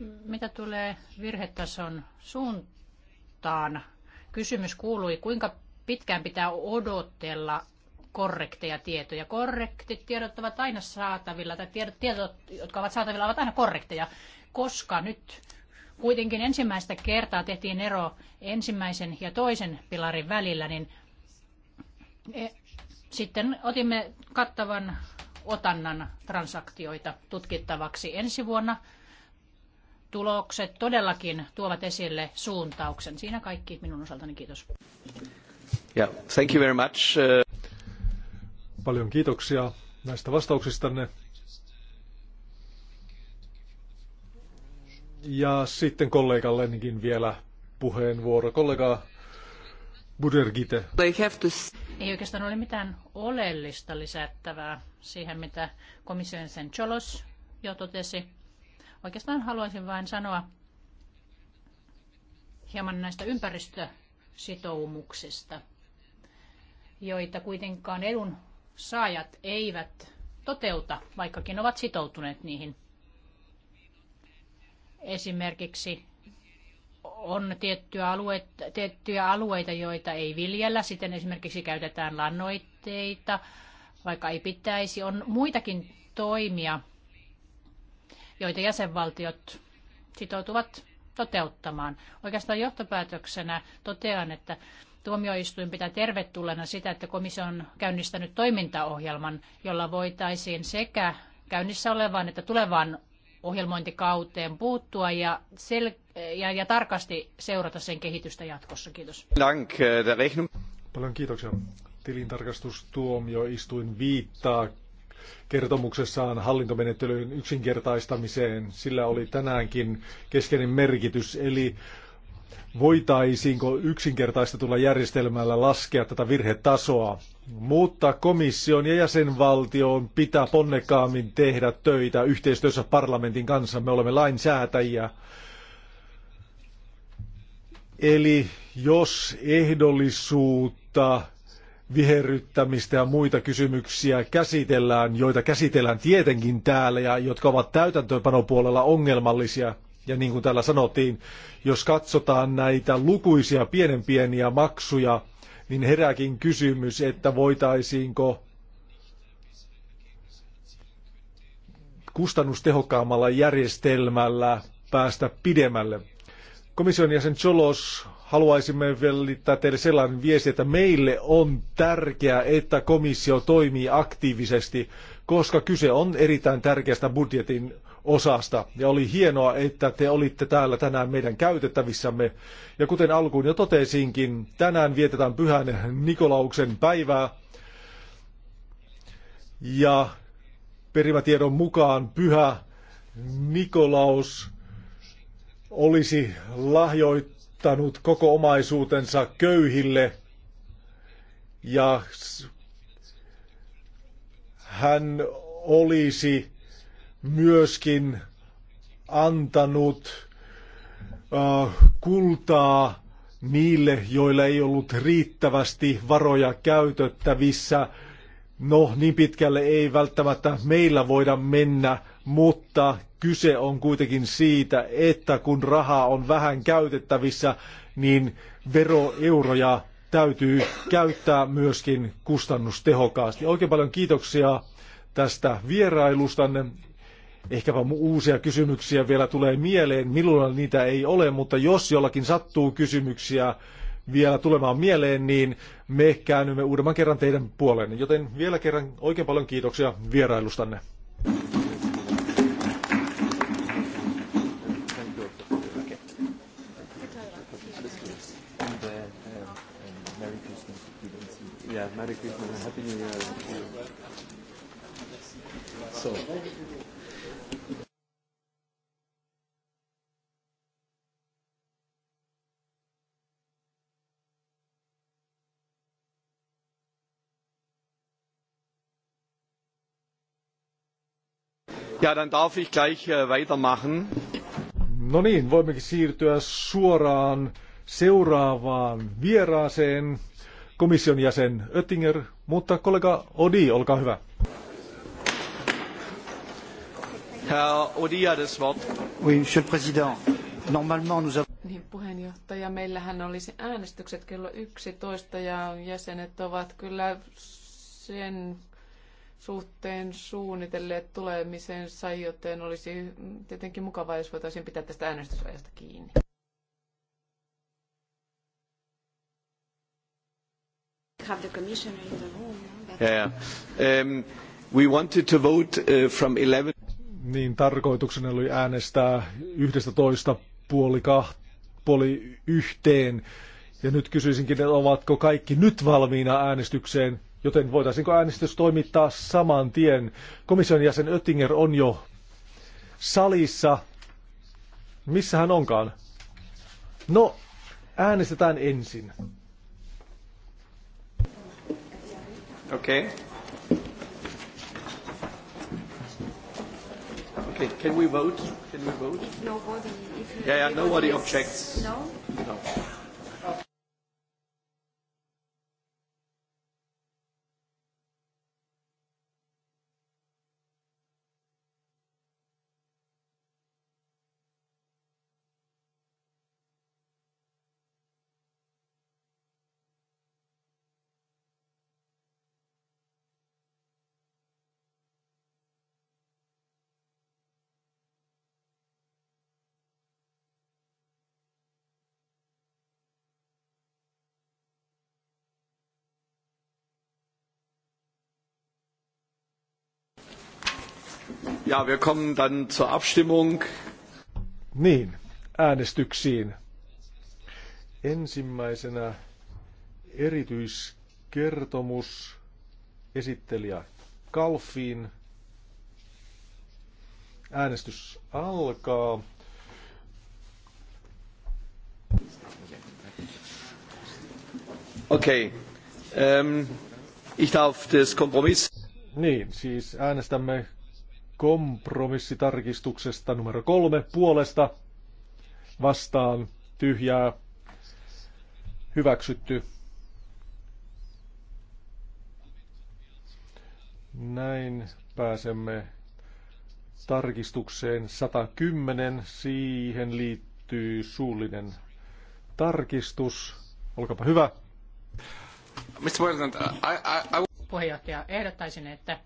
Mitä tulee virhetason suuntaan? Kysymys kuului, kuinka pitkään pitää odotella korrekteja tietoja. Korrektit tiedot ovat aina saatavilla, tai tiedot, tiedot jotka ovat saatavilla, ovat aina korrekteja, koska nyt kuitenkin ensimmäistä kertaa tehtiin ero ensimmäisen ja toisen pilarin välillä, niin e, sitten otimme kattavan otannan transaktioita tutkittavaksi ensi vuonna tulokset todellakin tuovat esille suuntauksen. Siinä kaikki minun osaltani. Kiitos. Yeah, thank you very much. Uh, Paljon kiitoksia näistä vastauksistanne. Ja sitten kollegallenikin vielä puheenvuoro. Kollega Budergite. Ei oikeastaan ole mitään oleellista lisättävää siihen, mitä komission sen Cholos jo totesi Oikeastaan haluaisin vain sanoa hieman näistä ympäristösitoumuksista, joita kuitenkaan edun saajat eivät toteuta, vaikkakin ovat sitoutuneet niihin. Esimerkiksi on tiettyjä alueita, tiettyjä alueita, joita ei viljellä, sitten esimerkiksi käytetään lannoitteita, vaikka ei pitäisi. On muitakin toimia, joita jäsenvaltiot sitoutuvat toteuttamaan. Oikeastaan johtopäätöksenä totean, että tuomioistuin pitää tervetulleena sitä, että komissio on käynnistänyt toimintaohjelman, jolla voitaisiin sekä käynnissä olevaan että tulevaan ohjelmointikauteen puuttua ja, sel- ja, ja tarkasti seurata sen kehitystä jatkossa. Kiitos. Äh, Paljon kiitoksia. Tilintarkastustuomioistuin viittaa kertomuksessaan hallintomenettelyyn yksinkertaistamiseen. Sillä oli tänäänkin keskeinen merkitys, eli voitaisiinko yksinkertaistetulla järjestelmällä laskea tätä virhetasoa. Mutta komission ja jäsenvaltion pitää ponnekaammin tehdä töitä yhteistyössä parlamentin kanssa. Me olemme lainsäätäjiä. Eli jos ehdollisuutta viherryttämistä ja muita kysymyksiä käsitellään, joita käsitellään tietenkin täällä ja jotka ovat täytäntöönpanopuolella ongelmallisia. Ja niin kuin täällä sanottiin, jos katsotaan näitä lukuisia pienen pieniä maksuja, niin herääkin kysymys, että voitaisiinko kustannustehokkaammalla järjestelmällä päästä pidemmälle. Komission jäsen Cholos haluaisimme välittää teille sellainen viesti, että meille on tärkeää, että komissio toimii aktiivisesti, koska kyse on erittäin tärkeästä budjetin osasta. Ja oli hienoa, että te olitte täällä tänään meidän käytettävissämme. Ja kuten alkuun jo totesinkin, tänään vietetään pyhän Nikolauksen päivää. Ja perimätiedon mukaan pyhä Nikolaus olisi lahjoittanut antanut koko omaisuutensa köyhille ja hän olisi myöskin antanut kultaa niille, joilla ei ollut riittävästi varoja käytettävissä. No, niin pitkälle ei välttämättä meillä voida mennä, mutta kyse on kuitenkin siitä, että kun rahaa on vähän käytettävissä, niin veroeuroja täytyy käyttää myöskin kustannustehokkaasti. Oikein paljon kiitoksia tästä vierailustanne. Ehkäpä uusia kysymyksiä vielä tulee mieleen. Minulla niitä ei ole, mutta jos jollakin sattuu kysymyksiä vielä tulemaan mieleen, niin me käännymme uudemman kerran teidän puoleen. Joten vielä kerran oikein paljon kiitoksia vierailustanne. Yeah, Merry Christmas and Happy New Year. So. Ja, dann darf ich gleich äh, weitermachen. No niin, voimmekin siirtyä suoraan seuraavaan vieraaseen komission jäsen Oettinger, mutta kollega Odi, olkaa hyvä. Herr Odi das Wort. Oui, monsieur le président. Normalement nous avons... Niin, puheenjohtaja, meillähän olisi äänestykset kello 11 ja jäsenet ovat kyllä sen suhteen suunnitelleet tulemisensa, joten olisi tietenkin mukavaa, jos voitaisiin pitää tästä äänestysajasta kiinni. have the commissioner in the room. No? Yeah, Um, we wanted to vote uh, from 11... Niin tarkoituksena oli äänestää 11 puoli, kaht, puoli yhteen. Ja nyt kysyisinkin, että ovatko kaikki nyt valmiina äänestykseen, joten voitaisiinko äänestys toimittaa saman tien. Komission jäsen Oettinger on jo salissa. Missä hän onkaan? No, äänestetään ensin. Okay. Okay, can we vote? Can we vote? Nobody. If you yeah, yeah, nobody objects. No? No. Ja, wir kommen dann zur Abstimmung. Niin, äänestyksiin. Ensimmäisenä erityiskertomus esittelijä Kalfiin. Äänestys alkaa. Okei. Okay. Ähm, ich darf das Kompromiss. Niin, siis äänestämme kompromissitarkistuksesta numero kolme puolesta vastaan tyhjää hyväksytty. Näin pääsemme tarkistukseen 110. Siihen liittyy suullinen tarkistus. Olkapa hyvä. Mr. President, I, I, I... Puheenjohtaja, ehdottaisin, että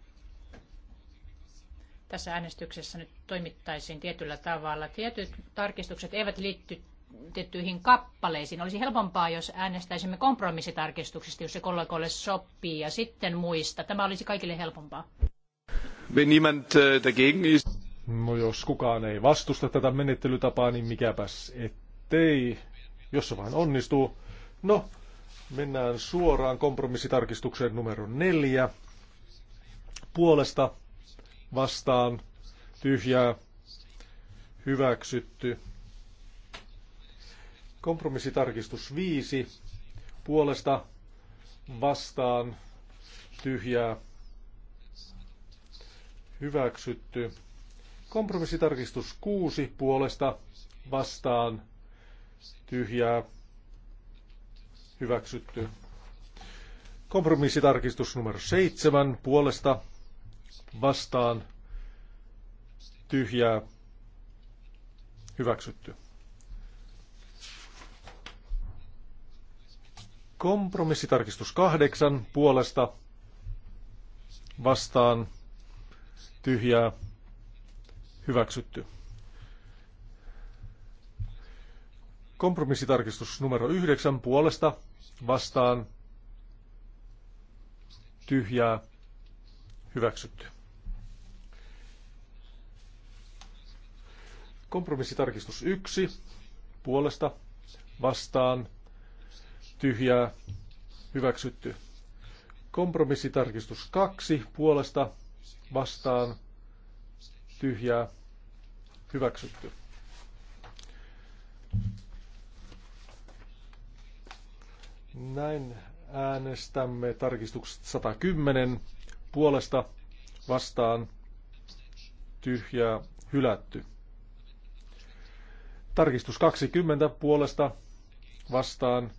tässä äänestyksessä nyt toimittaisiin tietyllä tavalla. Tietyt tarkistukset eivät liitty tiettyihin kappaleisiin. Olisi helpompaa, jos äänestäisimme kompromissitarkistuksista, jos se kollegoille sopii, ja sitten muista. Tämä olisi kaikille helpompaa. Wenn niemand äh, dagegen ist. No jos kukaan ei vastusta tätä menettelytapaa, niin mikäpäs ettei, jos se vain onnistuu. No, mennään suoraan kompromissitarkistukseen numero neljä. Puolesta vastaan tyhjää hyväksytty. Kompromissitarkistus 5 puolesta vastaan tyhjää hyväksytty. Kompromissitarkistus 6 puolesta vastaan tyhjää hyväksytty. Kompromissitarkistus numero 7 puolesta vastaan tyhjää hyväksytty. Kompromissitarkistus kahdeksan puolesta vastaan tyhjää hyväksytty. Kompromissitarkistus numero yhdeksän puolesta vastaan tyhjää Hyväksytty. Kompromissitarkistus 1. Puolesta vastaan tyhjää hyväksytty. Kompromissitarkistus 2. Puolesta vastaan tyhjää hyväksytty. Näin äänestämme tarkistukset 110 puolesta vastaan tyhjää hylätty. Tarkistus 20 puolesta vastaan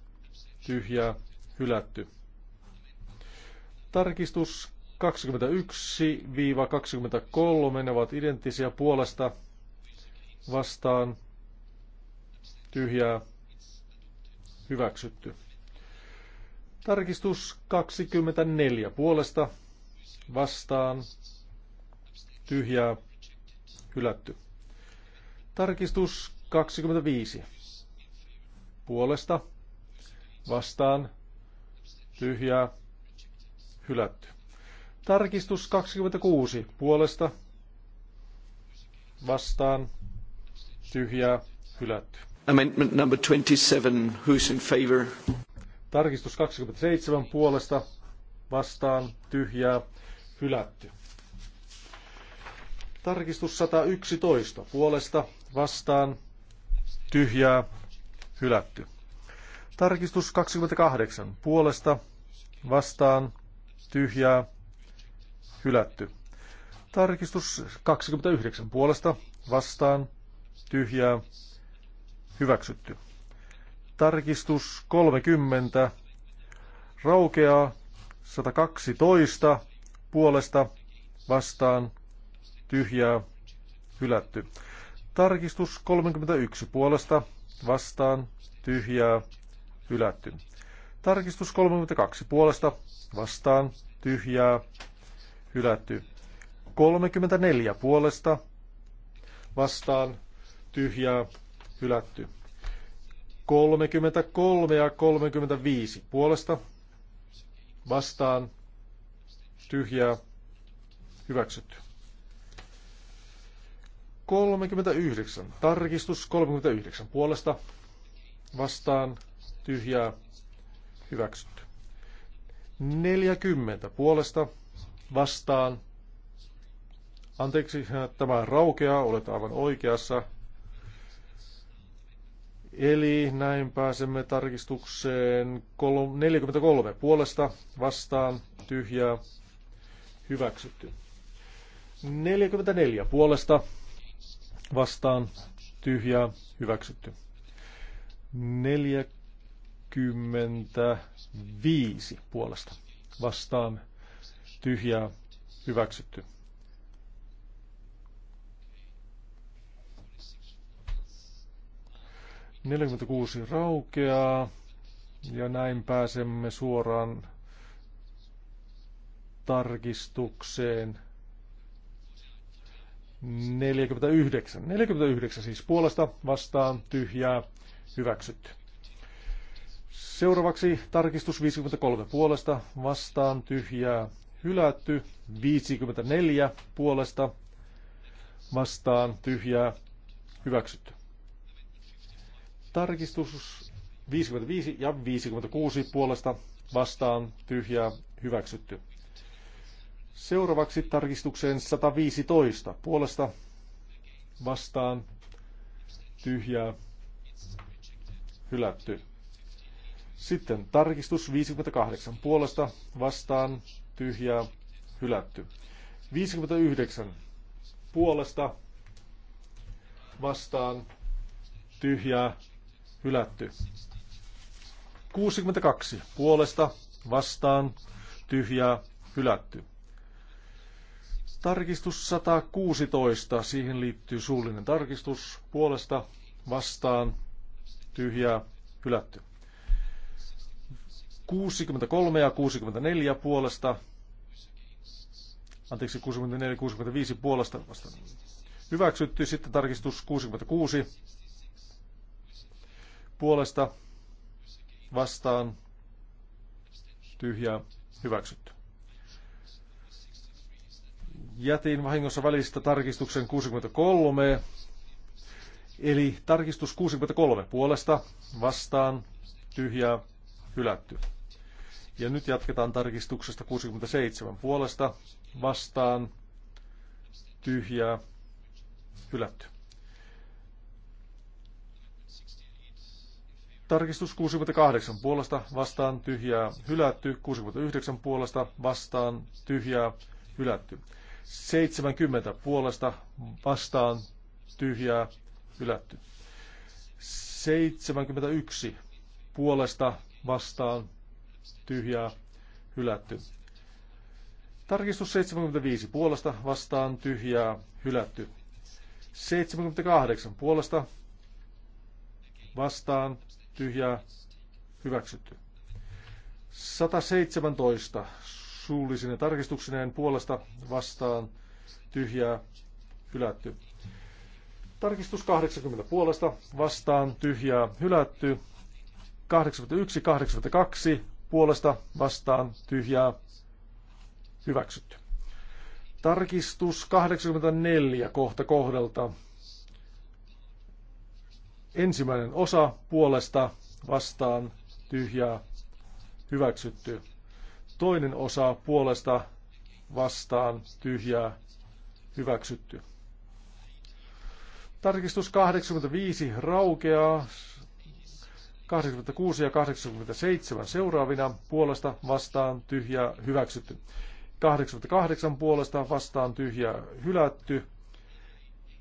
tyhjää hylätty. Tarkistus 21-23 ne ovat identtisiä puolesta vastaan tyhjää hyväksytty. Tarkistus 24 puolesta vastaan, tyhjää, hylätty. Tarkistus 25. Puolesta, vastaan, tyhjää, hylätty. Tarkistus 26. Puolesta, vastaan, tyhjää, hylätty. Amendment number 27. Who's in favor? Tarkistus 27 puolesta vastaan tyhjää hylätty. Tarkistus 111 puolesta vastaan tyhjää hylätty. Tarkistus 28 puolesta vastaan tyhjää hylätty. Tarkistus 29 puolesta vastaan tyhjää hyväksytty. Tarkistus 30 raukeaa 112 puolesta vastaan tyhjää hylätty. Tarkistus 31 puolesta vastaan tyhjää hylätty. Tarkistus 32 puolesta vastaan tyhjää hylätty. 34 puolesta vastaan tyhjää hylätty. 33 ja 35 puolesta vastaan tyhjää hyväksytty. 39. Tarkistus 39 puolesta vastaan tyhjää hyväksytty. 40 puolesta vastaan. Anteeksi, äh, tämä raukeaa, olet aivan oikeassa. Eli näin pääsemme tarkistukseen 43 puolesta vastaan tyhjää Hyväksytty. 44 puolesta vastaan tyhjää hyväksytty. 45 puolesta vastaan tyhjää hyväksytty. 46 raukeaa ja näin pääsemme suoraan tarkistukseen 49. 49 siis puolesta vastaan tyhjää hyväksytty. Seuraavaksi tarkistus 53 puolesta vastaan tyhjää hylätty. 54 puolesta vastaan tyhjää hyväksytty. Tarkistus 55 ja 56 puolesta vastaan tyhjää hyväksytty. Seuraavaksi tarkistukseen 115. Puolesta vastaan tyhjää hylätty. Sitten tarkistus 58. Puolesta vastaan tyhjää hylätty. 59. Puolesta vastaan tyhjää hylätty. 62. Puolesta vastaan tyhjää hylätty. Tarkistus 116, siihen liittyy suullinen tarkistus puolesta vastaan tyhjää hylätty. 63 ja 64 puolesta, anteeksi 64 65 puolesta vastaan hyväksytty. Sitten tarkistus 66 puolesta vastaan tyhjää hyväksytty jätin vahingossa välistä tarkistuksen 63, eli tarkistus 63 puolesta vastaan tyhjää hylätty. Ja nyt jatketaan tarkistuksesta 67 puolesta vastaan tyhjää hylätty. Tarkistus 68 puolesta vastaan tyhjää hylätty, 69 puolesta vastaan tyhjää hylätty. 70 puolesta vastaan tyhjää hylätty. 71 puolesta vastaan tyhjää hylätty. Tarkistus 75 puolesta vastaan tyhjää hylätty. 78 puolesta vastaan tyhjää hyväksytty. 117 suullisine tarkistuksineen puolesta vastaan tyhjää hylätty. Tarkistus 80 puolesta vastaan tyhjää hylätty. 81, 82 puolesta vastaan tyhjää hyväksytty. Tarkistus 84 kohta kohdalta. Ensimmäinen osa puolesta vastaan tyhjää hyväksytty. Toinen osa puolesta vastaan tyhjää hyväksytty. Tarkistus 85 raukeaa. 86 ja 87 seuraavina puolesta vastaan tyhjää hyväksytty. 88 puolesta vastaan tyhjää hylätty.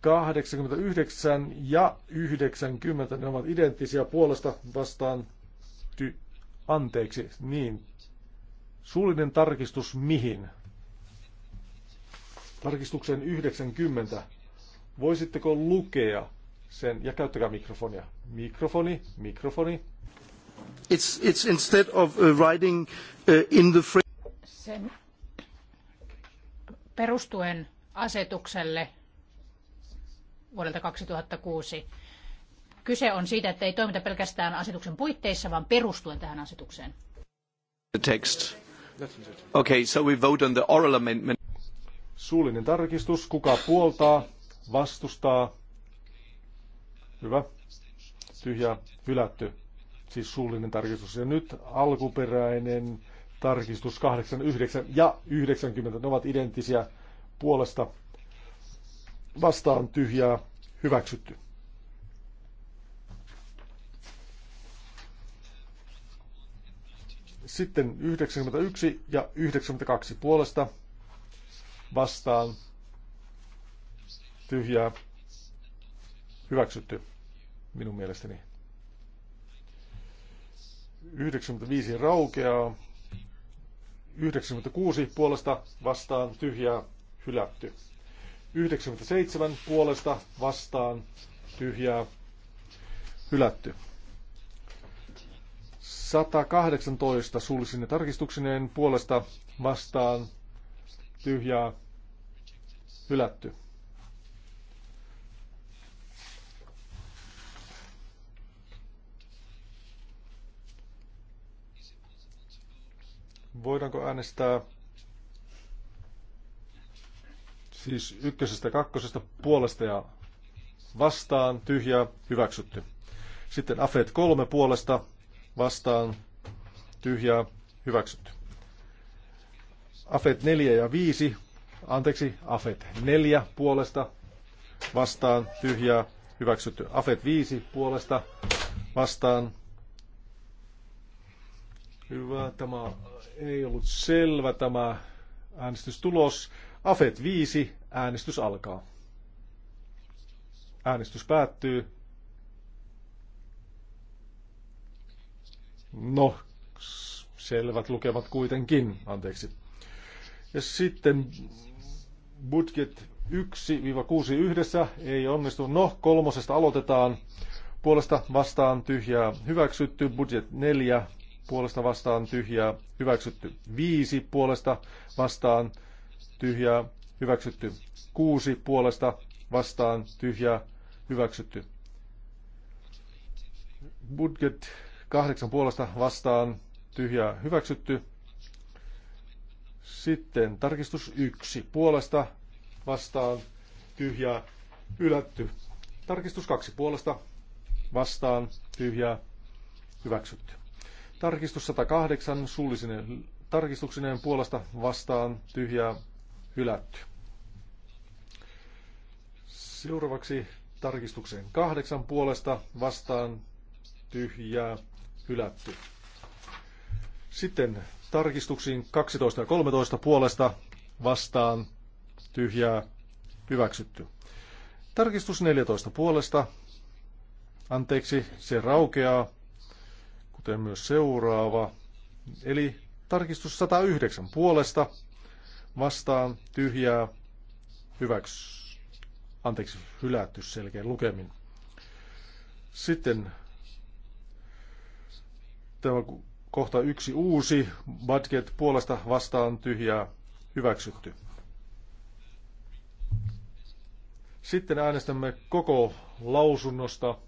89 ja 90, ne ovat identtisiä puolesta vastaan ty- anteeksi, niin Suullinen tarkistus mihin? Tarkistuksen 90. Voisitteko lukea sen ja käyttäkää mikrofonia. Mikrofoni, mikrofoni. It's, it's instead of uh, writing uh, in the sen perustuen asetukselle vuodelta 2006 kyse on siitä, että ei toimita pelkästään asetuksen puitteissa, vaan perustuen tähän asetukseen. The text. Okay, so we vote on the oral amendment. Suullinen tarkistus. Kuka puoltaa? Vastustaa? Hyvä. Tyhjä. Hylätty. Siis suullinen tarkistus. Ja nyt alkuperäinen tarkistus 89 ja 90. Ne ovat identtisiä puolesta. Vastaan tyhjää. Hyväksytty. Sitten 91 ja 92 puolesta vastaan tyhjää hyväksytty minun mielestäni. 95 raukeaa. 96 puolesta vastaan tyhjää hylätty. 97 puolesta vastaan tyhjää hylätty. 118 suullisine tarkistuksineen puolesta vastaan tyhjää hylätty. Voidaanko äänestää siis ykkösestä kakkosesta puolesta ja vastaan tyhjää hyväksytty. Sitten Afet kolme puolesta vastaan tyhjää hyväksytty. Afet 4 ja 5, anteeksi, Afet 4 puolesta vastaan tyhjää hyväksytty. Afet 5 puolesta vastaan. Hyvä, tämä ei ollut selvä tämä äänestystulos. Afet 5, äänestys alkaa. Äänestys päättyy. No, selvät lukemat kuitenkin, anteeksi. Ja sitten budget 1-6 yhdessä ei onnistu. No, kolmosesta aloitetaan. Puolesta vastaan tyhjää hyväksytty. Budget 4 puolesta vastaan tyhjää hyväksytty. 5 puolesta vastaan tyhjää hyväksytty. 6 puolesta vastaan tyhjää hyväksytty. Budget Kahdeksan puolesta vastaan tyhjää hyväksytty. Sitten tarkistus yksi puolesta vastaan tyhjää ylätty. Tarkistus kaksi puolesta vastaan tyhjää hyväksytty. Tarkistus 108 suullisineen tarkistuksineen puolesta vastaan tyhjää hylätty. Seuraavaksi tarkistuksen kahdeksan puolesta vastaan tyhjää hylätty. Sitten tarkistuksiin 12 ja 13 puolesta vastaan tyhjää hyväksytty. Tarkistus 14 puolesta. Anteeksi, se raukeaa, kuten myös seuraava. Eli tarkistus 109 puolesta vastaan tyhjää hyväks, anteeksi, hylätty selkeä lukemin. Sitten Tämä on kohta yksi uusi. Budget puolesta vastaan tyhjää hyväksytty. Sitten äänestämme koko lausunnosta.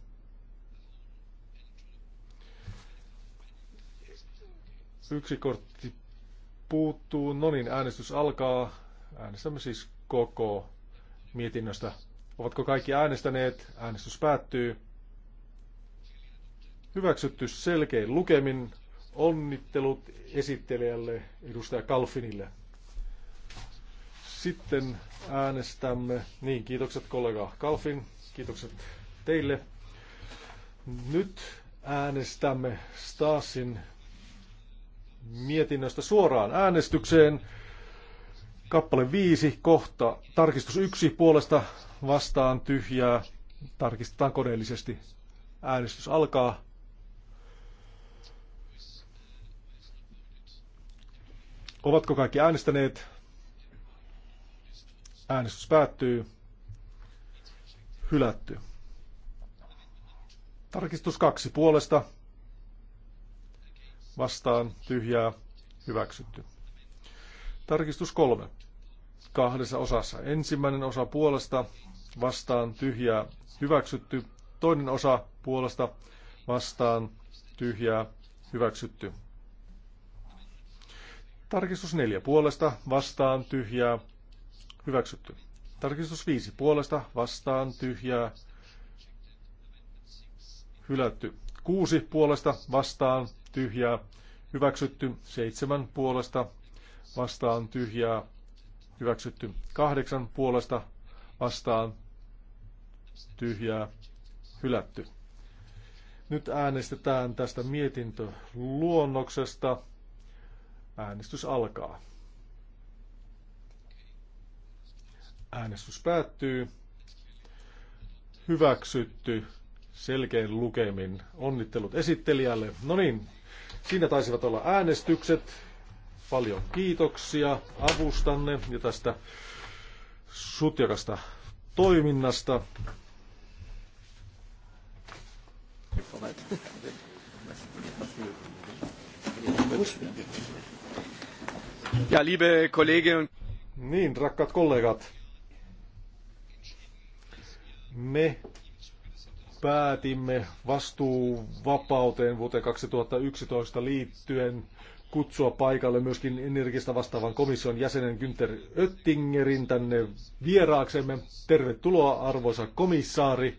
Yksi kortti puuttuu. No niin, äänestys alkaa. Äänestämme siis koko mietinnöstä. Ovatko kaikki äänestäneet? Äänestys päättyy. Hyväksytty selkein lukemin. Onnittelut esittelijälle edustaja Kalfinille. Sitten äänestämme. Niin, kiitokset kollega Kalfin. Kiitokset teille. Nyt äänestämme Stasin mietinnöstä suoraan äänestykseen. Kappale 5, kohta, tarkistus 1, puolesta vastaan tyhjää. Tarkistetaan koneellisesti. Äänestys alkaa. Ovatko kaikki äänestäneet? Äänestys päättyy. Hylätty. Tarkistus kaksi puolesta. Vastaan tyhjää. Hyväksytty. Tarkistus kolme. Kahdessa osassa. Ensimmäinen osa puolesta. Vastaan tyhjää. Hyväksytty. Toinen osa puolesta. Vastaan tyhjää. Hyväksytty. Tarkistus 4 puolesta vastaan tyhjää hyväksytty. Tarkistus 5 puolesta vastaan tyhjää hylätty. 6 puolesta vastaan tyhjää hyväksytty. 7 puolesta vastaan tyhjää hyväksytty. 8 puolesta vastaan tyhjää hylätty. Nyt äänestetään tästä mietintöluonnoksesta. Äänestys alkaa. Äänestys päättyy. Hyväksytty selkein lukemin. Onnittelut esittelijälle. No niin, siinä taisivat olla äänestykset. Paljon kiitoksia avustanne ja tästä sutjakasta toiminnasta. Thank you. Ja liebe Kollegen. Niin, rakkaat kollegat. Me päätimme vastuuvapauteen vuoteen 2011 liittyen kutsua paikalle myöskin energista vastaavan komission jäsenen Günther Oettingerin tänne vieraaksemme. Tervetuloa arvoisa komissaari.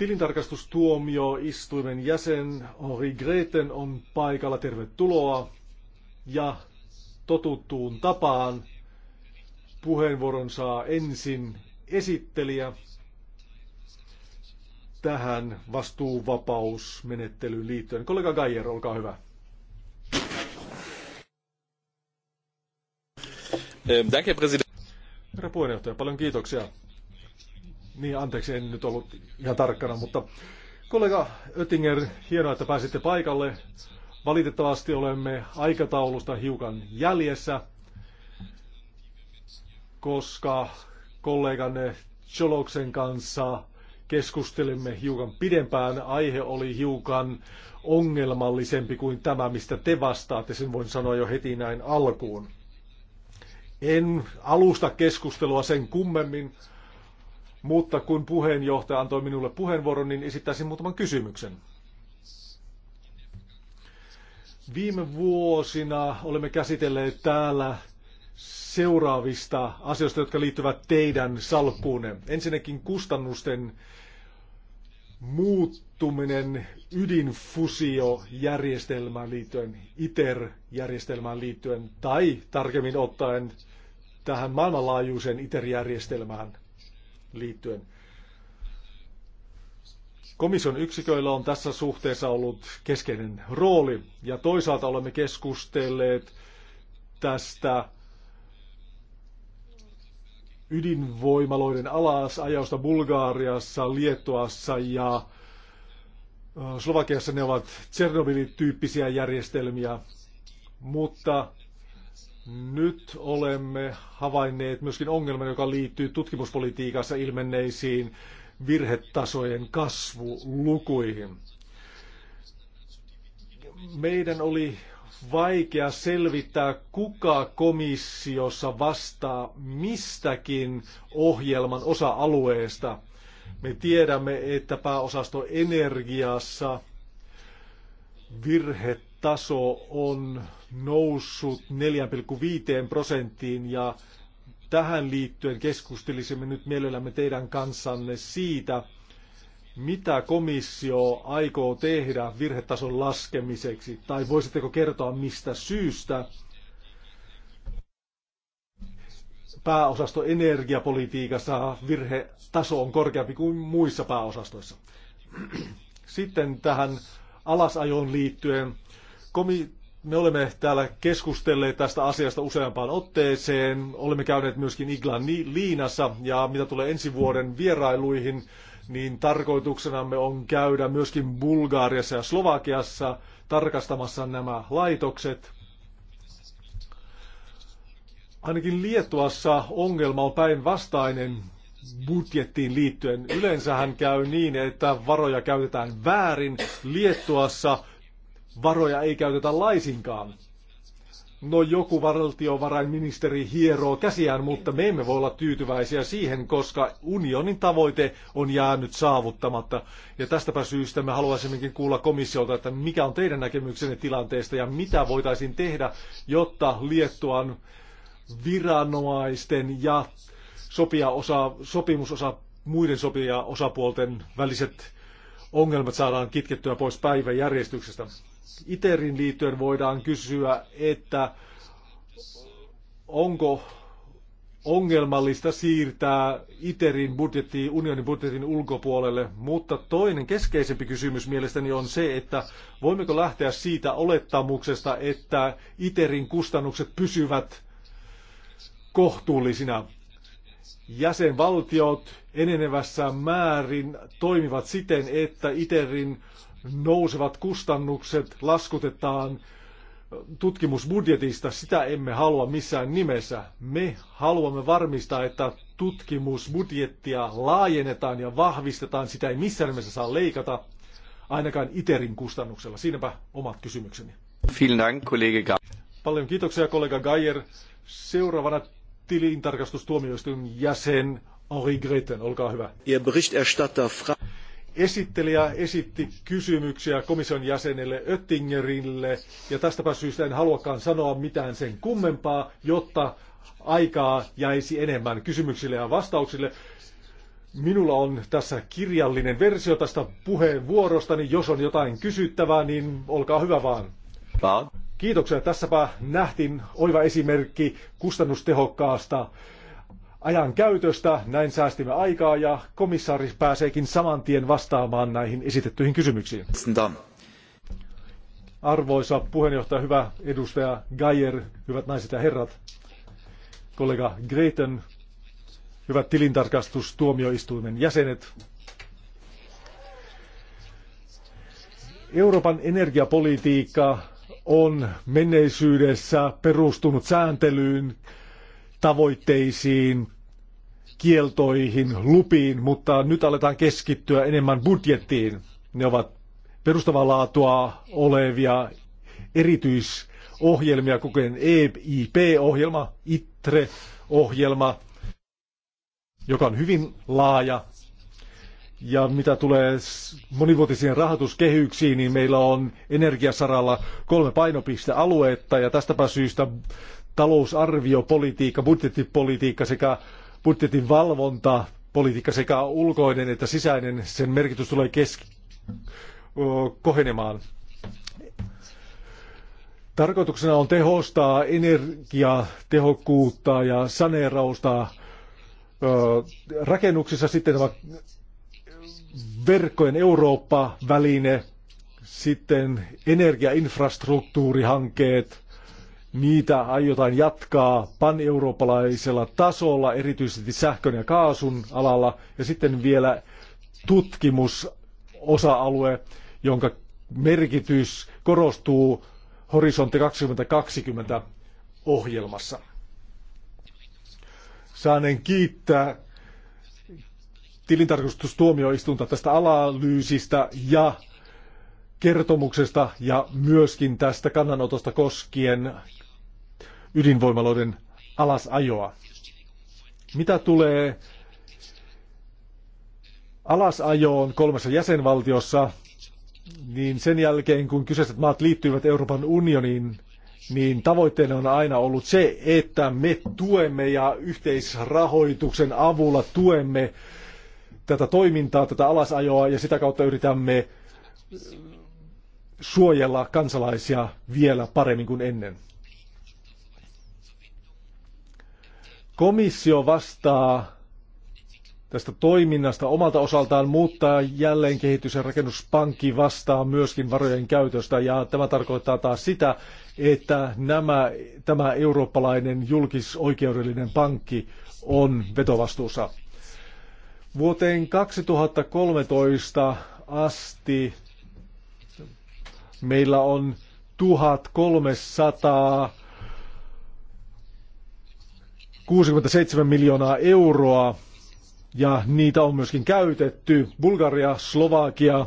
Tilintarkastustuomioistuimen jäsen Henri Greten on paikalla. Tervetuloa. Ja totuttuun tapaan puheenvuoron saa ensin esittelijä tähän vastuuvapausmenettelyyn liittyen. Kollega Geier, olkaa hyvä. Äh, Herra puheenjohtaja, paljon kiitoksia. Niin, anteeksi, en nyt ollut ihan tarkkana, mutta kollega Oettinger, hienoa, että pääsitte paikalle. Valitettavasti olemme aikataulusta hiukan jäljessä, koska kolleganne Choloksen kanssa keskustelimme hiukan pidempään. Aihe oli hiukan ongelmallisempi kuin tämä, mistä te vastaatte, sen voin sanoa jo heti näin alkuun. En alusta keskustelua sen kummemmin, mutta kun puheenjohtaja antoi minulle puheenvuoron, niin esittäisin muutaman kysymyksen. Viime vuosina olemme käsitelleet täällä seuraavista asioista, jotka liittyvät teidän salkkuunne. Ensinnäkin kustannusten muuttuminen ydinfusiojärjestelmään liittyen, ITER-järjestelmään liittyen, tai tarkemmin ottaen tähän maailmanlaajuiseen ITER-järjestelmään liittyen. Komission yksiköillä on tässä suhteessa ollut keskeinen rooli ja toisaalta olemme keskustelleet tästä ydinvoimaloiden alasajausta Bulgaariassa, Liettuassa ja Slovakiassa ne ovat Tsernobylin tyyppisiä järjestelmiä, mutta nyt olemme havainneet myöskin ongelman, joka liittyy tutkimuspolitiikassa ilmenneisiin virhetasojen kasvulukuihin. Meidän oli vaikea selvittää, kuka komissiossa vastaa mistäkin ohjelman osa-alueesta. Me tiedämme, että pääosasto energiassa virhet taso on noussut 4,5 prosenttiin ja tähän liittyen keskustelisimme nyt mielellämme teidän kanssanne siitä, mitä komissio aikoo tehdä virhetason laskemiseksi, tai voisitteko kertoa mistä syystä pääosasto energiapolitiikassa virhetaso on korkeampi kuin muissa pääosastoissa. Sitten tähän alasajoon liittyen Komi, me olemme täällä keskustelleet tästä asiasta useampaan otteeseen. Olemme käyneet myöskin Iglan Liinassa ja mitä tulee ensi vuoden vierailuihin, niin tarkoituksenamme on käydä myöskin Bulgaariassa ja Slovakiassa tarkastamassa nämä laitokset. Ainakin Liettuassa ongelma on päinvastainen budjettiin liittyen. Yleensähän käy niin, että varoja käytetään väärin. Liettuassa varoja ei käytetä laisinkaan. No joku valtiovarainministeri hieroo käsiään, mutta me emme voi olla tyytyväisiä siihen, koska unionin tavoite on jäänyt saavuttamatta. Ja tästäpä syystä me haluaisimmekin kuulla komissiolta, että mikä on teidän näkemyksenne tilanteesta ja mitä voitaisiin tehdä, jotta Liettuan viranomaisten ja osa, sopimusosa, muiden osapuolten väliset ongelmat saadaan kitkettyä pois päiväjärjestyksestä. järjestyksestä. ITERin liittyen voidaan kysyä, että onko ongelmallista siirtää ITERin budjettiin, unionin budjetin ulkopuolelle, mutta toinen keskeisempi kysymys mielestäni on se, että voimmeko lähteä siitä olettamuksesta, että ITERin kustannukset pysyvät kohtuullisina. Jäsenvaltiot enenevässä määrin toimivat siten, että ITERin nousevat kustannukset laskutetaan tutkimusbudjetista, sitä emme halua missään nimessä. Me haluamme varmistaa, että tutkimusbudjettia laajennetaan ja vahvistetaan, sitä ei missään nimessä saa leikata, ainakaan ITERin kustannuksella. Siinäpä omat kysymykseni. kollega Paljon kiitoksia, kollega Geier. Seuraavana tilintarkastustuomioistuin jäsen Henri Greten, olkaa hyvä. Ihr Berichterstatter Fra- Esittelijä esitti kysymyksiä komission jäsenelle Öttingerille, ja tästäpä syystä en haluakaan sanoa mitään sen kummempaa, jotta aikaa jäisi enemmän kysymyksille ja vastauksille. Minulla on tässä kirjallinen versio tästä puheenvuorosta, niin jos on jotain kysyttävää, niin olkaa hyvä vaan. Kiitoksia. Tässäpä nähtiin oiva esimerkki kustannustehokkaasta ajan käytöstä. Näin säästimme aikaa ja komissaari pääseekin saman tien vastaamaan näihin esitettyihin kysymyksiin. Arvoisa puheenjohtaja, hyvä edustaja Gayer, hyvät naiset ja herrat, kollega Greten, hyvät tilintarkastustuomioistuimen jäsenet. Euroopan energiapolitiikka on menneisyydessä perustunut sääntelyyn, tavoitteisiin, kieltoihin, lupiin, mutta nyt aletaan keskittyä enemmän budjettiin. Ne ovat perustavaa laatua olevia erityisohjelmia, kuten EIP-ohjelma, ITRE-ohjelma, joka on hyvin laaja. Ja mitä tulee monivuotisiin rahoituskehyksiin, niin meillä on energiasaralla kolme painopistealuetta ja tästäpä syystä talousarviopolitiikka, budjettipolitiikka sekä budjetin valvonta, politiikka sekä ulkoinen että sisäinen, sen merkitys tulee keski, kohenemaan. Tarkoituksena on tehostaa energiatehokkuutta ja saneerausta rakennuksissa sitten tämä verkkojen Eurooppa-väline, sitten energiainfrastruktuurihankkeet, niitä aiotaan jatkaa pan-eurooppalaisella tasolla, erityisesti sähkön ja kaasun alalla, ja sitten vielä tutkimusosa-alue, jonka merkitys korostuu Horisontti 2020 ohjelmassa. Saanen kiittää tilintarkastustuomioistunta tästä analyysistä ja kertomuksesta ja myöskin tästä kannanotosta koskien ydinvoimaloiden alasajoa. Mitä tulee alasajoon kolmessa jäsenvaltiossa, niin sen jälkeen kun kyseiset maat liittyivät Euroopan unioniin, niin tavoitteena on aina ollut se, että me tuemme ja yhteisrahoituksen avulla tuemme tätä toimintaa, tätä alasajoa ja sitä kautta yritämme suojella kansalaisia vielä paremmin kuin ennen. Komissio vastaa tästä toiminnasta omalta osaltaan, mutta jälleen kehitys- ja rakennuspankki vastaa myöskin varojen käytöstä. Ja tämä tarkoittaa taas sitä, että nämä, tämä eurooppalainen julkisoikeudellinen pankki on vetovastuussa. Vuoteen 2013 asti meillä on 1300 67 miljoonaa euroa ja niitä on myöskin käytetty. Bulgaria, Slovakia,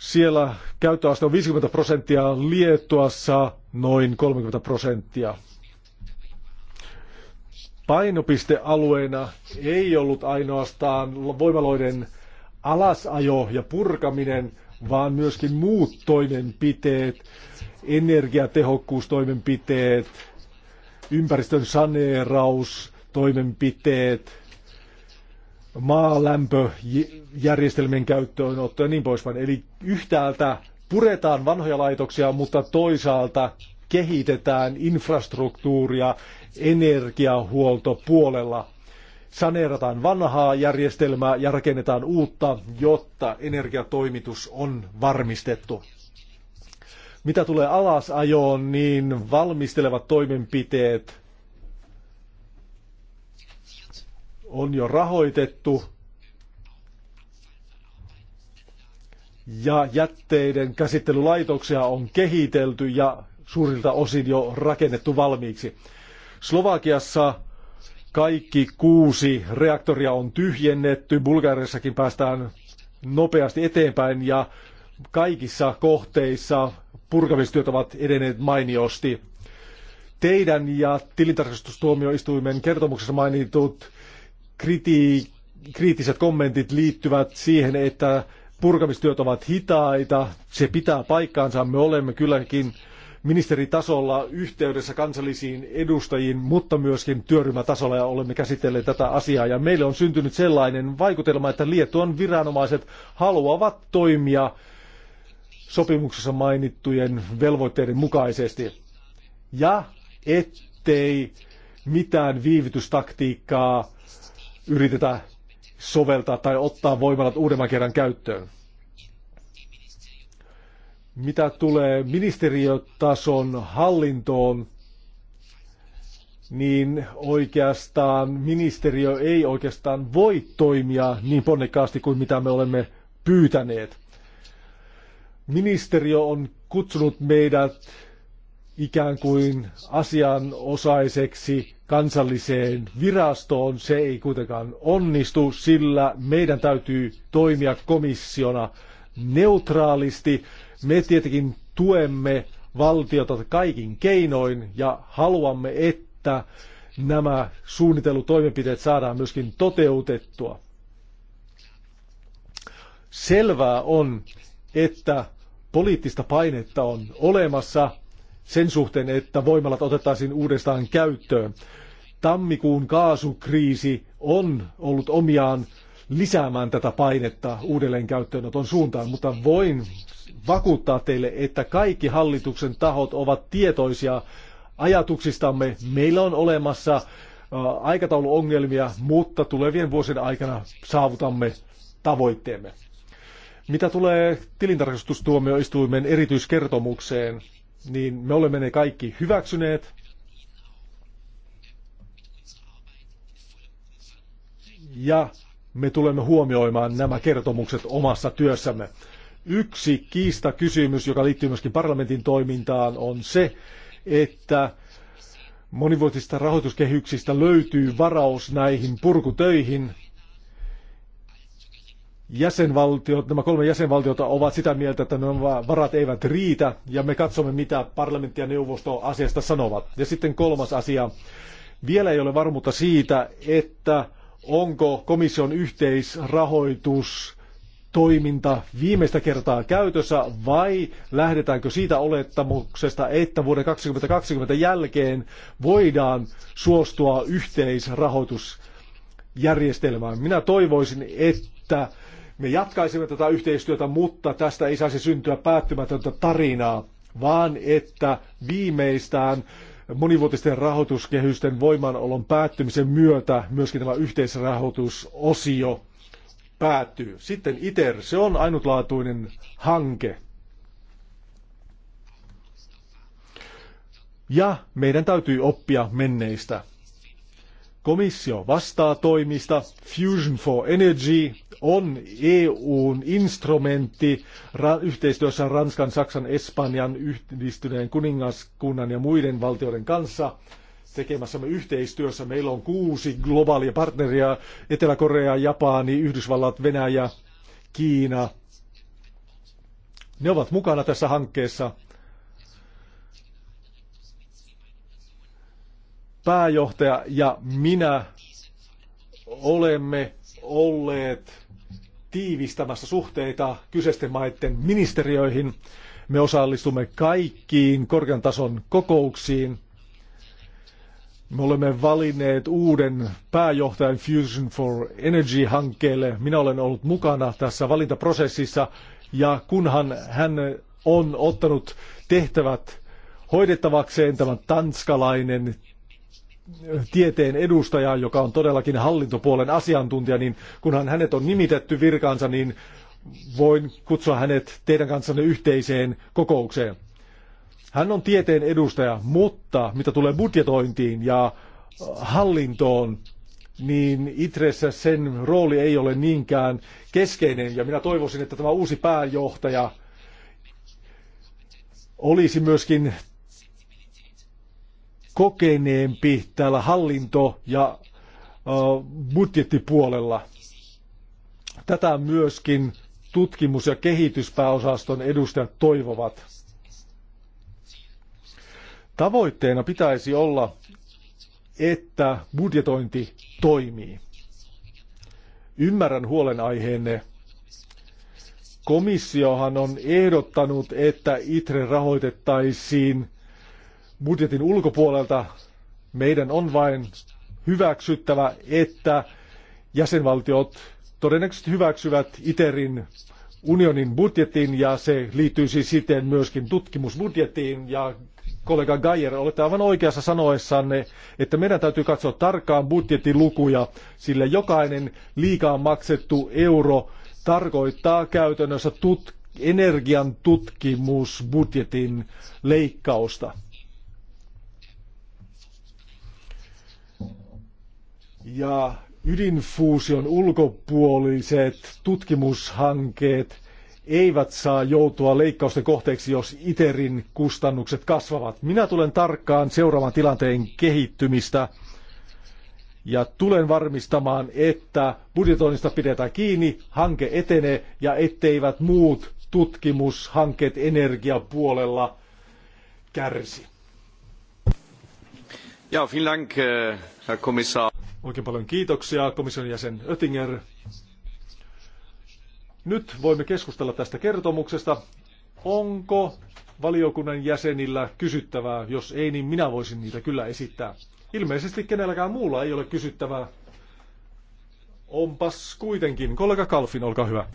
siellä käyttöaste on 50 prosenttia, Liettuassa noin 30 prosenttia. Painopistealueena ei ollut ainoastaan voimaloiden alasajo ja purkaminen, vaan myöskin muut toimenpiteet, energiatehokkuustoimenpiteet, ympäristön saneeraus, toimenpiteet, maalämpöjärjestelmien käyttöönotto ja niin poispäin. Eli yhtäältä puretaan vanhoja laitoksia, mutta toisaalta kehitetään infrastruktuuria energiahuoltopuolella. Saneerataan vanhaa järjestelmää ja rakennetaan uutta, jotta energiatoimitus on varmistettu. Mitä tulee alasajoon, niin valmistelevat toimenpiteet on jo rahoitettu ja jätteiden käsittelylaitoksia on kehitelty ja suurilta osin jo rakennettu valmiiksi. Slovakiassa kaikki kuusi reaktoria on tyhjennetty, Bulgariassakin päästään nopeasti eteenpäin ja kaikissa kohteissa purkamistyöt ovat edenneet mainiosti. Teidän ja tilintarkastustuomioistuimen kertomuksessa mainitut kriti- kriittiset kommentit liittyvät siihen, että purkamistyöt ovat hitaita. Se pitää paikkaansa. Me olemme kylläkin ministeritasolla yhteydessä kansallisiin edustajiin, mutta myöskin työryhmätasolla ja olemme käsitelleet tätä asiaa. Ja meille on syntynyt sellainen vaikutelma, että Liettuan viranomaiset haluavat toimia sopimuksessa mainittujen velvoitteiden mukaisesti. Ja ettei mitään viivytystaktiikkaa yritetä soveltaa tai ottaa voimalat uudemman kerran käyttöön. Mitä tulee ministeriötason hallintoon, niin oikeastaan ministeriö ei oikeastaan voi toimia niin ponnekkaasti kuin mitä me olemme pyytäneet. Ministeriö on kutsunut meidät ikään kuin asianosaiseksi kansalliseen virastoon. Se ei kuitenkaan onnistu, sillä meidän täytyy toimia komissiona neutraalisti. Me tietenkin tuemme valtiota kaikin keinoin ja haluamme, että nämä suunnitellut toimenpiteet saadaan myöskin toteutettua. Selvää on, että poliittista painetta on olemassa sen suhteen, että voimalat otettaisiin uudestaan käyttöön. Tammikuun kaasukriisi on ollut omiaan lisäämään tätä painetta uudelleen käyttöönoton suuntaan, mutta voin vakuuttaa teille, että kaikki hallituksen tahot ovat tietoisia ajatuksistamme. Meillä on olemassa aikatauluongelmia, mutta tulevien vuosien aikana saavutamme tavoitteemme. Mitä tulee tilintarkastustuomioistuimen erityiskertomukseen, niin me olemme ne kaikki hyväksyneet. Ja me tulemme huomioimaan nämä kertomukset omassa työssämme. Yksi kiista kysymys, joka liittyy myöskin parlamentin toimintaan, on se, että monivuotisista rahoituskehyksistä löytyy varaus näihin purkutöihin, jäsenvaltiot, nämä kolme jäsenvaltiota ovat sitä mieltä, että nämä varat eivät riitä, ja me katsomme, mitä parlamentti ja neuvosto asiasta sanovat. Ja sitten kolmas asia. Vielä ei ole varmuutta siitä, että onko komission yhteisrahoitus toiminta viimeistä kertaa käytössä vai lähdetäänkö siitä olettamuksesta, että vuoden 2020 jälkeen voidaan suostua yhteisrahoitusjärjestelmään. Minä toivoisin, että että me jatkaisimme tätä yhteistyötä, mutta tästä ei saisi syntyä päättymätöntä tarinaa, vaan että viimeistään monivuotisten rahoituskehysten voimaanolon päättymisen myötä myöskin tämä yhteisrahoitusosio päättyy. Sitten ITER, se on ainutlaatuinen hanke. Ja meidän täytyy oppia menneistä. Komissio vastaa toimista Fusion for Energy on EUn instrumentti yhteistyössä Ranskan, Saksan, Espanjan, yhdistyneen kuningaskunnan ja muiden valtioiden kanssa tekemässämme yhteistyössä. Meillä on kuusi globaalia partneria, Etelä-Korea, Japani, Yhdysvallat, Venäjä, Kiina. Ne ovat mukana tässä hankkeessa. Pääjohtaja ja minä olemme olleet tiivistämässä suhteita kyseisten maiden ministeriöihin. Me osallistumme kaikkiin korkean tason kokouksiin. Me olemme valinneet uuden pääjohtajan Fusion for Energy-hankkeelle. Minä olen ollut mukana tässä valintaprosessissa ja kunhan hän on ottanut tehtävät hoidettavakseen tämä tanskalainen tieteen edustaja, joka on todellakin hallintopuolen asiantuntija, niin kunhan hänet on nimitetty virkaansa, niin voin kutsua hänet teidän kanssanne yhteiseen kokoukseen. Hän on tieteen edustaja, mutta mitä tulee budjetointiin ja äh, hallintoon, niin Itressä sen rooli ei ole niinkään keskeinen. Ja minä toivoisin, että tämä uusi pääjohtaja olisi myöskin kokeneempi täällä hallinto- ja budjettipuolella. Tätä myöskin tutkimus- ja kehityspääosaston edustajat toivovat. Tavoitteena pitäisi olla, että budjetointi toimii. Ymmärrän huolenaiheenne. Komissiohan on ehdottanut, että ITRE rahoitettaisiin budjetin ulkopuolelta. Meidän on vain hyväksyttävä, että jäsenvaltiot todennäköisesti hyväksyvät ITERin unionin budjetin ja se siis siten myöskin tutkimusbudjettiin ja kollega Gajer, olette aivan oikeassa sanoessanne, että meidän täytyy katsoa tarkkaan budjettilukuja, sillä jokainen liikaa maksettu euro tarkoittaa käytännössä tut- energian tutkimusbudjetin leikkausta. ja ydinfuusion ulkopuoliset tutkimushankkeet eivät saa joutua leikkausten kohteeksi, jos ITERin kustannukset kasvavat. Minä tulen tarkkaan seuraavan tilanteen kehittymistä ja tulen varmistamaan, että budjetoinnista pidetään kiinni, hanke etenee ja etteivät muut tutkimushankkeet energiapuolella kärsi. Ja, vielen Dank, äh, Herr Kommissar. Oikein paljon kiitoksia komission jäsen Oettinger. Nyt voimme keskustella tästä kertomuksesta. Onko valiokunnan jäsenillä kysyttävää? Jos ei, niin minä voisin niitä kyllä esittää. Ilmeisesti kenelläkään muulla ei ole kysyttävää. Onpas kuitenkin. Kollega Kalfin, olkaa hyvä.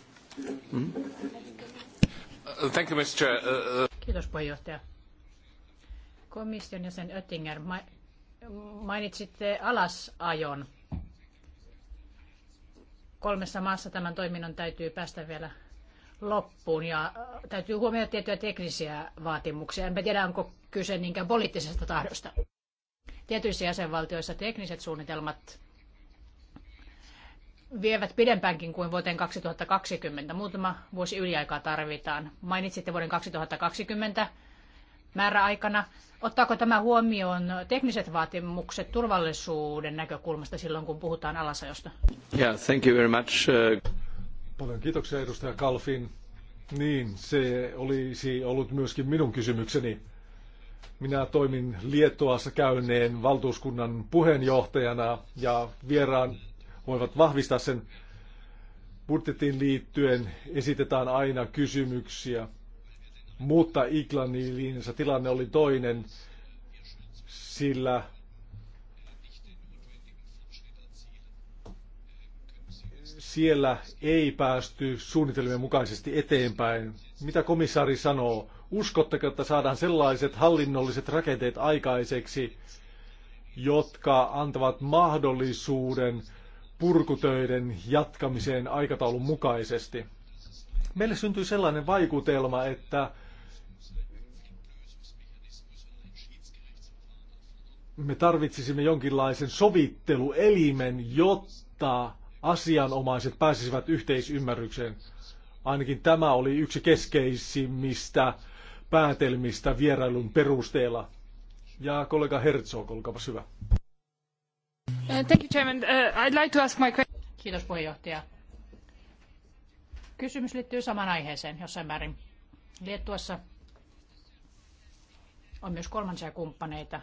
Thank you, Mr. Uh, uh. Kiitos puheenjohtaja. Komission jäsen Oettinger mainitsitte alasajon. Kolmessa maassa tämän toiminnon täytyy päästä vielä loppuun ja äh, täytyy huomioida tiettyjä teknisiä vaatimuksia. Enpä tiedä, onko kyse niinkään poliittisesta tahdosta. Tietyissä jäsenvaltioissa tekniset suunnitelmat vievät pidempäänkin kuin vuoteen 2020. Muutama vuosi yliaikaa tarvitaan. Mainitsitte vuoden 2020 määräaikana. Ottaako tämä huomioon tekniset vaatimukset turvallisuuden näkökulmasta silloin, kun puhutaan alasajosta? Yeah, thank you very much. Uh, Paljon kiitoksia edustaja Kalfin. Niin, se olisi ollut myöskin minun kysymykseni. Minä toimin Liettuassa käyneen valtuuskunnan puheenjohtajana ja vieraan voivat vahvistaa sen budjettiin liittyen esitetään aina kysymyksiä mutta Iglannin tilanne oli toinen, sillä siellä ei päästy suunnitelmien mukaisesti eteenpäin. Mitä komissaari sanoo? Uskotteko, että saadaan sellaiset hallinnolliset rakenteet aikaiseksi, jotka antavat mahdollisuuden purkutöiden jatkamiseen aikataulun mukaisesti? Meille syntyi sellainen vaikutelma, että me tarvitsisimme jonkinlaisen sovitteluelimen, jotta asianomaiset pääsisivät yhteisymmärrykseen. Ainakin tämä oli yksi keskeisimmistä päätelmistä vierailun perusteella. Ja kollega Herzog, olkaa hyvä. Uh, thank you, Chairman. Uh, I'd like to ask my question. Kiitos puheenjohtaja. Kysymys liittyy samaan aiheeseen jossain määrin. Liettuassa on myös kolmansia kumppaneita,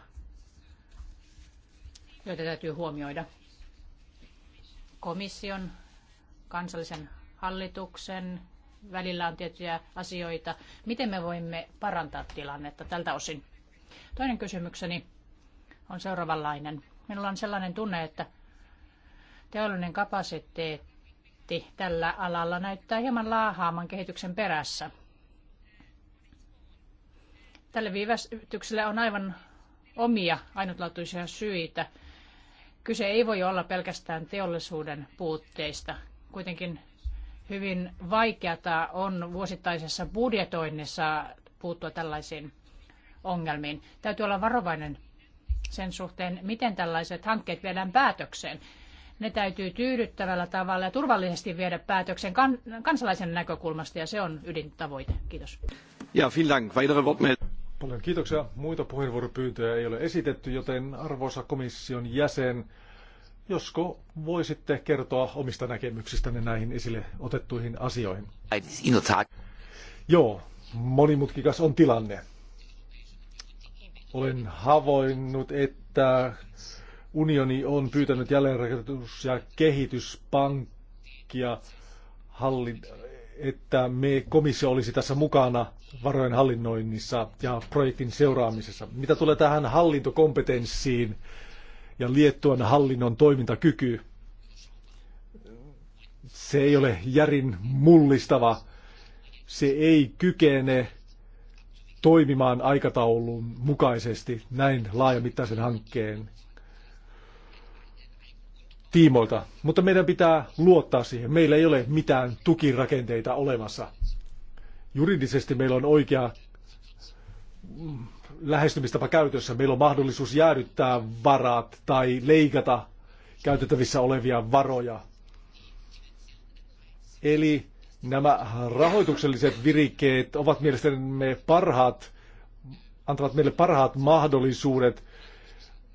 joita täytyy huomioida. Komission, kansallisen hallituksen välillä on tiettyjä asioita. Miten me voimme parantaa tilannetta tältä osin? Toinen kysymykseni on seuraavanlainen. Minulla on sellainen tunne, että teollinen kapasiteetti tällä alalla näyttää hieman laahaaman kehityksen perässä. Tälle viivästykselle on aivan omia ainutlaatuisia syitä – Kyse ei voi olla pelkästään teollisuuden puutteista. Kuitenkin hyvin vaikeata on vuosittaisessa budjetoinnissa puuttua tällaisiin ongelmiin. Täytyy olla varovainen sen suhteen, miten tällaiset hankkeet viedään päätökseen. Ne täytyy tyydyttävällä tavalla ja turvallisesti viedä päätöksen kan- kansalaisen näkökulmasta, ja se on ydintavoite. Kiitos. Ja, vielen Dank. Weitere Paljon kiitoksia. Muita puheenvuoropyyntöjä ei ole esitetty, joten arvoisa komission jäsen, josko voisitte kertoa omista näkemyksistänne näihin esille otettuihin asioihin? Joo, monimutkikas on tilanne. Olen havoinnut, että unioni on pyytänyt jälleenrakennus- ja kehityspankkia hallin, että me komissio olisi tässä mukana varojen hallinnoinnissa ja projektin seuraamisessa. Mitä tulee tähän hallintokompetenssiin ja Liettuan hallinnon toimintakyky, se ei ole järin mullistava. Se ei kykene toimimaan aikataulun mukaisesti näin laajamittaisen hankkeen tiimoilta. Mutta meidän pitää luottaa siihen. Meillä ei ole mitään tukirakenteita olemassa juridisesti meillä on oikea lähestymistapa käytössä. Meillä on mahdollisuus jäädyttää varat tai leikata käytettävissä olevia varoja. Eli nämä rahoitukselliset virikkeet ovat mielestämme parhaat, antavat meille parhaat mahdollisuudet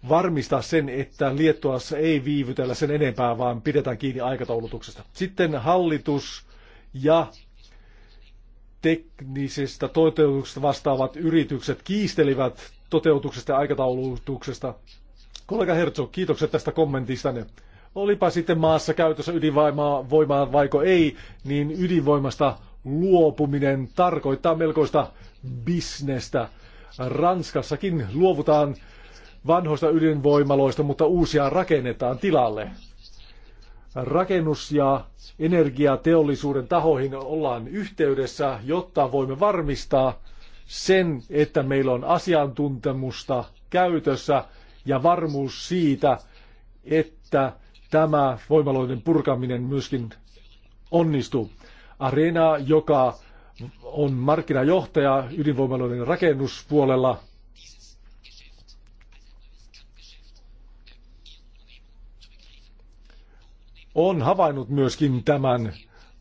varmistaa sen, että Liettuassa ei viivytellä sen enempää, vaan pidetään kiinni aikataulutuksesta. Sitten hallitus ja teknisestä toteutuksesta vastaavat yritykset kiistelivät toteutuksesta ja aikataulutuksesta. Kollega Herzog, kiitokset tästä kommentistanne. Olipa sitten maassa käytössä ydinvoimaa voimaa vaiko ei, niin ydinvoimasta luopuminen tarkoittaa melkoista bisnestä. Ranskassakin luovutaan vanhoista ydinvoimaloista, mutta uusia rakennetaan tilalle rakennus- ja energiateollisuuden tahoihin ollaan yhteydessä, jotta voimme varmistaa sen, että meillä on asiantuntemusta käytössä ja varmuus siitä, että tämä voimaloiden purkaminen myöskin onnistuu. Arena, joka on markkinajohtaja ydinvoimaloiden rakennuspuolella, on havainnut myöskin tämän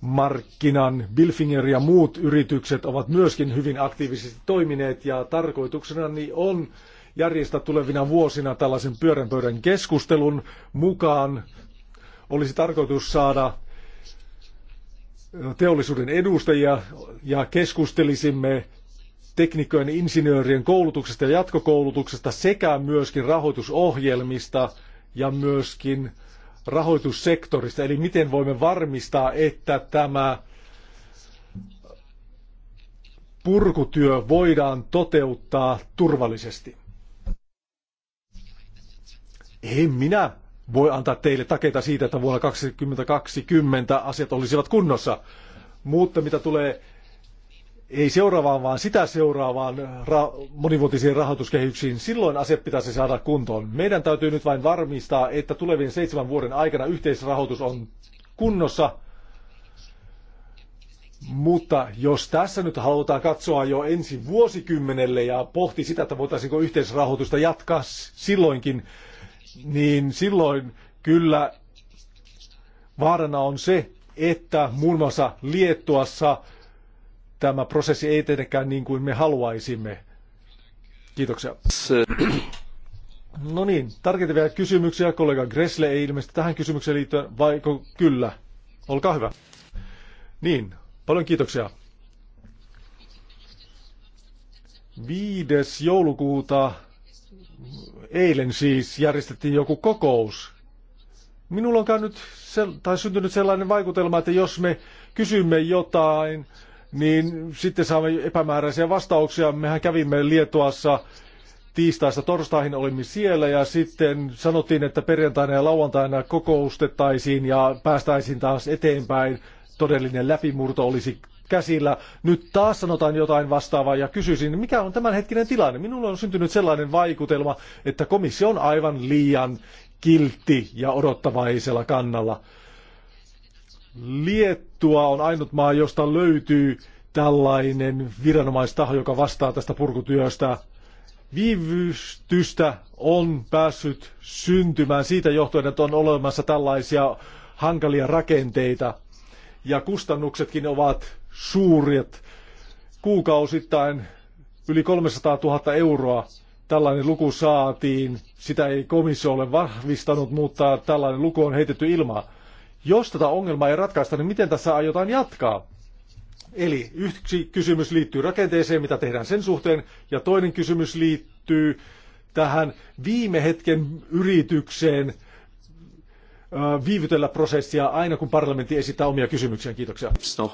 markkinan. Bilfinger ja muut yritykset ovat myöskin hyvin aktiivisesti toimineet ja tarkoituksena niin on järjestää tulevina vuosina tällaisen pyöränpöydän keskustelun mukaan. Olisi tarkoitus saada teollisuuden edustajia ja keskustelisimme teknikojen insinöörien koulutuksesta ja jatkokoulutuksesta sekä myöskin rahoitusohjelmista ja myöskin rahoitussektorista, eli miten voimme varmistaa, että tämä purkutyö voidaan toteuttaa turvallisesti. En minä voi antaa teille takeita siitä, että vuonna 2020 asiat olisivat kunnossa. Mutta mitä tulee ei seuraavaan, vaan sitä seuraavaan ra- monivuotisiin rahoituskehyksiin. Silloin ase pitäisi saada kuntoon. Meidän täytyy nyt vain varmistaa, että tulevien seitsemän vuoden aikana yhteisrahoitus on kunnossa. Mutta jos tässä nyt halutaan katsoa jo ensi vuosikymmenelle ja pohti sitä, että voitaisiinko yhteisrahoitusta jatkaa silloinkin, niin silloin kyllä vaarana on se, että muun muassa Liettuassa – tämä prosessi ei tietenkään niin kuin me haluaisimme. Kiitoksia. No niin, tarkentavia kysymyksiä. Kollega Gressle ei ilmeisesti tähän kysymykseen liittyen, vaiko kyllä? Olkaa hyvä. Niin, paljon kiitoksia. 5. joulukuuta, eilen siis, järjestettiin joku kokous. Minulla on käynyt, tai syntynyt sellainen vaikutelma, että jos me kysymme jotain, niin sitten saamme epämääräisiä vastauksia. Mehän kävimme lietuassa tiistaista torstaihin olimme siellä ja sitten sanottiin, että perjantaina ja lauantaina kokoustettaisiin ja päästäisiin taas eteenpäin. Todellinen läpimurto olisi käsillä. Nyt taas sanotaan jotain vastaavaa ja kysyisin, mikä on tämänhetkinen tilanne? Minulle on syntynyt sellainen vaikutelma, että komissio on aivan liian kiltti ja odottavaisella kannalla. Liettua on ainut maa, josta löytyy tällainen viranomaistaho, joka vastaa tästä purkutyöstä. Viivystystä on päässyt syntymään siitä johtuen, että on olemassa tällaisia hankalia rakenteita. Ja kustannuksetkin ovat suuret. Kuukausittain yli 300 000 euroa tällainen luku saatiin. Sitä ei komissio ole vahvistanut, mutta tällainen luku on heitetty ilmaan. Jos tätä ongelmaa ei ratkaista, niin miten tässä aiotaan jatkaa? Eli yksi kysymys liittyy rakenteeseen, mitä tehdään sen suhteen, ja toinen kysymys liittyy tähän viime hetken yritykseen viivytellä prosessia aina, kun parlamentti esittää omia kysymyksiä. Kiitoksia. No.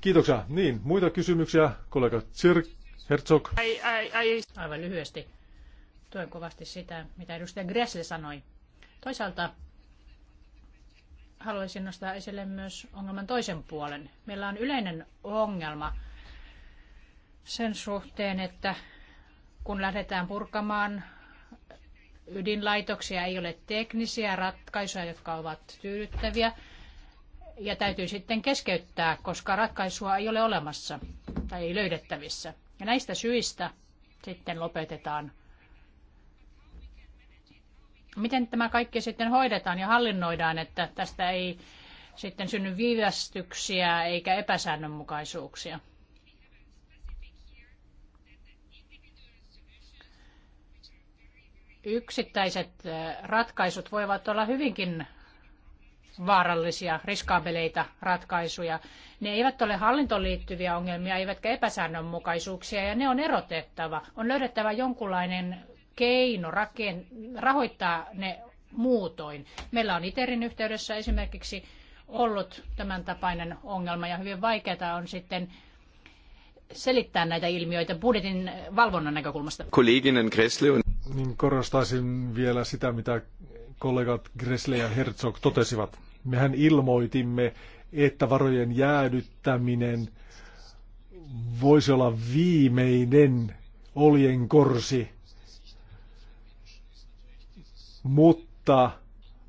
Kiitoksia. Niin, muita kysymyksiä, kollega Tsirk, Herzog. Ai, ai, ai. Aivan lyhyesti. Tuen kovasti sitä, mitä edustaja Gressle sanoi. Toisaalta haluaisin nostaa esille myös ongelman toisen puolen. Meillä on yleinen ongelma sen suhteen, että kun lähdetään purkamaan ydinlaitoksia, ei ole teknisiä ratkaisuja, jotka ovat tyydyttäviä, ja täytyy sitten keskeyttää, koska ratkaisua ei ole olemassa tai ei löydettävissä. Ja näistä syistä sitten lopetetaan Miten tämä kaikki sitten hoidetaan ja hallinnoidaan, että tästä ei sitten synny viivästyksiä eikä epäsäännönmukaisuuksia? Yksittäiset ratkaisut voivat olla hyvinkin vaarallisia, riskaabeleita ratkaisuja. Ne eivät ole hallintoon liittyviä ongelmia, eivätkä epäsäännönmukaisuuksia, ja ne on erotettava. On löydettävä jonkunlainen keino raken, rahoittaa ne muutoin. Meillä on ITERin yhteydessä esimerkiksi ollut tämän tapainen ongelma ja hyvin vaikeaa on sitten selittää näitä ilmiöitä budjetin valvonnan näkökulmasta. Kolleginen Gressle on... Niin korostaisin vielä sitä, mitä kollegat Gressle ja Herzog totesivat. Mehän ilmoitimme, että varojen jäädyttäminen voisi olla viimeinen korsi, mutta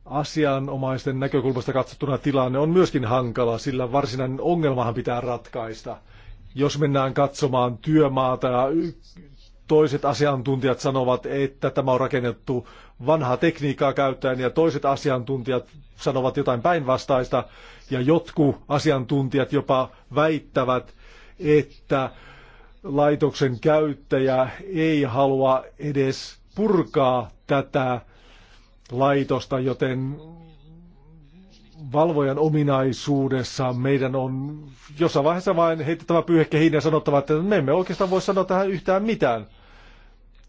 asianomaisten näkökulmasta katsottuna tilanne on myöskin hankala, sillä varsinainen ongelmahan pitää ratkaista. Jos mennään katsomaan työmaata ja toiset asiantuntijat sanovat, että tämä on rakennettu vanhaa tekniikkaa käyttäen ja toiset asiantuntijat sanovat jotain päinvastaista ja jotkut asiantuntijat jopa väittävät, että laitoksen käyttäjä ei halua edes purkaa tätä laitosta, joten valvojan ominaisuudessa meidän on jossain vaiheessa vain heitettävä pyyhekkä hiin ja sanottava, että me emme oikeastaan voi sanoa tähän yhtään mitään.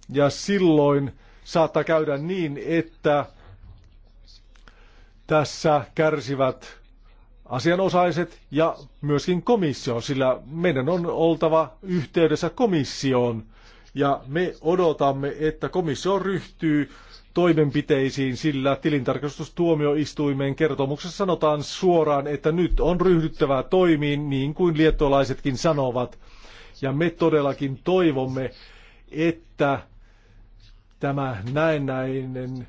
Ja silloin saattaa käydä niin, että tässä kärsivät asianosaiset ja myöskin komissio, sillä meidän on oltava yhteydessä komissioon. Ja me odotamme, että komissio ryhtyy toimenpiteisiin, sillä tilintarkastustuomioistuimen kertomuksessa sanotaan suoraan, että nyt on ryhdyttävä toimiin, niin kuin liettolaisetkin sanovat. Ja me todellakin toivomme, että tämä näennäinen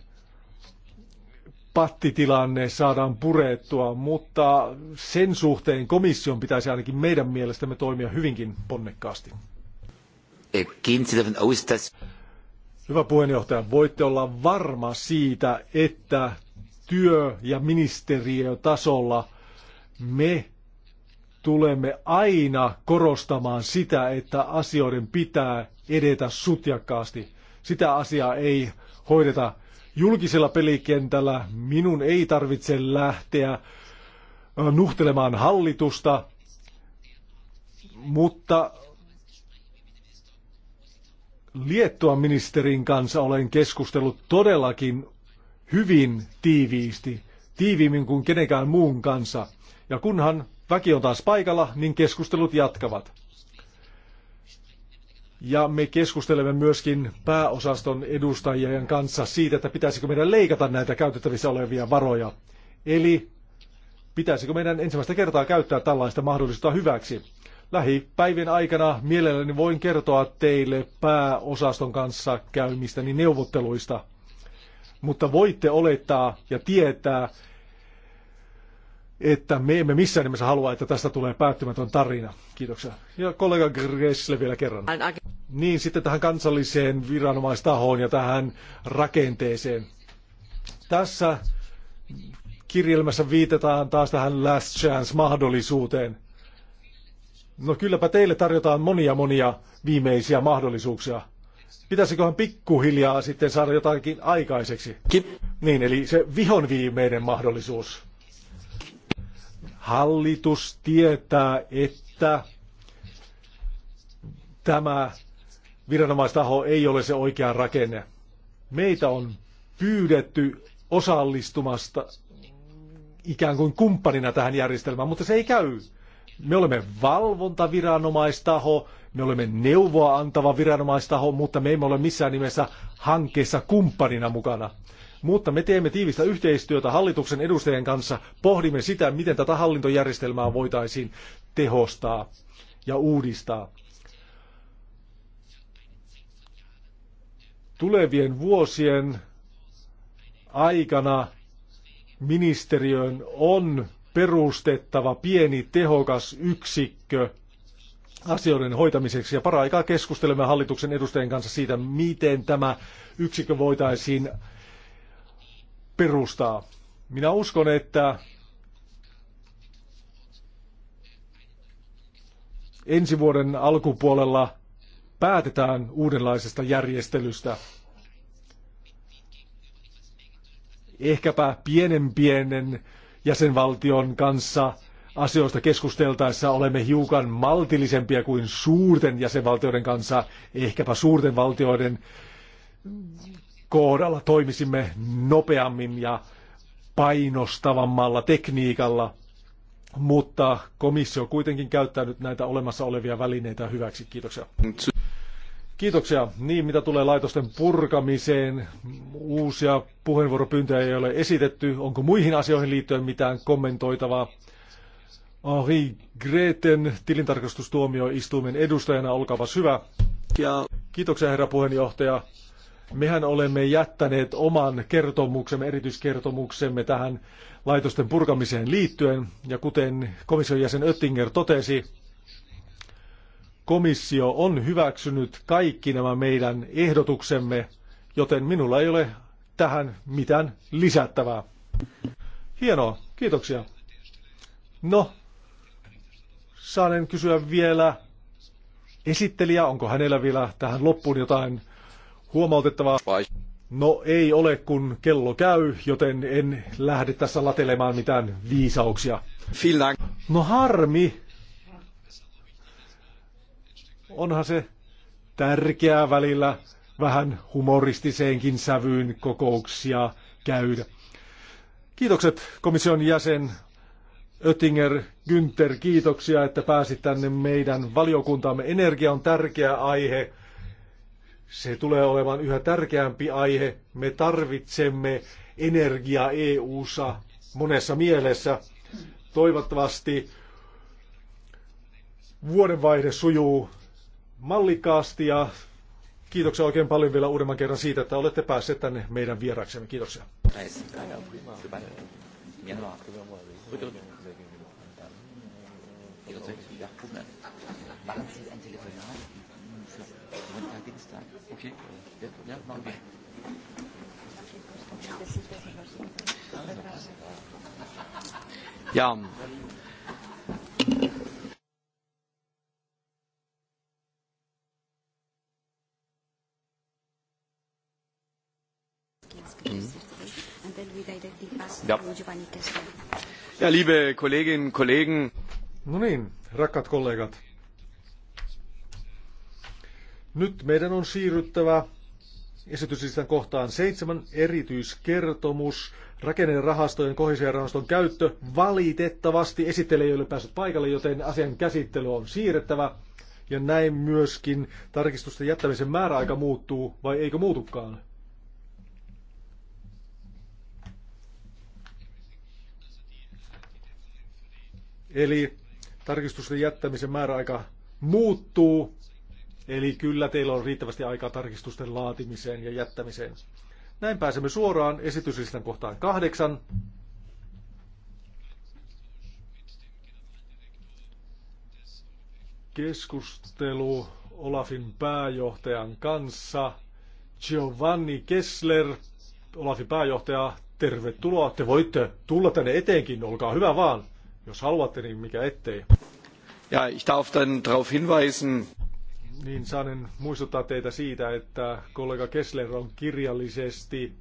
pattitilanne saadaan purettua, mutta sen suhteen komission pitäisi ainakin meidän mielestämme toimia hyvinkin ponnekkaasti. Hyvä puheenjohtaja, voitte olla varma siitä, että työ- ja ministeriötasolla me tulemme aina korostamaan sitä, että asioiden pitää edetä sutjakkaasti. Sitä asiaa ei hoideta julkisella pelikentällä. Minun ei tarvitse lähteä nuhtelemaan hallitusta, mutta Liettuan ministerin kanssa olen keskustellut todellakin hyvin tiiviisti, tiiviimmin kuin kenenkään muun kanssa. Ja kunhan väki on taas paikalla, niin keskustelut jatkavat. Ja me keskustelemme myöskin pääosaston edustajien kanssa siitä, että pitäisikö meidän leikata näitä käytettävissä olevia varoja. Eli pitäisikö meidän ensimmäistä kertaa käyttää tällaista mahdollisuutta hyväksi lähipäivien aikana mielelläni voin kertoa teille pääosaston kanssa käymistäni neuvotteluista. Mutta voitte olettaa ja tietää, että me emme missään nimessä halua, että tästä tulee päättymätön tarina. Kiitoksia. Ja kollega Gressle vielä kerran. Niin, sitten tähän kansalliseen viranomaistahoon ja tähän rakenteeseen. Tässä kirjelmässä viitataan taas tähän last chance-mahdollisuuteen. No kylläpä teille tarjotaan monia monia viimeisiä mahdollisuuksia. Pitäisiköhän pikkuhiljaa sitten saada jotakin aikaiseksi? Kip. Niin, eli se vihon viimeinen mahdollisuus. Hallitus tietää, että tämä viranomaistaho ei ole se oikea rakenne. Meitä on pyydetty osallistumasta ikään kuin kumppanina tähän järjestelmään, mutta se ei käy. Me olemme valvontaviranomaistaho, me olemme neuvoa antava viranomaistaho, mutta me emme ole missään nimessä hankkeessa kumppanina mukana. Mutta me teemme tiivistä yhteistyötä hallituksen edustajien kanssa, pohdimme sitä, miten tätä hallintojärjestelmää voitaisiin tehostaa ja uudistaa. Tulevien vuosien aikana ministeriön on perustettava pieni tehokas yksikkö asioiden hoitamiseksi. Ja paraikaa keskustelemme hallituksen edustajien kanssa siitä, miten tämä yksikkö voitaisiin perustaa. Minä uskon, että ensi vuoden alkupuolella päätetään uudenlaisesta järjestelystä. Ehkäpä pienen pienen jäsenvaltion kanssa asioista keskusteltaessa olemme hiukan maltillisempia kuin suurten jäsenvaltioiden kanssa, ehkäpä suurten valtioiden kohdalla toimisimme nopeammin ja painostavammalla tekniikalla, mutta komissio kuitenkin käyttää nyt näitä olemassa olevia välineitä hyväksi. Kiitoksia. Kiitoksia. Niin, mitä tulee laitosten purkamiseen, uusia puheenvuoropyyntöjä ei ole esitetty. Onko muihin asioihin liittyen mitään kommentoitavaa? Henri Greten, tilintarkastustuomioistuimen edustajana, olkaapa hyvä. Ja. Kiitoksia herra puheenjohtaja. Mehän olemme jättäneet oman kertomuksemme, erityiskertomuksemme tähän laitosten purkamiseen liittyen. Ja kuten komission jäsen Oettinger totesi, komissio on hyväksynyt kaikki nämä meidän ehdotuksemme, joten minulla ei ole tähän mitään lisättävää. Hienoa, kiitoksia. No, saanen kysyä vielä esittelijä, onko hänellä vielä tähän loppuun jotain huomautettavaa? Vai? No ei ole, kun kello käy, joten en lähde tässä latelemaan mitään viisauksia. No harmi, Onhan se tärkeää välillä vähän humoristiseenkin sävyyn kokouksia käydä. Kiitokset komission jäsen Öttinger, Günther, kiitoksia, että pääsit tänne meidän valiokuntaamme. Energia on tärkeä aihe. Se tulee olemaan yhä tärkeämpi aihe. Me tarvitsemme energiaa EU-ssa monessa mielessä. Toivottavasti vuodenvaihde sujuu Mallikaasti ja kiitoksia oikein paljon vielä uudemman kerran siitä, että olette päässeet tänne meidän vieraksemme. Kiitoksia. Ja, Ja, liebe Kolleginnen und Kollegen. No niin, rakkaat kollegat. Nyt meidän on siirryttävä esityslistan kohtaan seitsemän erityiskertomus. Rakennerahastojen kohesiorahaston käyttö valitettavasti esittelee ei ole päässyt paikalle, joten asian käsittely on siirrettävä. Ja näin myöskin tarkistusten jättämisen määräaika muuttuu, vai eikö muutukaan? Eli tarkistusten jättämisen määräaika muuttuu, eli kyllä teillä on riittävästi aikaa tarkistusten laatimiseen ja jättämiseen. Näin pääsemme suoraan esityslistan kohtaan kahdeksan. Keskustelu Olafin pääjohtajan kanssa. Giovanni Kessler, Olafin pääjohtaja, tervetuloa. Te voitte tulla tänne eteenkin, olkaa hyvä vaan. Jos haluatte, niin mikä ettei. Ja ich darf dann darauf hinweisen. Niin, saanen muistuttaa teitä siitä, että kollega Kessler on kirjallisesti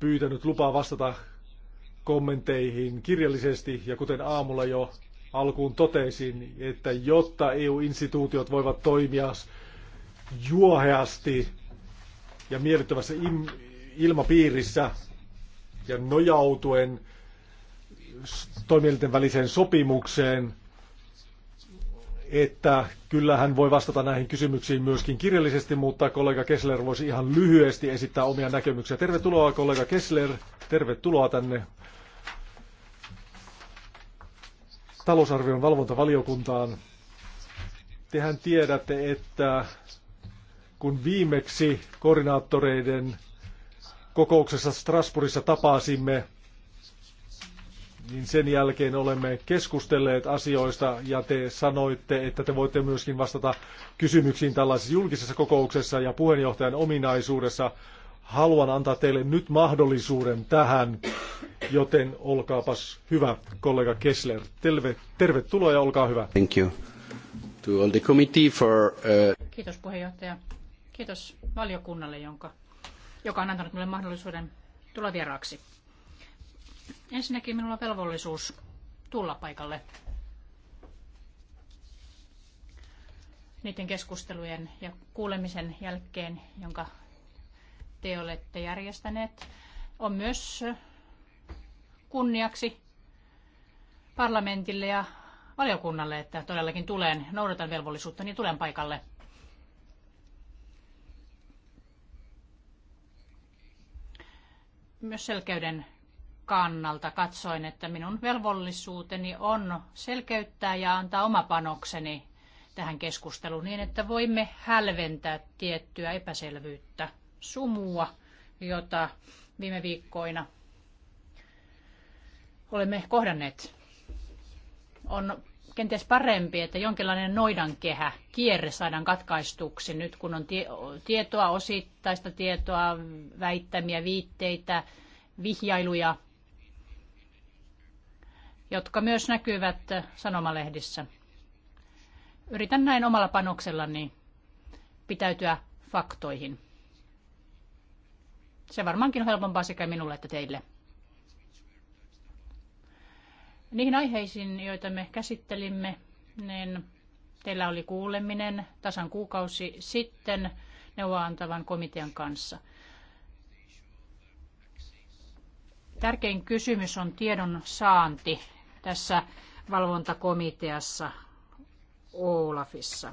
pyytänyt lupaa vastata kommenteihin kirjallisesti, ja kuten aamulla jo alkuun totesin, että jotta EU-instituutiot voivat toimia juoheasti ja miellyttävässä ilmapiirissä ja nojautuen toimielinten väliseen sopimukseen, että kyllähän voi vastata näihin kysymyksiin myöskin kirjallisesti, mutta kollega Kessler voisi ihan lyhyesti esittää omia näkemyksiä. Tervetuloa kollega Kessler, tervetuloa tänne talousarvion valvontavaliokuntaan. Tehän tiedätte, että kun viimeksi koordinaattoreiden kokouksessa Strasbourgissa tapasimme, niin sen jälkeen olemme keskustelleet asioista ja te sanoitte, että te voitte myöskin vastata kysymyksiin tällaisessa julkisessa kokouksessa ja puheenjohtajan ominaisuudessa. Haluan antaa teille nyt mahdollisuuden tähän, joten olkaapas hyvä kollega Kessler. Terve, tervetuloa ja olkaa hyvä. Thank you to all the committee for, uh... Kiitos puheenjohtaja. Kiitos valiokunnalle, jonka, joka on antanut minulle mahdollisuuden tulla vieraaksi. Ensinnäkin minulla on velvollisuus tulla paikalle niiden keskustelujen ja kuulemisen jälkeen, jonka te olette järjestäneet. On myös kunniaksi parlamentille ja valiokunnalle, että todellakin tulen, noudatan velvollisuutta, niin tulen paikalle. Myös selkeyden kannalta katsoin, että minun velvollisuuteni on selkeyttää ja antaa oma panokseni tähän keskusteluun niin, että voimme hälventää tiettyä epäselvyyttä, sumua, jota viime viikkoina olemme kohdanneet. On kenties parempi, että jonkinlainen noidankehä, kierre saadaan katkaistuksi nyt, kun on tie- tietoa, osittaista tietoa, väittämiä, viitteitä, vihjailuja – jotka myös näkyvät sanomalehdissä. Yritän näin omalla panoksellani pitäytyä faktoihin. Se varmaankin on helpompaa sekä minulle että teille. Niihin aiheisiin, joita me käsittelimme, niin teillä oli kuuleminen tasan kuukausi sitten neuvoantavan komitean kanssa. Tärkein kysymys on tiedon saanti tässä valvontakomiteassa Olafissa.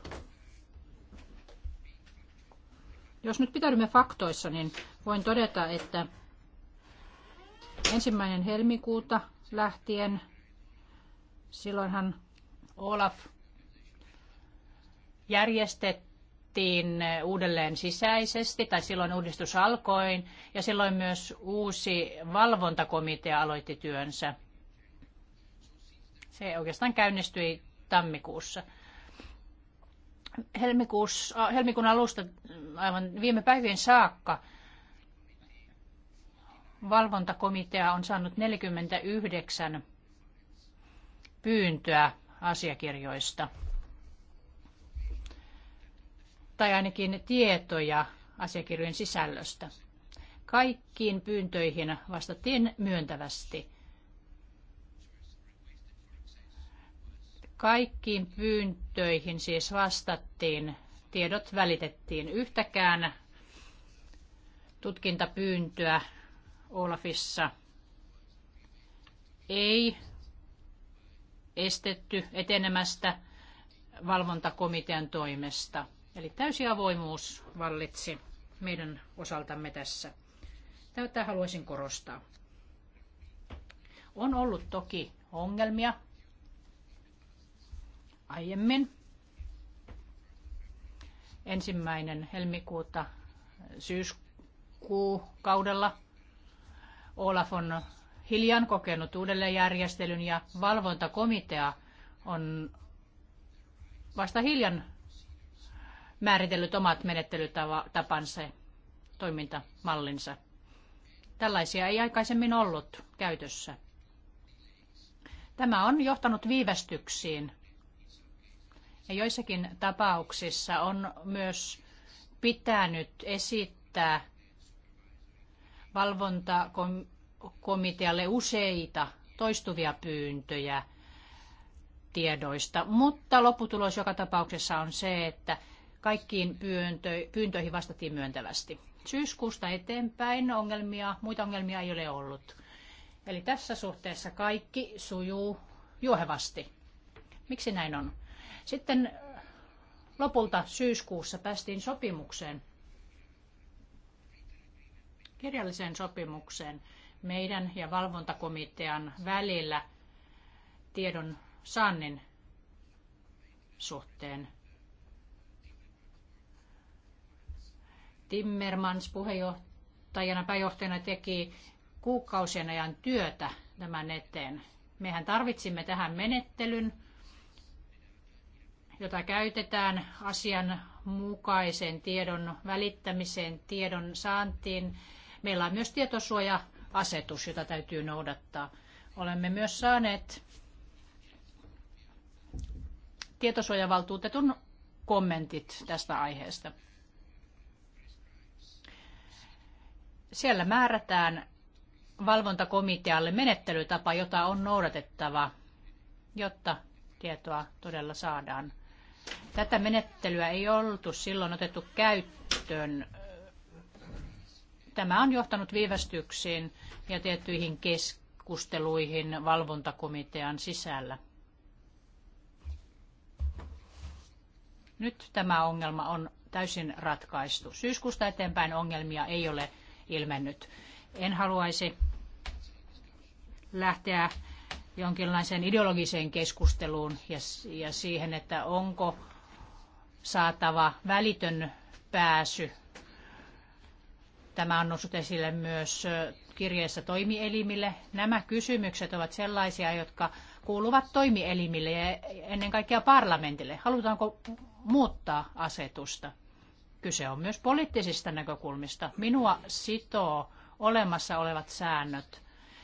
Jos nyt pitäydymme faktoissa, niin voin todeta, että ensimmäinen helmikuuta lähtien, silloinhan Olaf järjestettiin uudelleen sisäisesti, tai silloin uudistus alkoi, ja silloin myös uusi valvontakomitea aloitti työnsä. Se oikeastaan käynnistyi tammikuussa. Helmikuussa, helmikuun alusta aivan viime päivien saakka valvontakomitea on saanut 49 pyyntöä asiakirjoista. Tai ainakin tietoja asiakirjojen sisällöstä. Kaikkiin pyyntöihin vastattiin myöntävästi. Kaikkiin pyyntöihin siis vastattiin, tiedot välitettiin yhtäkään tutkintapyyntöä Olafissa ei estetty etenemästä valvontakomitean toimesta. Eli täysi avoimuus vallitsi meidän osaltamme tässä. Tätä haluaisin korostaa. On ollut toki ongelmia aiemmin. Ensimmäinen helmikuuta syyskuu kaudella Olaf on hiljan kokenut uudelleenjärjestelyn ja valvontakomitea on vasta hiljan määritellyt omat menettelytapansa ja toimintamallinsa. Tällaisia ei aikaisemmin ollut käytössä. Tämä on johtanut viivästyksiin ja joissakin tapauksissa on myös pitänyt esittää valvontakomitealle useita toistuvia pyyntöjä tiedoista, mutta lopputulos joka tapauksessa on se, että kaikkiin pyyntö, pyyntöihin vastattiin myöntävästi. Syyskuusta eteenpäin ongelmia, muita ongelmia ei ole ollut. Eli tässä suhteessa kaikki sujuu juohevasti. Miksi näin on? Sitten äh, lopulta syyskuussa päästiin sopimukseen, kirjalliseen sopimukseen meidän ja valvontakomitean välillä tiedon saannin suhteen. Timmermans puheenjohtajana, pääjohtajana teki kuukausien ajan työtä tämän eteen. Mehän tarvitsimme tähän menettelyn, jota käytetään asian mukaisen tiedon välittämiseen, tiedon saantiin. Meillä on myös tietosuoja-asetus, jota täytyy noudattaa. Olemme myös saaneet tietosuojavaltuutetun kommentit tästä aiheesta. Siellä määrätään valvontakomitealle menettelytapa, jota on noudatettava, jotta tietoa todella saadaan. Tätä menettelyä ei oltu silloin otettu käyttöön. Tämä on johtanut viivästyksiin ja tiettyihin keskusteluihin valvontakomitean sisällä. Nyt tämä ongelma on täysin ratkaistu. Syyskuusta eteenpäin ongelmia ei ole ilmennyt. En haluaisi lähteä jonkinlaiseen ideologiseen keskusteluun ja, ja siihen, että onko saatava välitön pääsy. Tämä on noussut esille myös kirjeessä toimielimille. Nämä kysymykset ovat sellaisia, jotka kuuluvat toimielimille ja ennen kaikkea parlamentille. Halutaanko muuttaa asetusta? Kyse on myös poliittisista näkökulmista. Minua sitoo olemassa olevat säännöt,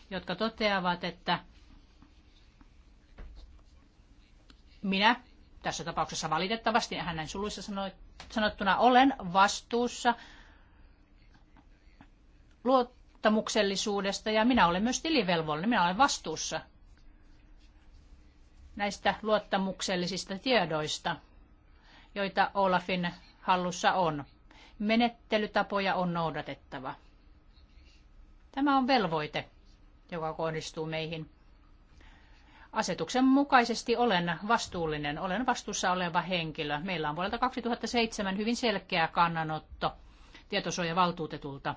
jotka toteavat, että minä tässä tapauksessa valitettavasti, hän näin suluissa sanoi, sanottuna, olen vastuussa luottamuksellisuudesta ja minä olen myös tilivelvollinen, minä olen vastuussa näistä luottamuksellisista tiedoista, joita Olafin hallussa on. Menettelytapoja on noudatettava. Tämä on velvoite, joka kohdistuu meihin. Asetuksen mukaisesti olen vastuullinen, olen vastuussa oleva henkilö. Meillä on vuodelta 2007 hyvin selkeä kannanotto tietosuojavaltuutetulta.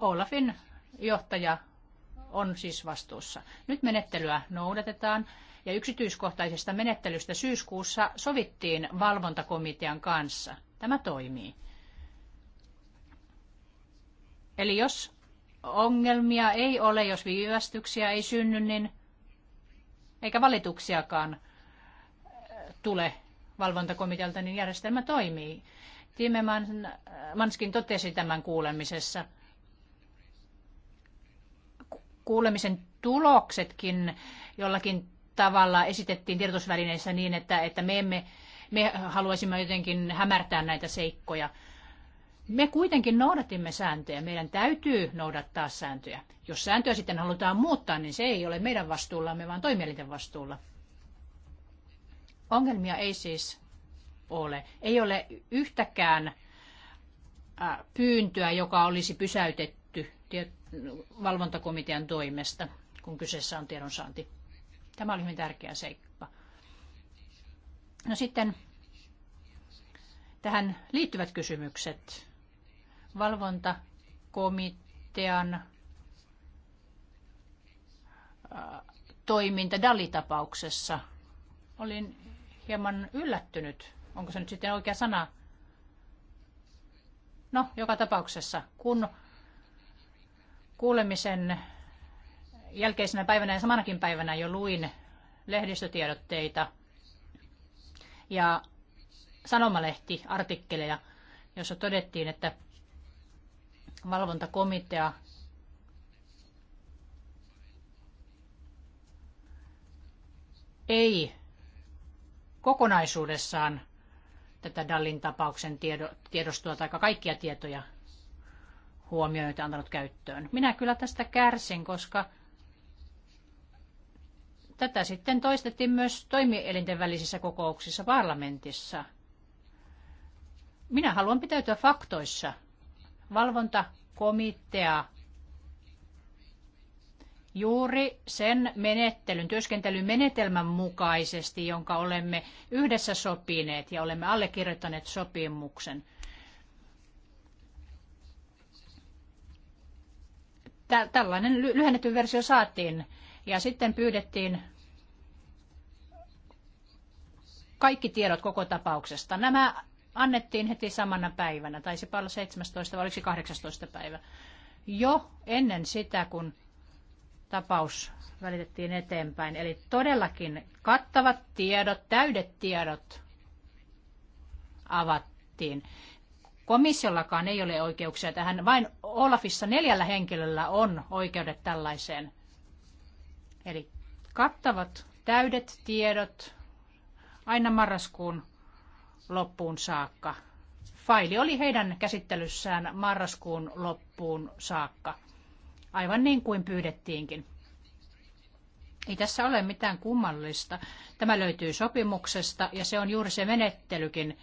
Olafin johtaja on siis vastuussa. Nyt menettelyä noudatetaan ja yksityiskohtaisesta menettelystä syyskuussa sovittiin valvontakomitean kanssa. Tämä toimii. Eli jos ongelmia ei ole, jos viivästyksiä ei synny, niin eikä valituksiakaan tule valvontakomitealta, niin järjestelmä toimii. Manskin totesi tämän kuulemisessa. Kuulemisen tuloksetkin jollakin tavalla esitettiin tiedotusvälineissä niin, että, että me emme me haluaisimme jotenkin hämärtää näitä seikkoja. Me kuitenkin noudatimme sääntöjä. Meidän täytyy noudattaa sääntöjä. Jos sääntöjä sitten halutaan muuttaa, niin se ei ole meidän vastuullamme, vaan toimielinten vastuulla. Ongelmia ei siis ole. Ei ole yhtäkään pyyntöä, joka olisi pysäytetty valvontakomitean toimesta, kun kyseessä on tiedonsaanti. Tämä oli hyvin tärkeä seikka. No sitten tähän liittyvät kysymykset valvontakomitean äh, toiminta Dalitapauksessa. Olin hieman yllättynyt. Onko se nyt sitten oikea sana? No, joka tapauksessa, kun kuulemisen jälkeisenä päivänä ja samanakin päivänä jo luin lehdistötiedotteita ja sanomalehti artikkeleja, jossa todettiin, että valvontakomitea ei kokonaisuudessaan tätä Dallin tapauksen tiedostoa tai kaikkia tietoja huomioita antanut käyttöön. Minä kyllä tästä kärsin, koska tätä sitten toistettiin myös toimielinten välisissä kokouksissa parlamentissa. Minä haluan pitäytyä faktoissa – valvontakomitea juuri sen menettelyn, työskentelymenetelmän mukaisesti, jonka olemme yhdessä sopineet ja olemme allekirjoittaneet sopimuksen. Tällainen lyhennetty versio saatiin ja sitten pyydettiin kaikki tiedot koko tapauksesta. Nämä annettiin heti samana päivänä, tai se olla 17 vai oliko 18 päivä, jo ennen sitä, kun tapaus välitettiin eteenpäin. Eli todellakin kattavat tiedot, täydet tiedot avattiin. Komissiollakaan ei ole oikeuksia tähän, vain Olafissa neljällä henkilöllä on oikeudet tällaiseen. Eli kattavat täydet tiedot aina marraskuun loppuun saakka. Faili oli heidän käsittelyssään marraskuun loppuun saakka, aivan niin kuin pyydettiinkin. Ei tässä ole mitään kummallista. Tämä löytyy sopimuksesta ja se on juuri se menettelykin,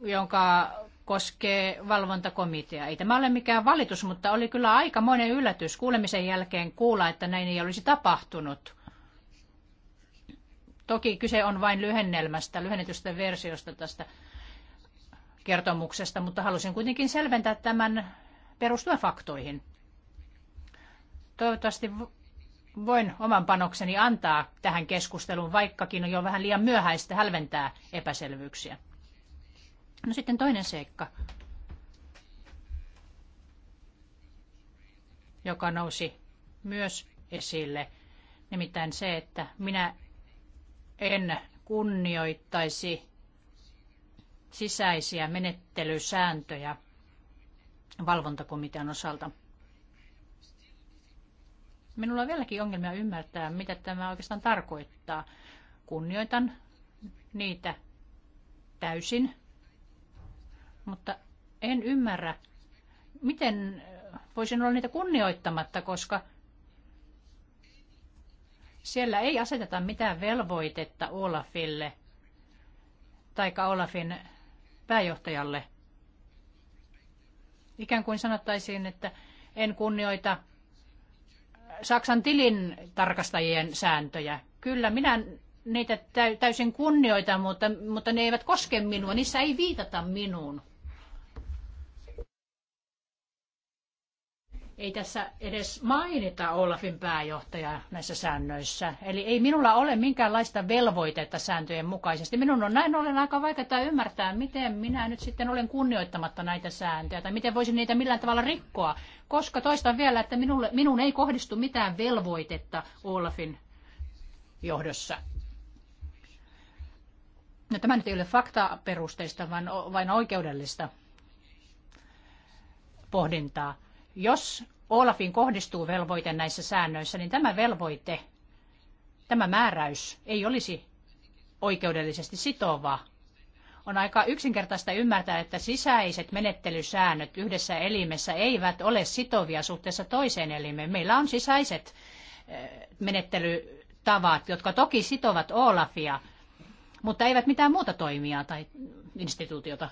jonka koskee valvontakomitea. Ei tämä ole mikään valitus, mutta oli kyllä aika monen yllätys kuulemisen jälkeen kuulla, että näin ei olisi tapahtunut. Toki kyse on vain lyhennelmästä, lyhennetystä versiosta tästä kertomuksesta, mutta halusin kuitenkin selventää tämän perustuen faktoihin. Toivottavasti voin oman panokseni antaa tähän keskusteluun, vaikkakin on jo vähän liian myöhäistä hälventää epäselvyyksiä. No sitten toinen seikka, joka nousi myös esille, nimittäin se, että minä en kunnioittaisi sisäisiä menettelysääntöjä valvontakomitean osalta. Minulla on vieläkin ongelmia ymmärtää, mitä tämä oikeastaan tarkoittaa. Kunnioitan niitä täysin, mutta en ymmärrä, miten voisin olla niitä kunnioittamatta, koska siellä ei aseteta mitään velvoitetta Olafille tai Olafin pääjohtajalle. Ikään kuin sanottaisiin, että en kunnioita Saksan tilin tarkastajien sääntöjä. Kyllä minä niitä täysin kunnioitan, mutta, mutta ne eivät koske minua, niissä ei viitata minuun. ei tässä edes mainita Olafin pääjohtajaa näissä säännöissä. Eli ei minulla ole minkäänlaista velvoitetta sääntöjen mukaisesti. Minun on näin ollen aika vaikeaa ymmärtää, miten minä nyt sitten olen kunnioittamatta näitä sääntöjä tai miten voisin niitä millään tavalla rikkoa, koska toistan vielä, että minulle, minun ei kohdistu mitään velvoitetta Olafin johdossa. No, tämä nyt ei ole faktaperusteista, vaan vain oikeudellista pohdintaa jos Olafin kohdistuu velvoite näissä säännöissä, niin tämä velvoite, tämä määräys ei olisi oikeudellisesti sitovaa. On aika yksinkertaista ymmärtää, että sisäiset menettelysäännöt yhdessä elimessä eivät ole sitovia suhteessa toiseen elimeen. Meillä on sisäiset eh, menettelytavat, jotka toki sitovat Olafia, mutta eivät mitään muuta toimijaa tai instituutiota.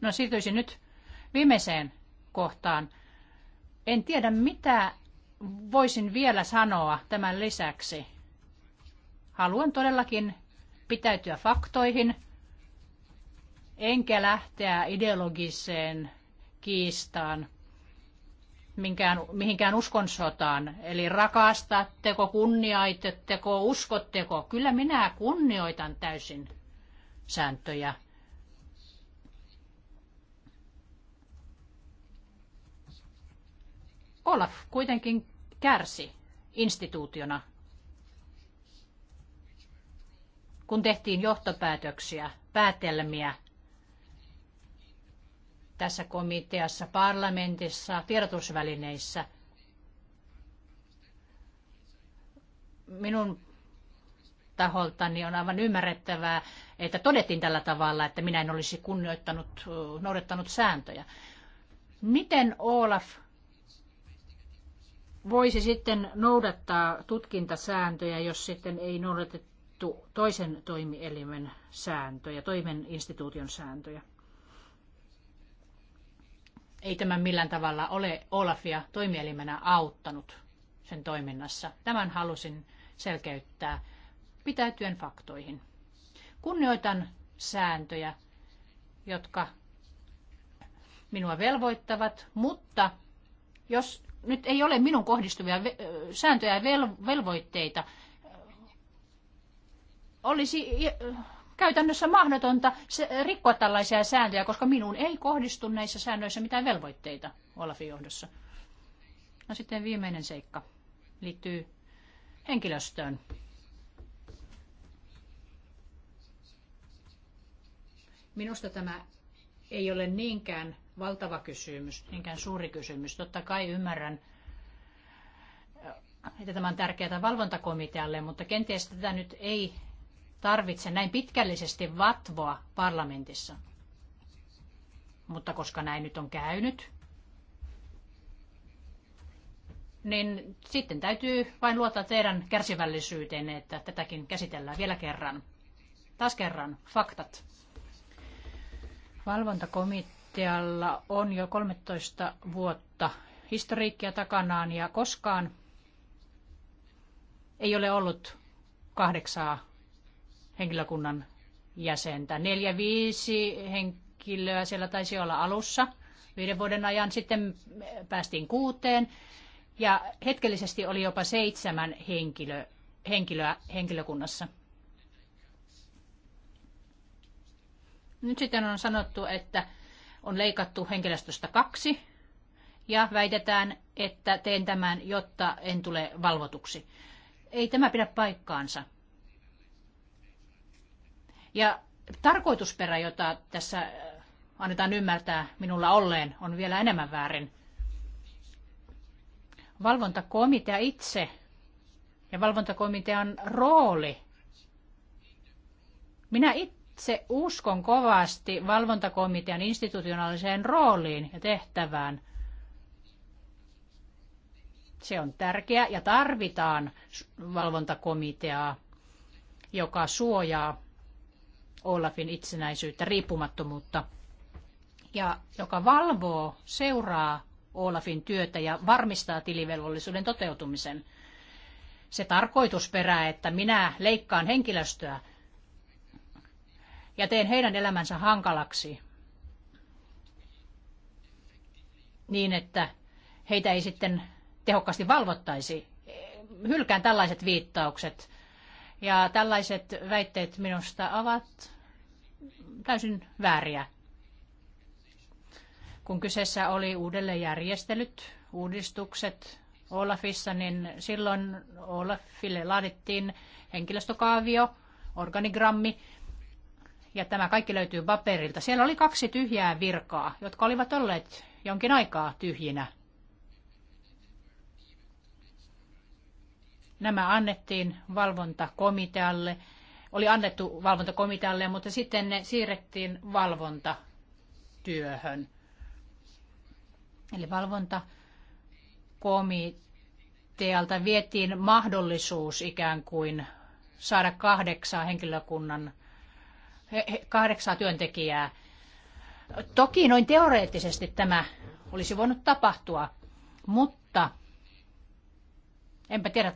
No siirtyisin nyt viimeiseen kohtaan. En tiedä, mitä voisin vielä sanoa tämän lisäksi. Haluan todellakin pitäytyä faktoihin, enkä lähteä ideologiseen kiistaan minkään, mihinkään sotaan. Eli rakastatteko, kunniaitetteko, uskotteko. Kyllä minä kunnioitan täysin sääntöjä. Olaf kuitenkin kärsi instituutiona, kun tehtiin johtopäätöksiä, päätelmiä tässä komiteassa, parlamentissa, tiedotusvälineissä. Minun taholtani on aivan ymmärrettävää, että todettiin tällä tavalla, että minä en olisi kunnioittanut, noudattanut sääntöjä. Miten Olaf voisi sitten noudattaa tutkintasääntöjä, jos sitten ei noudatettu toisen toimielimen sääntöjä, toimen instituution sääntöjä. Ei tämä millään tavalla ole Olafia toimielimenä auttanut sen toiminnassa. Tämän halusin selkeyttää pitäytyen faktoihin. Kunnioitan sääntöjä, jotka minua velvoittavat, mutta jos nyt ei ole minun kohdistuvia sääntöjä ja velvoitteita. Olisi käytännössä mahdotonta rikkoa tällaisia sääntöjä, koska minun ei kohdistu näissä säännöissä mitään velvoitteita Olafin johdossa. No sitten viimeinen seikka liittyy henkilöstöön. Minusta tämä ei ole niinkään valtava kysymys, niinkään suuri kysymys. Totta kai ymmärrän, että tämä on tärkeää valvontakomitealle, mutta kenties tätä nyt ei tarvitse näin pitkällisesti vatvoa parlamentissa. Mutta koska näin nyt on käynyt, niin sitten täytyy vain luottaa teidän kärsivällisyyteen, että tätäkin käsitellään vielä kerran. Taas kerran, faktat. Valvontakomitea Latvialla on jo 13 vuotta historiikkia takanaan ja koskaan ei ole ollut kahdeksaa henkilökunnan jäsentä. Neljä, viisi henkilöä siellä taisi olla alussa viiden vuoden ajan. Sitten päästiin kuuteen ja hetkellisesti oli jopa seitsemän henkilö, henkilöä henkilökunnassa. Nyt sitten on sanottu, että on leikattu henkilöstöstä kaksi ja väitetään, että teen tämän, jotta en tule valvotuksi. Ei tämä pidä paikkaansa. Ja tarkoitusperä, jota tässä äh, annetaan ymmärtää minulla olleen, on vielä enemmän väärin. Valvontakomitea itse ja valvontakomitean rooli. Minä itse itse uskon kovasti valvontakomitean institutionaaliseen rooliin ja tehtävään. Se on tärkeä ja tarvitaan valvontakomiteaa, joka suojaa Olafin itsenäisyyttä, riippumattomuutta ja joka valvoo, seuraa Olafin työtä ja varmistaa tilivelvollisuuden toteutumisen. Se tarkoitusperä, että minä leikkaan henkilöstöä, ja teen heidän elämänsä hankalaksi niin, että heitä ei sitten tehokkaasti valvottaisi. Hylkään tällaiset viittaukset. Ja tällaiset väitteet minusta ovat täysin vääriä. Kun kyseessä oli uudelleenjärjestelyt, uudistukset Olafissa, niin silloin Olafille laadittiin henkilöstökaavio, organigrammi, ja tämä kaikki löytyy paperilta. Siellä oli kaksi tyhjää virkaa, jotka olivat olleet jonkin aikaa tyhjinä. Nämä annettiin valvontakomitealle, oli annettu valvontakomitealle, mutta sitten ne siirrettiin valvontatyöhön. Eli valvontakomitealta vietiin mahdollisuus ikään kuin saada kahdeksan henkilökunnan kahdeksaa työntekijää. Toki noin teoreettisesti tämä olisi voinut tapahtua, mutta enpä tiedä,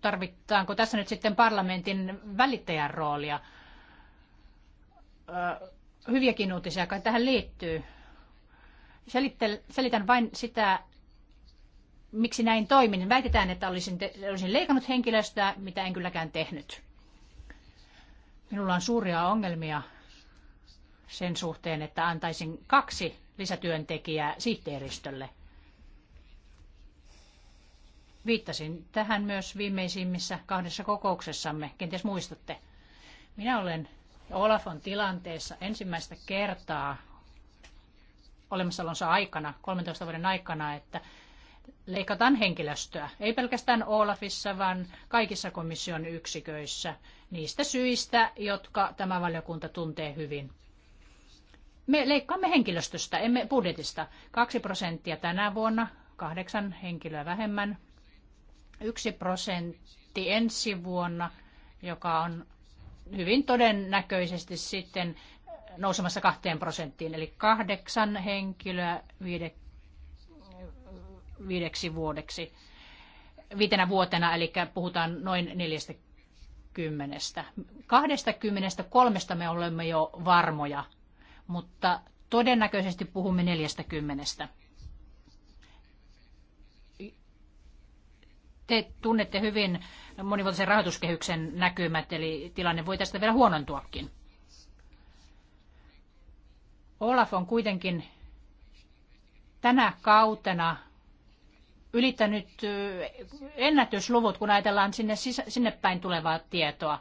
tarvitaanko tässä nyt sitten parlamentin välittäjän roolia. Hyviäkin uutisia kai tähän liittyy. Selitän vain sitä, miksi näin toimin. Väitetään, että olisin, leikannut henkilöstöä, mitä en kylläkään tehnyt. Minulla on suuria ongelmia sen suhteen, että antaisin kaksi lisätyöntekijää sihteeristölle. Viittasin tähän myös viimeisimmissä kahdessa kokouksessamme, kenties muistatte. Minä olen Olaf on tilanteessa ensimmäistä kertaa olemassaolonsa aikana, 13 vuoden aikana, että leikataan henkilöstöä. Ei pelkästään Olafissa, vaan kaikissa komission yksiköissä niistä syistä, jotka tämä valiokunta tuntee hyvin. Me leikkaamme henkilöstöstä, emme budjetista. 2 prosenttia tänä vuonna, kahdeksan henkilöä vähemmän. 1 prosentti ensi vuonna, joka on hyvin todennäköisesti sitten nousemassa kahteen prosenttiin, eli kahdeksan henkilöä viide, viideksi vuodeksi, viitenä vuotena, eli puhutaan noin 40 kymmenestä. Kahdesta kymmenestä kolmesta me olemme jo varmoja, mutta todennäköisesti puhumme neljästä kymmenestä. Te tunnette hyvin monivuotisen rahoituskehyksen näkymät, eli tilanne voi tästä vielä huonontuakin. Olaf on kuitenkin tänä kautena ylittänyt ennätysluvut, kun ajatellaan sinne, sinne päin tulevaa tietoa.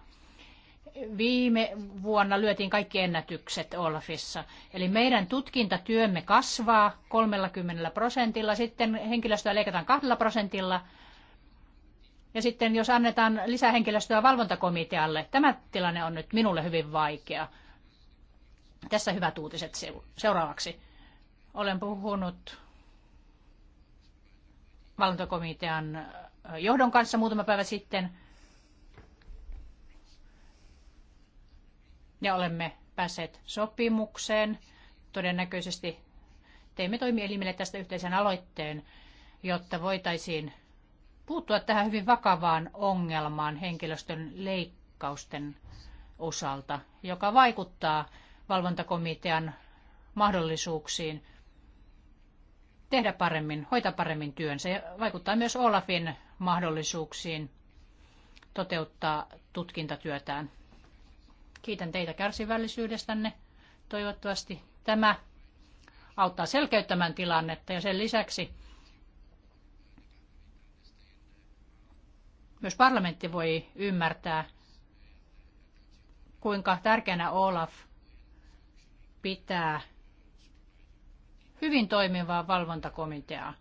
Viime vuonna lyötiin kaikki ennätykset Olafissa. Eli meidän tutkintatyömme kasvaa 30 prosentilla, sitten henkilöstöä leikataan 2 prosentilla. Ja sitten jos annetaan lisähenkilöstöä valvontakomitealle, tämä tilanne on nyt minulle hyvin vaikea. Tässä hyvät uutiset seuraavaksi. Olen puhunut valvontakomitean johdon kanssa muutama päivä sitten. Ja olemme päässeet sopimukseen. Todennäköisesti teemme toimielimille tästä yhteisen aloitteen, jotta voitaisiin puuttua tähän hyvin vakavaan ongelmaan henkilöstön leikkausten osalta, joka vaikuttaa valvontakomitean mahdollisuuksiin tehdä paremmin, hoitaa paremmin työnsä ja vaikuttaa myös Olafin mahdollisuuksiin toteuttaa tutkintatyötään. Kiitän teitä kärsivällisyydestänne. Toivottavasti tämä auttaa selkeyttämään tilannetta ja sen lisäksi myös parlamentti voi ymmärtää, kuinka tärkeänä Olaf pitää hyvin toimivaa valvontakomiteaa.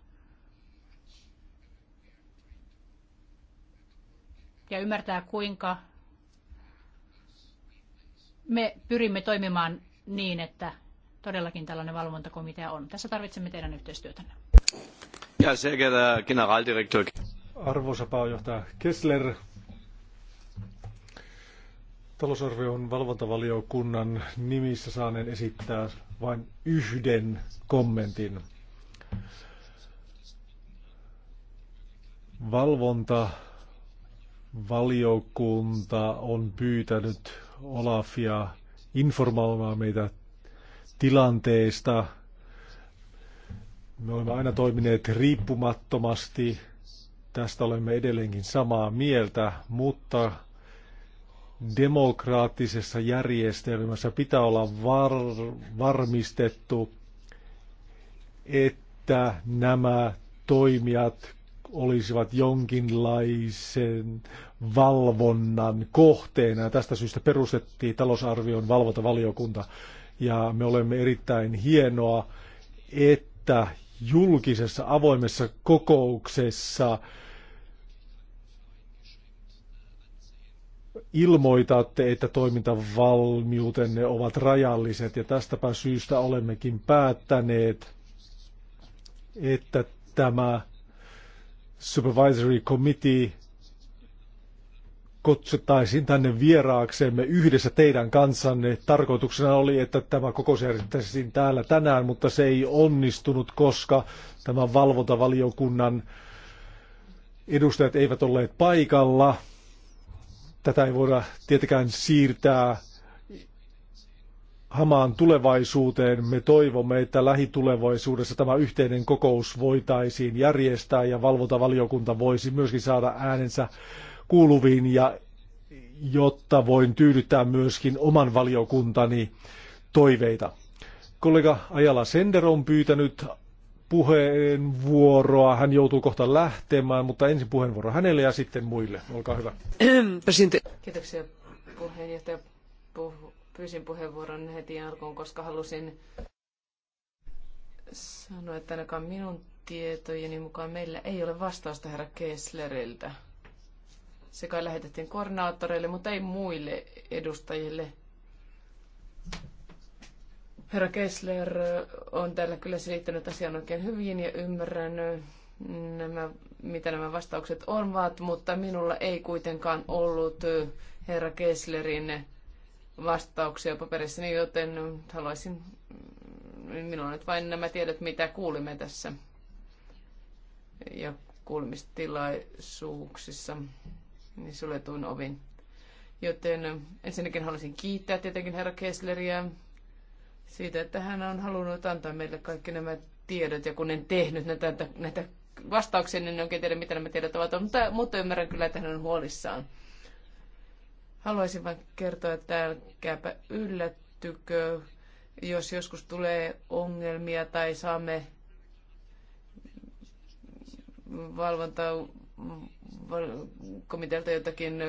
Ja ymmärtää, kuinka me pyrimme toimimaan niin, että todellakin tällainen valvontakomitea on. Tässä tarvitsemme teidän yhteistyötänne. Ja sehr Generaldirektor. Arvoisa pääjohtaja Kessler, talousarvion valvontavaliokunnan nimissä saaneen esittää vain yhden kommentin. Valvonta valiokunta on pyytänyt Olafia informoimaan meitä tilanteesta. Me olemme aina toimineet riippumattomasti. Tästä olemme edelleenkin samaa mieltä, mutta demokraattisessa järjestelmässä pitää olla var- varmistettu, että nämä toimijat olisivat jonkinlaisen valvonnan kohteena. Tästä syystä perustettiin talousarvion valvontavaliokunta. Ja me olemme erittäin hienoa, että julkisessa avoimessa kokouksessa ilmoitatte, että toimintavalmiutenne ovat rajalliset ja tästäpä syystä olemmekin päättäneet, että tämä Supervisory Committee kutsuttaisiin tänne vieraaksemme yhdessä teidän kanssanne. Tarkoituksena oli, että tämä kokous järjestettäisiin täällä tänään, mutta se ei onnistunut, koska tämän valvontavaliokunnan edustajat eivät olleet paikalla – Tätä ei voida tietenkään siirtää hamaan tulevaisuuteen. Me toivomme, että lähitulevaisuudessa tämä yhteinen kokous voitaisiin järjestää ja valvontavaliokunta voisi myöskin saada äänensä kuuluviin ja jotta voin tyydyttää myöskin oman valiokuntani toiveita. Kollega Ajala Sender on pyytänyt puheenvuoroa. Hän joutuu kohta lähtemään, mutta ensin puheenvuoro hänelle ja sitten muille. Olkaa hyvä. Kiitoksia puheenjohtaja. Pyysin puheenvuoron heti alkuun, koska halusin sanoa, että ainakaan minun tietojeni mukaan meillä ei ole vastausta herra Kessleriltä. Se kai lähetettiin koordinaattoreille, mutta ei muille edustajille. Herra Kessler on täällä kyllä selittänyt asian oikein hyvin ja ymmärrän nämä, mitä nämä vastaukset ovat, mutta minulla ei kuitenkaan ollut eh, herra Kesslerin vastauksia paperissani, joten haluaisin, mm, minulla on nyt vain nämä tiedot, mitä kuulimme tässä ja kuulemistilaisuuksissa niin suljetuin ovin. Joten ensinnäkin haluaisin kiittää tietenkin herra Kessleriä siitä, että hän on halunnut antaa meille kaikki nämä tiedot. Ja kun en tehnyt näitä, näitä vastauksia, niin en oikein tiedä, mitä nämä tiedot ovat. Mutta, mutta ymmärrän kyllä, että hän on huolissaan. Haluaisin vain kertoa, että älkääpä yllättykö, jos joskus tulee ongelmia tai saamme valvonta komitealta jotakin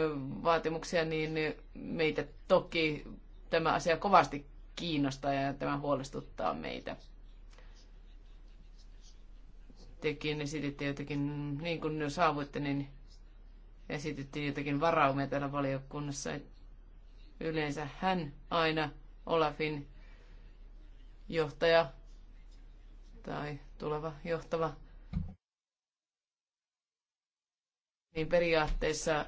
vaatimuksia, niin meitä toki tämä asia kovasti kiinnostaa ja tämä huolestuttaa meitä. Tekin esititte jotakin, niin kuin saavuitte, niin esitettiin jotakin varaumia täällä valiokunnassa. Yleensä hän aina Olafin johtaja tai tuleva johtava, niin periaatteessa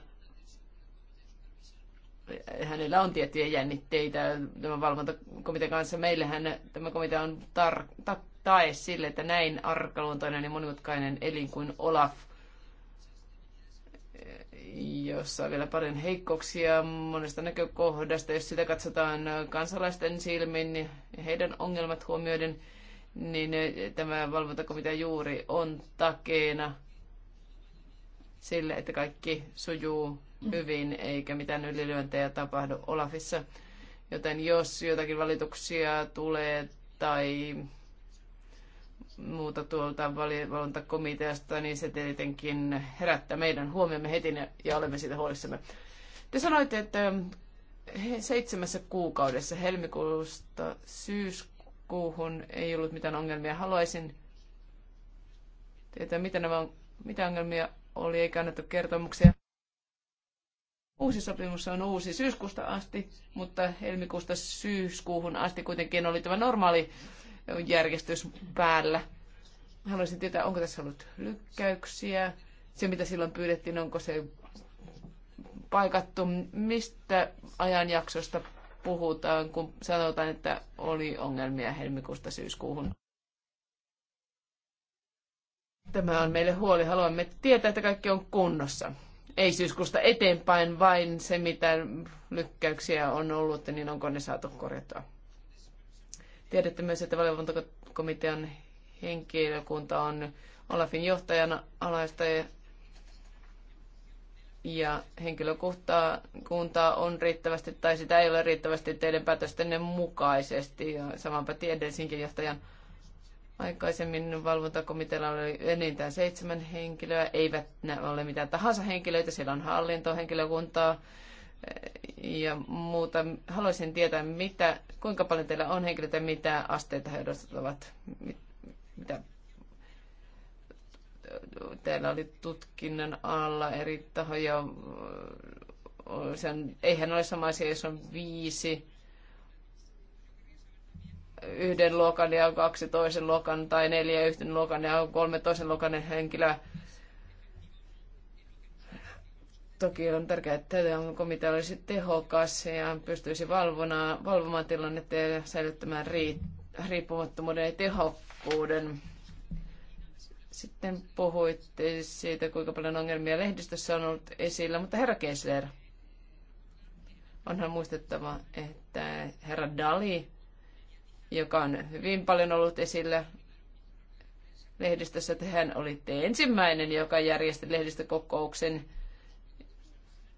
hänellä on tiettyjä jännitteitä tämän valvontakomitean kanssa. Meillähän tämä komitea on tar- ta- tae sille, että näin arkaluontoinen ja monimutkainen elin kuin Olaf, jossa on vielä paljon heikkouksia monesta näkökohdasta. Jos sitä katsotaan kansalaisten silmin ja niin heidän ongelmat huomioiden, niin tämä valvontakomitea juuri on takeena sille, että kaikki sujuu hyvin, eikä mitään ylilyöntejä tapahdu Olafissa. Joten jos jotakin valituksia tulee tai muuta tuolta valvontakomiteasta, niin se tietenkin herättää meidän huomiomme heti ja olemme siitä huolissamme. Te sanoitte, että seitsemässä kuukaudessa helmikuusta syyskuuhun ei ollut mitään ongelmia. Haluaisin tietää, mitä, nämä, mitä ongelmia oli, eikä annettu kertomuksia. Uusi sopimus on uusi syyskuusta asti, mutta helmikuusta syyskuuhun asti kuitenkin oli tämä normaali järjestys päällä. Haluaisin tietää, onko tässä ollut lykkäyksiä. Se, mitä silloin pyydettiin, onko se paikattu. Mistä ajanjaksosta puhutaan, kun sanotaan, että oli ongelmia helmikuusta syyskuuhun? Tämä on meille huoli. Haluamme tietää, että kaikki on kunnossa ei syyskuusta eteenpäin, vain se, mitä lykkäyksiä on ollut, niin onko ne saatu korjattua. Tiedätte myös, että valiokuntakomitean henkilökunta on Olafin johtajana alaista ja henkilökuntaa on riittävästi tai sitä ei ole riittävästi teidän päätöstenne mukaisesti. Ja sama päti edellisinkin johtajan Aikaisemmin valvontakomitealla oli enintään seitsemän henkilöä, eivät nämä ole mitään tahansa henkilöitä, siellä on hallintohenkilökuntaa eh, ja muuta. Haluaisin tietää, mitä, kuinka paljon teillä on henkilöitä, mitä asteita he odottavat, mitä teillä oli tutkinnan alla eri tahoja. Sen, eihän ole sama asia, jos on viisi yhden luokan ja kaksi toisen luokan tai neljä yhden luokan ja kolme toisen luokan henkilöä. Toki on tärkeää, että komitea olisi tehokas ja pystyisi valvomaan tilannetta ja säilyttämään riippumattomuuden ja tehokkuuden. Sitten puhuitte siitä, kuinka paljon ongelmia lehdistössä on ollut esillä, mutta herra Kessler, onhan muistettava, että herra Dali joka on hyvin paljon ollut esillä lehdistössä, että hän oli ensimmäinen, joka järjesti lehdistökokouksen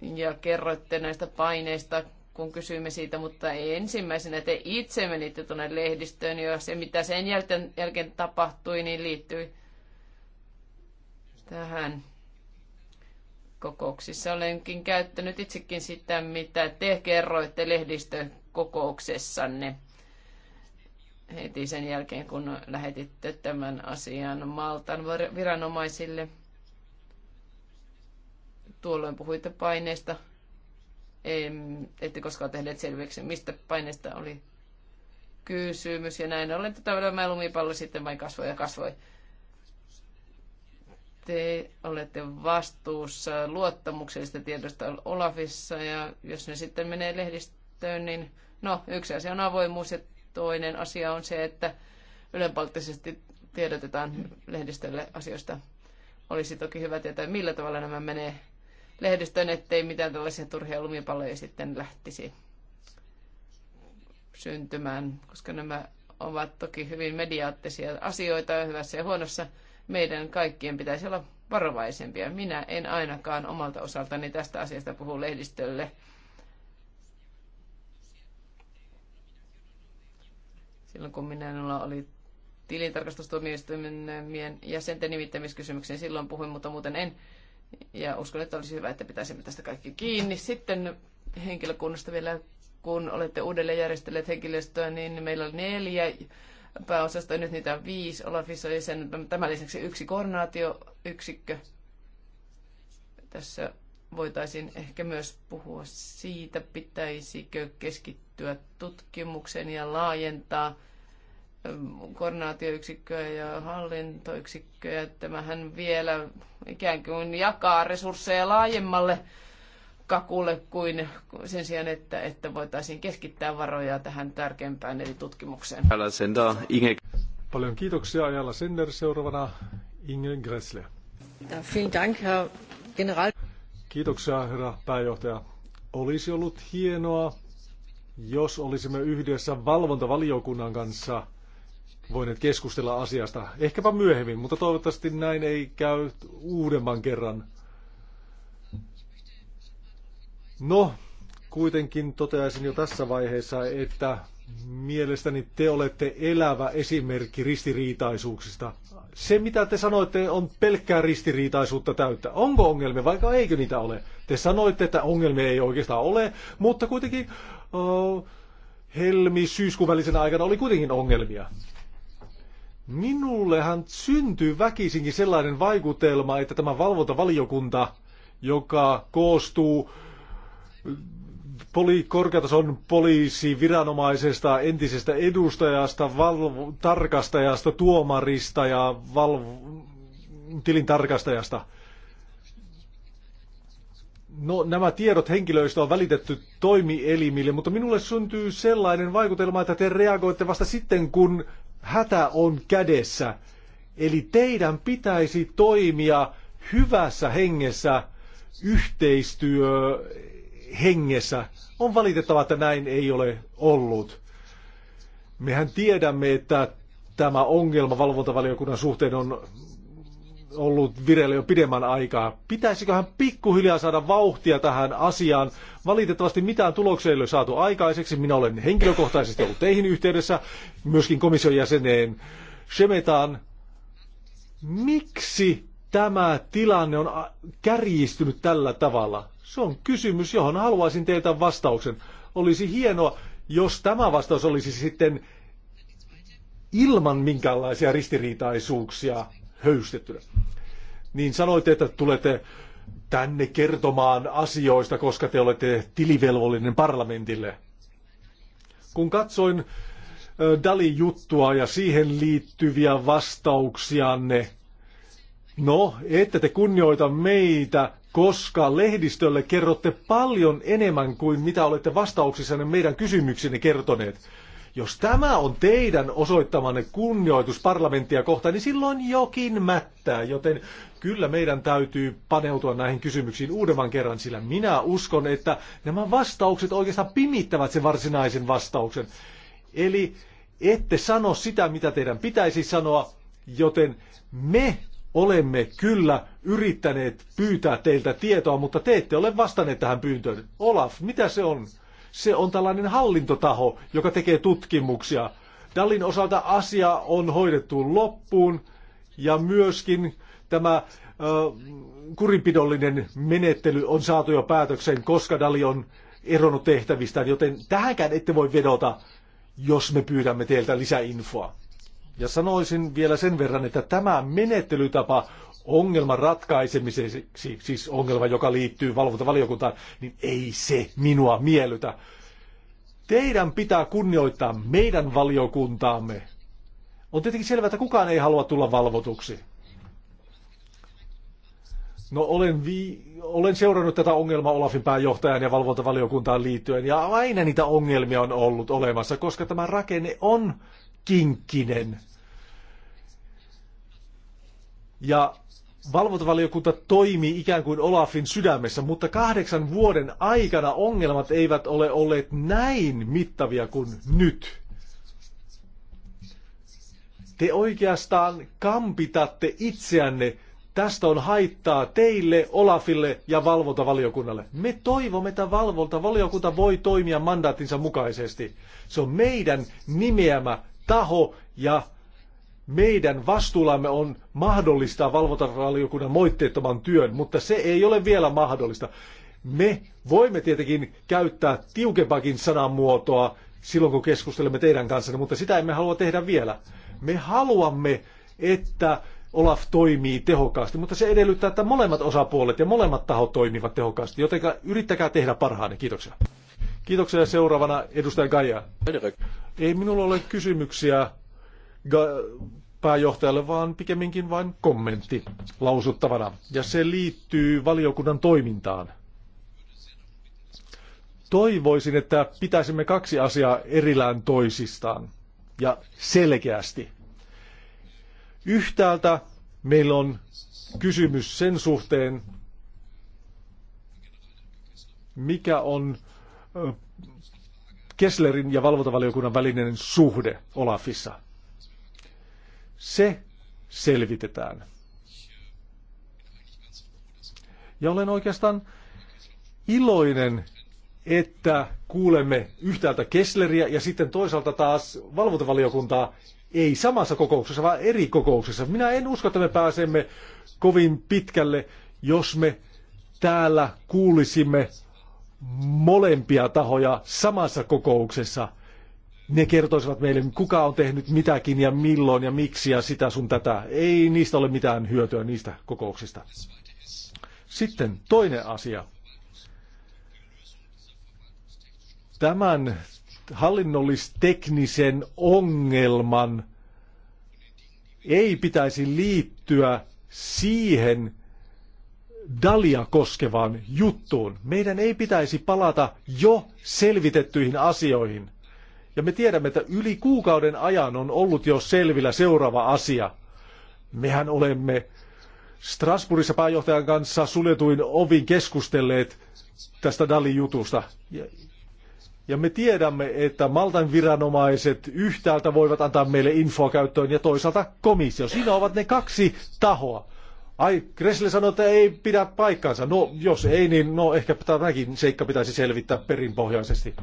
ja kerroitte näistä paineista, kun kysyimme siitä, mutta ensimmäisenä te itse menitte tuonne lehdistöön ja se, mitä sen jälkeen, jälkeen tapahtui, niin liittyi tähän kokouksissa. Olenkin käyttänyt itsekin sitä, mitä te kerroitte lehdistökokouksessanne heti sen jälkeen, kun lähetitte tämän asian Maltan viranomaisille. Tuolloin puhuitte paineista. Ette koskaan tehneet selväksi mistä paineista oli kysymys. Ja näin ollen tämä lumipallo sitten vain kasvoi ja kasvoi. Te olette vastuussa luottamuksellisesta tiedosta Olafissa ja jos ne sitten menee lehdistöön, niin no yksi asia on avoimuus ja Toinen asia on se, että ylenpalttisesti tiedotetaan lehdistölle asioista. Olisi toki hyvä tietää, millä tavalla nämä menee lehdistöön, ettei mitään tällaisia turhia lumipalloja sitten lähtisi syntymään, koska nämä ovat toki hyvin mediaattisia asioita hyvässä ja huonossa. Meidän kaikkien pitäisi olla varovaisempia. Minä en ainakaan omalta osaltani tästä asiasta puhu lehdistölle silloin kun minulla oli tilintarkastustuomioistuimen jäsenten nimittämiskysymyksiin silloin puhuin, mutta muuten en. Ja uskon, että olisi hyvä, että pitäisimme tästä kaikki kiinni. Sitten henkilökunnasta vielä, kun olette uudelleen järjestelleet henkilöstöä, niin meillä on neljä pääosasta, nyt niitä on viisi Olafissa ja sen, tämän lisäksi yksi koordinaatioyksikkö. Tässä voitaisiin ehkä myös puhua siitä, pitäisikö keskittyä tutkimukseen ja laajentaa ähm, koordinaatioyksikköä ja hallintoyksikköä. Tämähän vielä ikään kuin jakaa resursseja laajemmalle kakulle kuin sen sijaan, että, että voitaisiin keskittää varoja tähän tärkeimpään eli tutkimukseen. Paljon kiitoksia Ajalla Sender. Seuraavana Inge Gressle. Ja, vielen Dank, Herr General. Kiitoksia, herra pääjohtaja. Olisi ollut hienoa, jos olisimme yhdessä valvontavaliokunnan kanssa voineet keskustella asiasta. Ehkäpä myöhemmin, mutta toivottavasti näin ei käy uudemman kerran. No, kuitenkin toteaisin jo tässä vaiheessa, että mielestäni te olette elävä esimerkki ristiriitaisuuksista se, mitä te sanoitte, on pelkkää ristiriitaisuutta täyttä. Onko ongelmia, vaikka eikö niitä ole? Te sanoitte, että ongelmia ei oikeastaan ole, mutta kuitenkin oh, helmi-syyskuun välisenä aikana oli kuitenkin ongelmia. Minullehan syntyy väkisinkin sellainen vaikutelma, että tämä valvontavaliokunta, joka koostuu poli, korkeatason viranomaisesta entisestä edustajasta, valvo, tarkastajasta, tuomarista ja valvo, tilintarkastajasta. No, nämä tiedot henkilöistä on välitetty toimielimille, mutta minulle syntyy sellainen vaikutelma, että te reagoitte vasta sitten, kun hätä on kädessä. Eli teidän pitäisi toimia hyvässä hengessä yhteistyö hengessä. On valitettava, että näin ei ole ollut. Mehän tiedämme, että tämä ongelma valvontavaliokunnan suhteen on ollut vireillä jo pidemmän aikaa. Pitäisiköhän pikkuhiljaa saada vauhtia tähän asiaan? Valitettavasti mitään tuloksia ei ole saatu aikaiseksi. Minä olen henkilökohtaisesti ollut teihin yhteydessä, myöskin komission jäseneen Shemetaan. Miksi tämä tilanne on kärjistynyt tällä tavalla? Se on kysymys, johon haluaisin teiltä vastauksen. Olisi hienoa, jos tämä vastaus olisi sitten ilman minkäänlaisia ristiriitaisuuksia höystettynä. Niin sanoitte, että tulette tänne kertomaan asioista, koska te olette tilivelvollinen parlamentille. Kun katsoin Dalin juttua ja siihen liittyviä vastauksianne, No, ette te kunnioita meitä, koska lehdistölle kerrotte paljon enemmän kuin mitä olette vastauksissanne meidän kysymyksinne kertoneet. Jos tämä on teidän osoittamanne kunnioitus parlamenttia kohtaan, niin silloin jokin mättää, joten kyllä meidän täytyy paneutua näihin kysymyksiin uudemman kerran, sillä minä uskon, että nämä vastaukset oikeastaan pimittävät sen varsinaisen vastauksen. Eli ette sano sitä, mitä teidän pitäisi sanoa, joten me Olemme kyllä yrittäneet pyytää teiltä tietoa, mutta te ette ole vastanneet tähän pyyntöön. Olaf, mitä se on? Se on tällainen hallintotaho, joka tekee tutkimuksia. Dallin osalta asia on hoidettu loppuun ja myöskin tämä kurinpidollinen menettely on saatu jo päätökseen, koska Dali on eronnut tehtävistään, joten tähänkään ette voi vedota, jos me pyydämme teiltä lisäinfoa. Ja sanoisin vielä sen verran, että tämä menettelytapa ongelman ratkaisemiseksi, siis ongelma, joka liittyy valvontavaliokuntaan, niin ei se minua miellytä. Teidän pitää kunnioittaa meidän valiokuntaamme. On tietenkin selvää, että kukaan ei halua tulla valvotuksi. No olen, vi- olen seurannut tätä ongelmaa Olafin pääjohtajan ja valvontavaliokuntaan liittyen, ja aina niitä ongelmia on ollut olemassa, koska tämä rakenne on kinkkinen. Ja valvontavaliokunta toimii ikään kuin Olafin sydämessä, mutta kahdeksan vuoden aikana ongelmat eivät ole olleet näin mittavia kuin nyt. Te oikeastaan kampitatte itseänne. Tästä on haittaa teille, Olafille ja valvontavaliokunnalle. Me toivomme, että valvontavaliokunta voi toimia mandaatinsa mukaisesti. Se on meidän nimeämä taho ja meidän vastuullamme on mahdollistaa valvontavaliokunnan moitteettoman työn, mutta se ei ole vielä mahdollista. Me voimme tietenkin käyttää tiukempakin sanamuotoa silloin, kun keskustelemme teidän kanssanne, mutta sitä emme halua tehdä vielä. Me haluamme, että Olaf toimii tehokkaasti, mutta se edellyttää, että molemmat osapuolet ja molemmat tahot toimivat tehokkaasti, joten yrittäkää tehdä parhaanne. Kiitoksia. Kiitoksia seuraavana edustaja Gaia. Ei minulla ole kysymyksiä pääjohtajalle, vaan pikemminkin vain kommentti lausuttavana. Ja se liittyy valiokunnan toimintaan. Toivoisin, että pitäisimme kaksi asiaa erillään toisistaan ja selkeästi. Yhtäältä meillä on kysymys sen suhteen, mikä on Kesslerin ja valvontavaliokunnan välinen suhde Olafissa. Se selvitetään. Ja olen oikeastaan iloinen, että kuulemme yhtäältä Kessleriä ja sitten toisaalta taas valvontavaliokuntaa ei samassa kokouksessa, vaan eri kokouksessa. Minä en usko, että me pääsemme kovin pitkälle, jos me täällä kuulisimme molempia tahoja samassa kokouksessa. Ne kertoisivat meille, kuka on tehnyt mitäkin ja milloin ja miksi ja sitä sun tätä. Ei niistä ole mitään hyötyä niistä kokouksista. Sitten toinen asia. Tämän hallinnollisteknisen ongelman ei pitäisi liittyä siihen, Dalia koskevaan juttuun. Meidän ei pitäisi palata jo selvitettyihin asioihin. Ja me tiedämme, että yli kuukauden ajan on ollut jo selvillä seuraava asia. Mehän olemme Strasbourgissa pääjohtajan kanssa suljetuin ovin keskustelleet tästä Dali-jutusta. Ja me tiedämme, että Maltan viranomaiset yhtäältä voivat antaa meille infoa käyttöön ja toisaalta komissio. Siinä ovat ne kaksi tahoa. Ai, Gressle sanoi, että ei pidä paikkaansa. No, jos ei, niin no ehkä tämäkin seikka pitäisi selvittää perinpohjaisesti.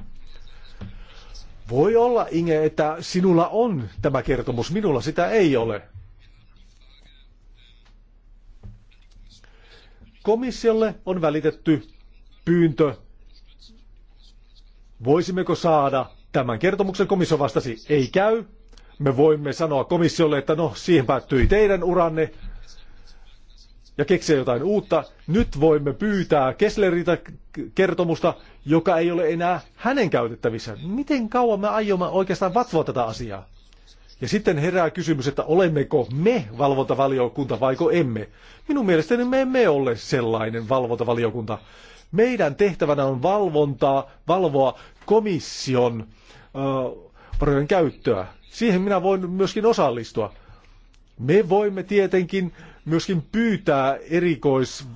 Voi olla, Inge, että sinulla on tämä kertomus, minulla sitä ei ole. Komissiolle on välitetty pyyntö. Voisimmeko saada tämän kertomuksen? Komissio vastasi, ei käy. Me voimme sanoa komissiolle, että no, siihen päättyi teidän uranne ja keksiä jotain uutta. Nyt voimme pyytää Kesslerilta kertomusta, joka ei ole enää hänen käytettävissä. Miten kauan me aiomme oikeastaan vatvoa tätä asiaa? Ja sitten herää kysymys, että olemmeko me valvontavaliokunta vaiko emme. Minun mielestäni me emme ole sellainen valvontavaliokunta. Meidän tehtävänä on valvontaa, valvoa komission äh, varojen käyttöä. Siihen minä voin myöskin osallistua. Me voimme tietenkin äh, myöskin pyytää erikois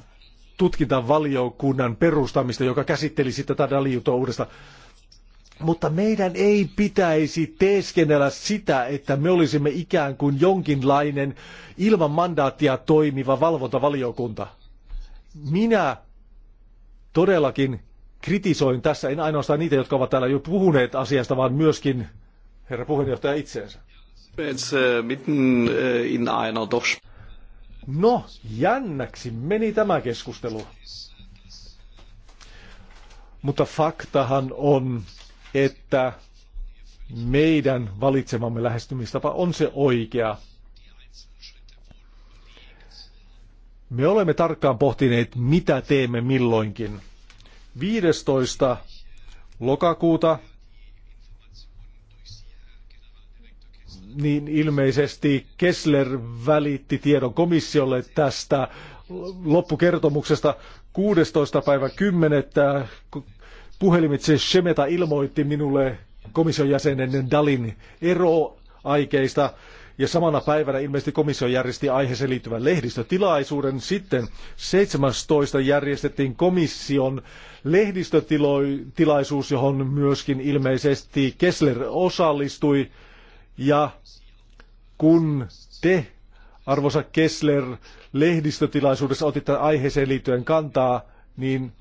tutkintavaliokunnan perustamista, joka käsittelisi tätä Daliutoa uudestaan. Mutta meidän ei pitäisi teeskennellä sitä, että me olisimme ikään kuin jonkinlainen ilman mandaattia toimiva valvontavaliokunta. Minä todellakin kritisoin tässä, en ainoastaan niitä, jotka ovat täällä jo puhuneet asiasta, vaan myöskin herra puheenjohtaja itseensä. Jetzt äh, uh, mitten äh, uh, in einer doch No, jännäksi meni tämä keskustelu. Mutta faktahan on, että meidän valitsemamme lähestymistapa on se oikea. Me olemme tarkkaan pohtineet, mitä teemme milloinkin. 15. lokakuuta niin ilmeisesti Kessler välitti tiedon komissiolle tästä loppukertomuksesta 16. päivä 10. Puhelimitse Shemeta ilmoitti minulle komission jäsenen Dalin eroaikeista ja samana päivänä ilmeisesti komissio järjesti aiheeseen liittyvän lehdistötilaisuuden. Sitten 17. järjestettiin komission lehdistötilaisuus, johon myöskin ilmeisesti Kessler osallistui. Ja kun te, arvoisa Kessler, lehdistötilaisuudessa otitte aiheeseen liittyen kantaa, niin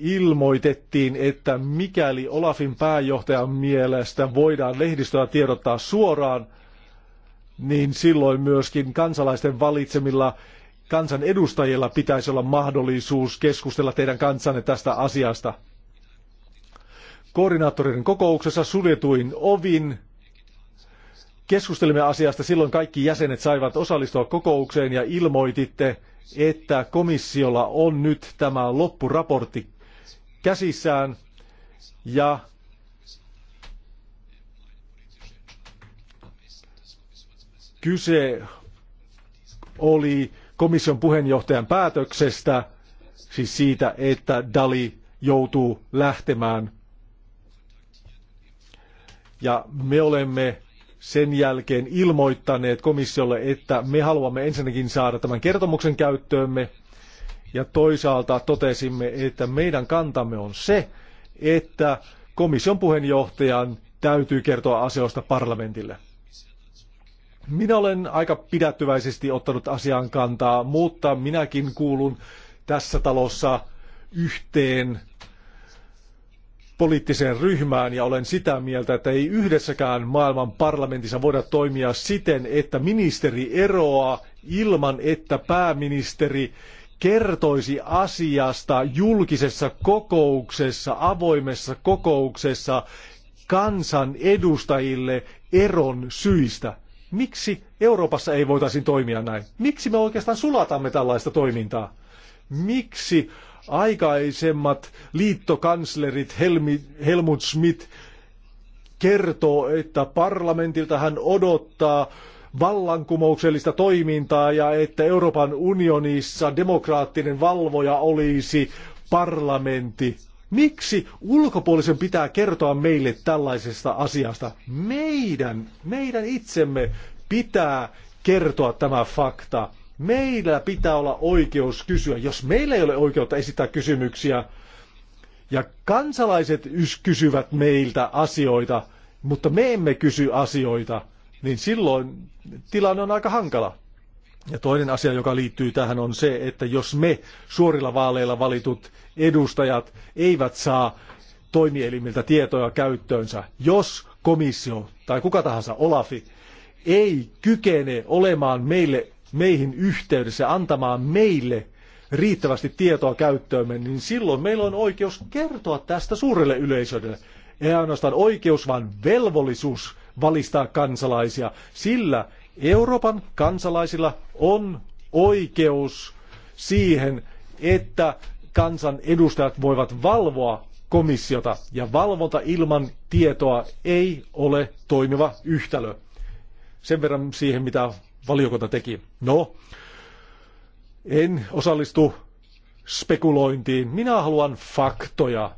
ilmoitettiin, että mikäli Olafin pääjohtajan mielestä voidaan lehdistöä tiedottaa suoraan, niin silloin myöskin kansalaisten valitsemilla kansanedustajilla pitäisi olla mahdollisuus keskustella teidän kanssanne tästä asiasta. Koordinaattoreiden kokouksessa suljetuin ovin keskustelimme asiasta, silloin kaikki jäsenet saivat osallistua kokoukseen ja ilmoititte, että komissiolla on nyt tämä loppuraportti käsissään ja kyse oli komission puheenjohtajan päätöksestä, siis siitä, että Dali joutuu lähtemään. Ja me olemme sen jälkeen ilmoittaneet komissiolle, että me haluamme ensinnäkin saada tämän kertomuksen käyttöömme ja toisaalta totesimme, että meidän kantamme on se, että komission puheenjohtajan täytyy kertoa asioista parlamentille. Minä olen aika pidättyväisesti ottanut asian kantaa, mutta minäkin kuulun tässä talossa yhteen poliittiseen ryhmään ja olen sitä mieltä, että ei yhdessäkään maailman parlamentissa voida toimia siten, että ministeri eroaa ilman, että pääministeri kertoisi asiasta julkisessa kokouksessa, avoimessa kokouksessa kansan edustajille eron syistä. Miksi Euroopassa ei voitaisi toimia näin? Miksi me oikeastaan sulatamme tällaista toimintaa? Miksi aikaisemmat liittokanslerit Helmi, Helmut Schmidt kertoo, että parlamentilta hän odottaa vallankumouksellista toimintaa ja että Euroopan unionissa demokraattinen valvoja olisi parlamentti. Miksi ulkopuolisen pitää kertoa meille tällaisesta asiasta? Meidän, meidän itsemme pitää kertoa tämä fakta. Meillä pitää olla oikeus kysyä. Jos meillä ei ole oikeutta esittää kysymyksiä ja kansalaiset kysyvät meiltä asioita, mutta me emme kysy asioita, niin silloin tilanne on aika hankala. Ja toinen asia, joka liittyy tähän, on se, että jos me suorilla vaaleilla valitut edustajat eivät saa toimielimiltä tietoja käyttöönsä, jos komissio tai kuka tahansa Olafi ei kykene olemaan meille meihin yhteydessä antamaan meille riittävästi tietoa käyttöömme, niin silloin meillä on oikeus kertoa tästä suurelle yleisölle. Ei ainoastaan oikeus, vaan velvollisuus valistaa kansalaisia, sillä Euroopan kansalaisilla on oikeus siihen, että kansan edustajat voivat valvoa komissiota, ja valvonta ilman tietoa ei ole toimiva yhtälö. Sen verran siihen, mitä valiokunta teki. No, en osallistu spekulointiin. Minä haluan faktoja.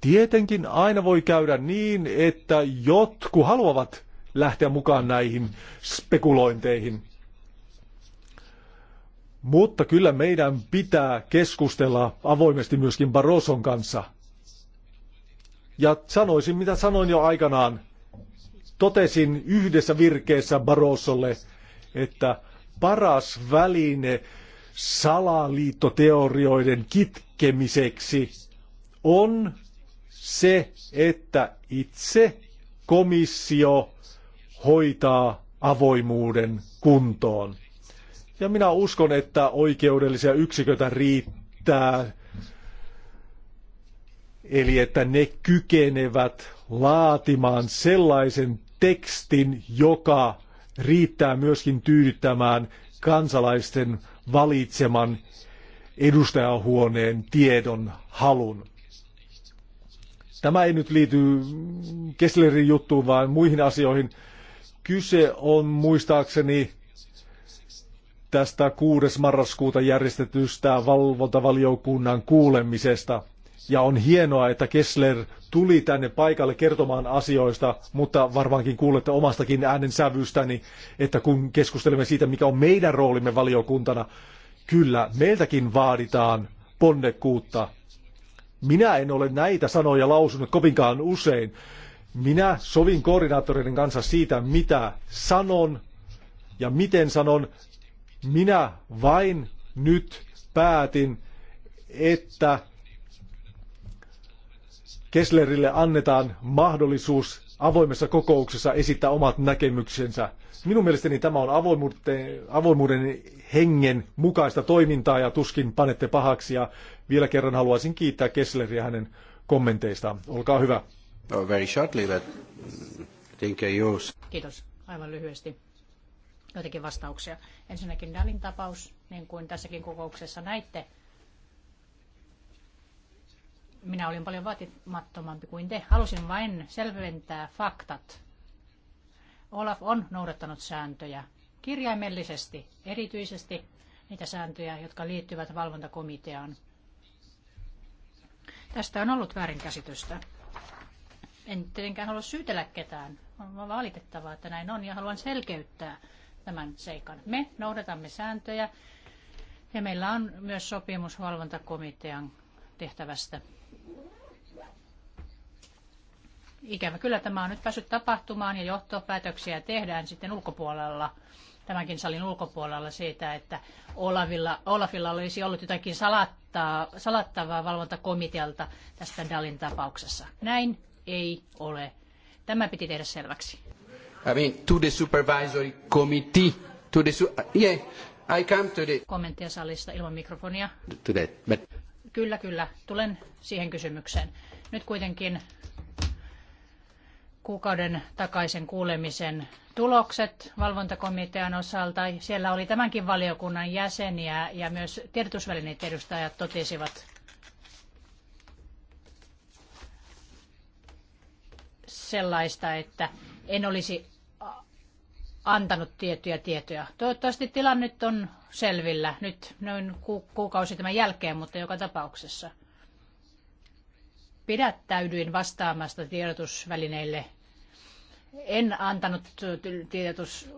Tietenkin aina voi käydä niin, että jotkut haluavat lähteä mukaan näihin spekulointeihin. Mutta kyllä meidän pitää keskustella avoimesti myöskin Barroson kanssa. Ja sanoisin, mitä sanoin jo aikanaan. Totesin yhdessä virkeessä Barrosolle – että paras väline salaliittoteorioiden kitkemiseksi on se, että itse komissio hoitaa avoimuuden kuntoon. Ja minä uskon, että oikeudellisia yksiköitä riittää, eli että ne kykenevät laatimaan sellaisen tekstin, joka riittää myöskin tyydyttämään kansalaisten valitseman edustajahuoneen tiedon halun. Tämä ei nyt liity Kesslerin juttuun, vaan muihin asioihin. Kyse on muistaakseni tästä 6. marraskuuta järjestetystä valvontavaliokunnan kuulemisesta – ja on hienoa, että Kessler tuli tänne paikalle kertomaan asioista, mutta varmaankin kuulette omastakin äänensävystäni, että kun keskustelemme siitä, mikä on meidän roolimme valiokuntana, kyllä meiltäkin vaaditaan ponnekkuutta. Minä en ole näitä sanoja lausunut kovinkaan usein. Minä sovin koordinaattoreiden kanssa siitä, mitä sanon ja miten sanon. Minä vain nyt päätin, että Kesslerille annetaan mahdollisuus avoimessa kokouksessa esittää omat näkemyksensä. Minun mielestäni tämä on avoimuuden, avoimuuden hengen mukaista toimintaa ja tuskin panette pahaksi. Ja vielä kerran haluaisin kiittää Kessleriä hänen kommenteistaan. Olkaa hyvä. No, very shortly, but I think I use. Kiitos. Aivan lyhyesti joitakin vastauksia. Ensinnäkin Dalin tapaus, niin kuin tässäkin kokouksessa näitte, minä olin paljon vaatimattomampi kuin te. Halusin vain selventää faktat. Olaf on noudattanut sääntöjä kirjaimellisesti, erityisesti niitä sääntöjä, jotka liittyvät valvontakomiteaan. Tästä on ollut väärinkäsitystä. En tietenkään halua syytellä ketään. On valitettavaa, että näin on ja haluan selkeyttää tämän seikan. Me noudatamme sääntöjä ja meillä on myös sopimus valvontakomitean tehtävästä. Ikävä kyllä tämä on nyt päässyt tapahtumaan ja johtopäätöksiä tehdään sitten ulkopuolella, tämänkin salin ulkopuolella siitä, että Olavilla, Olafilla olisi ollut jotakin salattaa, salattavaa valvontakomitealta tästä Dalin tapauksessa. Näin ei ole. Tämä piti tehdä selväksi. I mean, to the supervisory committee, to the su- yeah, I come to the... Kommenttia salista ilman mikrofonia. To but... Kyllä, kyllä. Tulen siihen kysymykseen. Nyt kuitenkin kuukauden takaisen kuulemisen tulokset valvontakomitean osalta. Siellä oli tämänkin valiokunnan jäseniä ja myös tiedotusvälineet edustajat totesivat sellaista, että en olisi antanut tiettyjä tietoja. Toivottavasti tilanne nyt on selvillä nyt noin ku- kuukausi tämän jälkeen, mutta joka tapauksessa. Pidättäydyin vastaamasta tiedotusvälineille. En antanut tiedotus,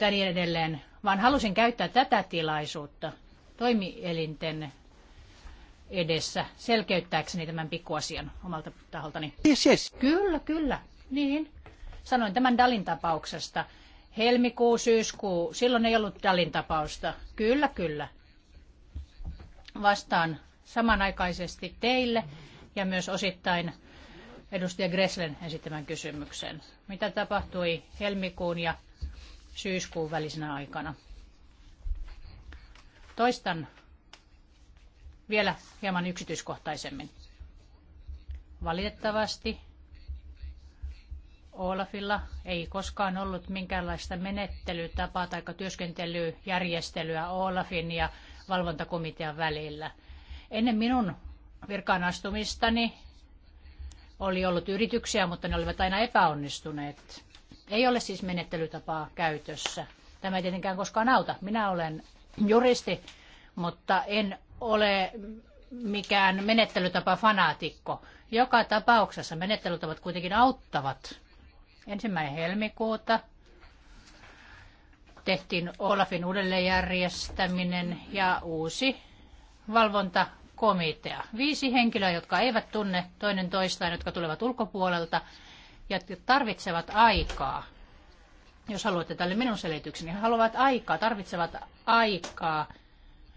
ja niin edelleen, vaan halusin käyttää tätä tilaisuutta toimielinten edessä selkeyttääkseni tämän pikkuasian omalta taholtani. Yes, yes. Kyllä, kyllä. Niin. Sanoin tämän Dalin tapauksesta helmikuu, syyskuu, silloin ei ollut Dalin tapausta. Kyllä, kyllä. Vastaan samanaikaisesti teille ja myös osittain edustaja Greslen esittämän kysymyksen. Mitä tapahtui helmikuun ja syyskuun välisenä aikana? Toistan vielä hieman yksityiskohtaisemmin. Valitettavasti Olafilla ei koskaan ollut minkäänlaista menettelytapaa tai työskentelyjärjestelyä Olafin ja valvontakomitean välillä. Ennen minun astumistani oli ollut yrityksiä, mutta ne olivat aina epäonnistuneet. Ei ole siis menettelytapaa käytössä. Tämä ei tietenkään koskaan auta. Minä olen juristi, mutta en ole mikään menettelytapa fanaatikko. Joka tapauksessa menettelytavat kuitenkin auttavat Ensimmäinen helmikuuta tehtiin Olafin uudelleenjärjestäminen ja uusi valvontakomitea. Viisi henkilöä, jotka eivät tunne toinen toistaan, jotka tulevat ulkopuolelta ja tarvitsevat aikaa. Jos haluatte tälle minun selitykseni, haluavat aikaa, tarvitsevat aikaa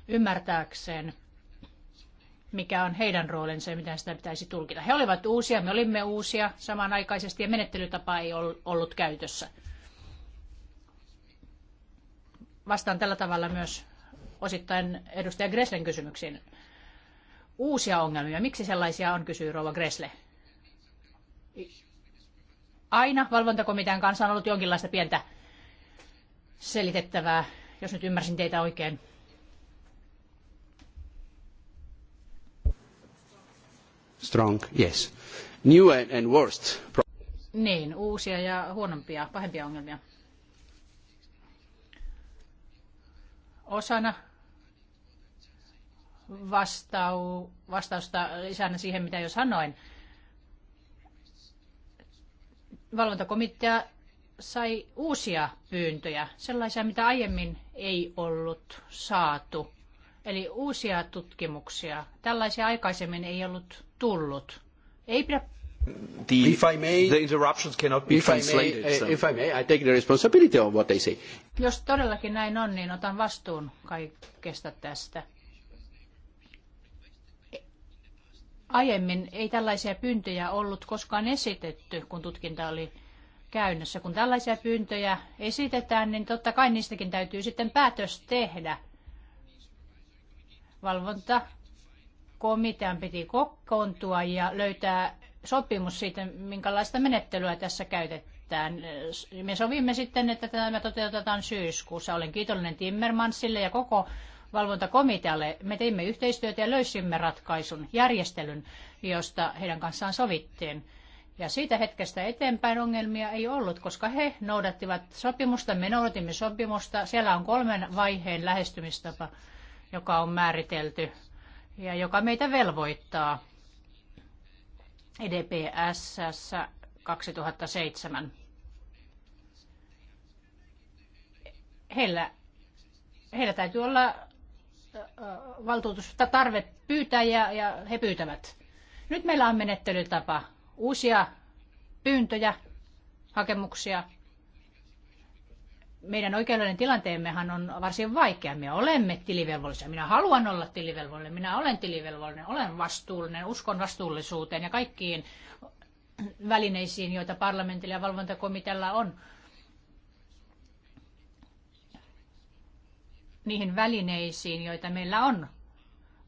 ymmärtääkseen mikä on heidän roolinsa ja miten sitä pitäisi tulkita. He olivat uusia, me olimme uusia samanaikaisesti ja menettelytapa ei ollut käytössä. Vastaan tällä tavalla myös osittain edustaja Greslen kysymyksiin. Uusia ongelmia, miksi sellaisia on, kysyy rouva Gresle. Aina valvontakomitean kanssa on ollut jonkinlaista pientä selitettävää, jos nyt ymmärsin teitä oikein. strong, yes. New and, and worst. Niin, uusia ja huonompia, pahempia ongelmia. Osana vastau, vastausta lisänä siihen, mitä jo sanoin. Valvontakomitea sai uusia pyyntöjä, sellaisia, mitä aiemmin ei ollut saatu. Eli uusia tutkimuksia. Tällaisia aikaisemmin ei ollut tullut. Ei pidä The, if I may, the interruptions cannot be if translated. I may, uh, so. If I may, I take the responsibility of what they say. Jos todellakin näin on, niin otan vastuun kaikesta tästä. Aiemmin ei tällaisia pyyntöjä ollut koskaan esitetty, kun tutkinta oli käynnissä. Kun tällaisia pyyntöjä esitetään, niin totta kai niistäkin täytyy sitten päätös tehdä. Valvonta komitean piti kokoontua ja löytää sopimus siitä, minkälaista menettelyä tässä käytetään. Me sovimme sitten, että tämä toteutetaan syyskuussa. Olen kiitollinen Timmermansille ja koko valvontakomitealle. Me teimme yhteistyötä ja löysimme ratkaisun, järjestelyn, josta heidän kanssaan sovittiin. Ja siitä hetkestä eteenpäin ongelmia ei ollut, koska he noudattivat sopimusta, me noudatimme sopimusta. Siellä on kolmen vaiheen lähestymistapa, joka on määritelty ja joka meitä velvoittaa EDPS 2007. Heillä, heillä täytyy olla valtuutusta tarve pyytää ja, ja he pyytävät. Nyt meillä on menettelytapa. Uusia pyyntöjä, hakemuksia meidän oikeudellinen tilanteemmehan on varsin vaikea. Me olemme tilivelvollisia. Minä haluan olla tilivelvollinen. Minä olen tilivelvollinen. Olen vastuullinen. Uskon vastuullisuuteen ja kaikkiin välineisiin, joita parlamentilla ja valvontakomitealla on. Niihin välineisiin, joita meillä on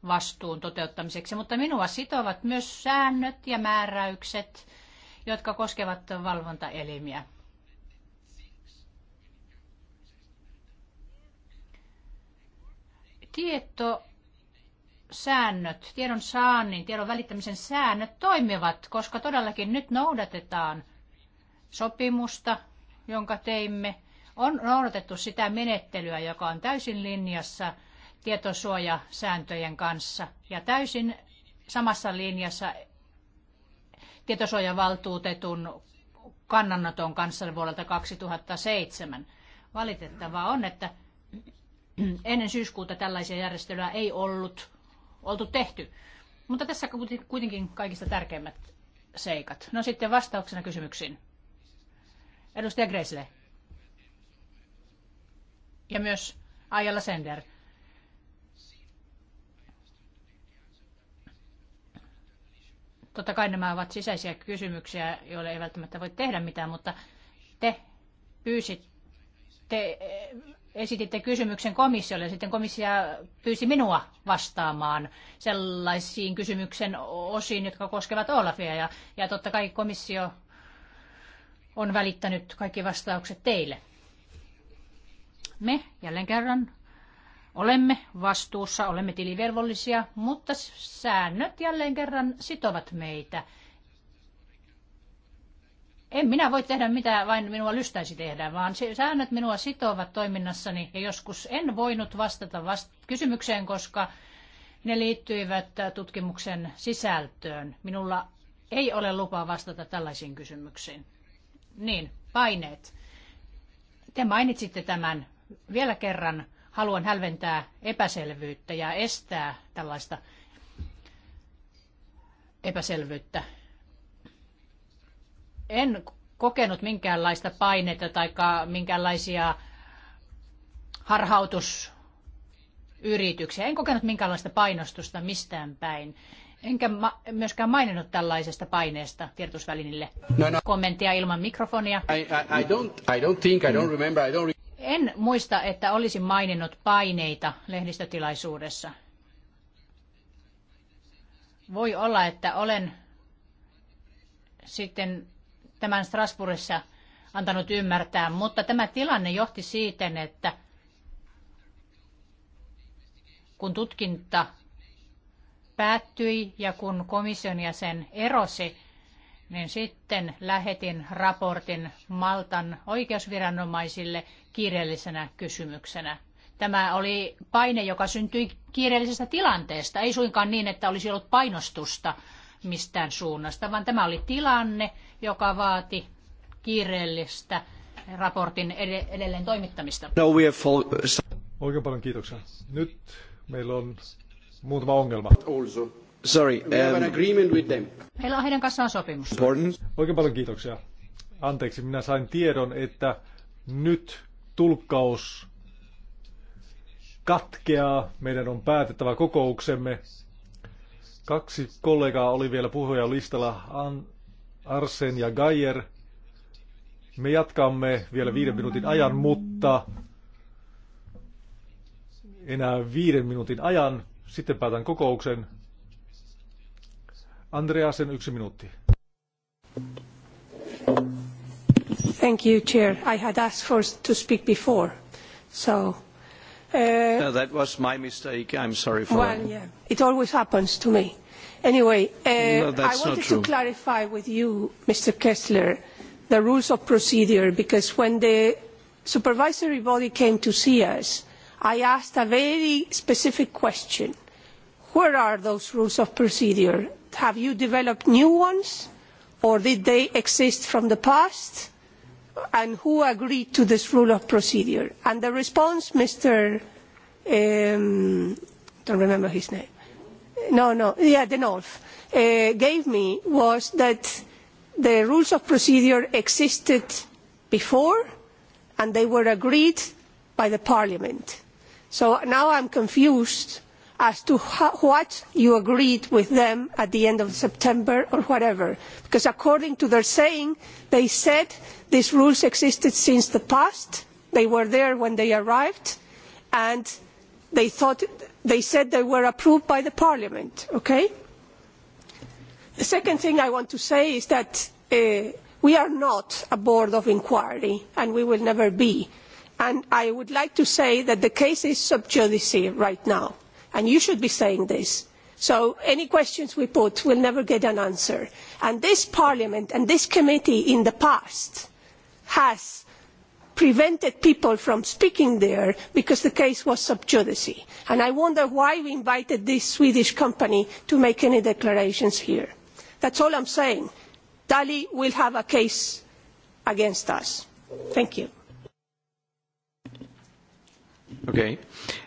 vastuun toteuttamiseksi, mutta minua sitovat myös säännöt ja määräykset, jotka koskevat valvontaelimiä. tieto säännöt, tiedon saannin, tiedon välittämisen säännöt toimivat, koska todellakin nyt noudatetaan sopimusta, jonka teimme. On noudatettu sitä menettelyä, joka on täysin linjassa tietosuojasääntöjen kanssa ja täysin samassa linjassa tietosuojavaltuutetun kannanoton kanssa vuodelta 2007. Valitettavaa on, että Ennen syyskuuta tällaisia järjestelyjä ei ollut oltu tehty. Mutta tässä kuitenkin kaikista tärkeimmät seikat. No sitten vastauksena kysymyksiin. Edustaja Gresle. Ja myös Ajalla Sender. Totta kai nämä ovat sisäisiä kysymyksiä, joille ei välttämättä voi tehdä mitään, mutta te pyysitte esititte kysymyksen komissiolle ja sitten komissio pyysi minua vastaamaan sellaisiin kysymyksen osiin, jotka koskevat Olafia. Ja, ja totta kai komissio on välittänyt kaikki vastaukset teille. Me jälleen kerran olemme vastuussa, olemme tilivelvollisia, mutta säännöt jälleen kerran sitovat meitä – en minä voi tehdä mitä vain minua lystäisi tehdä, vaan säännöt minua sitovat toiminnassani ja joskus en voinut vastata vast- kysymykseen, koska ne liittyivät tutkimuksen sisältöön. Minulla ei ole lupaa vastata tällaisiin kysymyksiin. Niin, paineet. Te mainitsitte tämän vielä kerran. Haluan hälventää epäselvyyttä ja estää tällaista epäselvyyttä en kokenut minkäänlaista painetta tai minkäänlaisia harhautusyrityksiä. En kokenut minkäänlaista painostusta mistään päin. Enkä ma- myöskään maininnut tällaisesta paineesta tiedotusvälinille. No, no. Kommenttia ilman mikrofonia. En muista, että olisin maininnut paineita lehdistötilaisuudessa. Voi olla, että olen sitten tämän Strasbourgissa antanut ymmärtää, mutta tämä tilanne johti siihen, että kun tutkinta päättyi ja kun komission jäsen erosi, niin sitten lähetin raportin Maltan oikeusviranomaisille kiireellisenä kysymyksenä. Tämä oli paine, joka syntyi kiireellisestä tilanteesta, ei suinkaan niin, että olisi ollut painostusta mistään suunnasta, vaan tämä oli tilanne, joka vaati kiireellistä raportin edelleen toimittamista. No, we have fall... Oikein paljon kiitoksia. Nyt meillä on muutama ongelma. Also. Sorry, um... we have an um, agreement with them. Meillä on heidän kanssaan sopimus. Pardon? Oikein paljon kiitoksia. Anteeksi, minä sain tiedon, että nyt tulkkaus katkeaa. Meidän on päätettävä kokouksemme. Kaksi kollegaa oli vielä puhuja listalla, Arsen ja Gayer. Me jatkamme vielä viiden minuutin ajan, mutta enää viiden minuutin ajan. Sitten päätän kokouksen. Andreasen yksi minuutti. Thank you, Chair. I had asked for to speak before, so Uh, no, that was my mistake. I'm sorry for well, that. Yeah, it always happens to me. Anyway, uh, no, I wanted to clarify with you, Mr. Kessler, the rules of procedure, because when the supervisory body came to see us, I asked a very specific question. Where are those rules of procedure? Have you developed new ones, or did they exist from the past? and who agreed to this rule of procedure? And the response, Mr. Um, don't remember his name. No, no, yeah, Denolf, uh, gave me was that the rules of procedure existed before and they were agreed by the Parliament. So now I'm confused as to what you agreed with them at the end of September or whatever. Because according to their saying, they said These rules existed since the past. They were there when they arrived, and they, thought, they said they were approved by the Parliament. Okay? The second thing I want to say is that uh, we are not a board of inquiry, and we will never be. And I would like to say that the case is sub judice right now, and you should be saying this. So any questions we put will never get an answer. And this Parliament and this committee in the past has prevented people from speaking there because the case was sub judice. And I wonder why we invited this Swedish company to make any declarations here. That's all I'm saying. Dali will have a case against us. Thank you. Okay.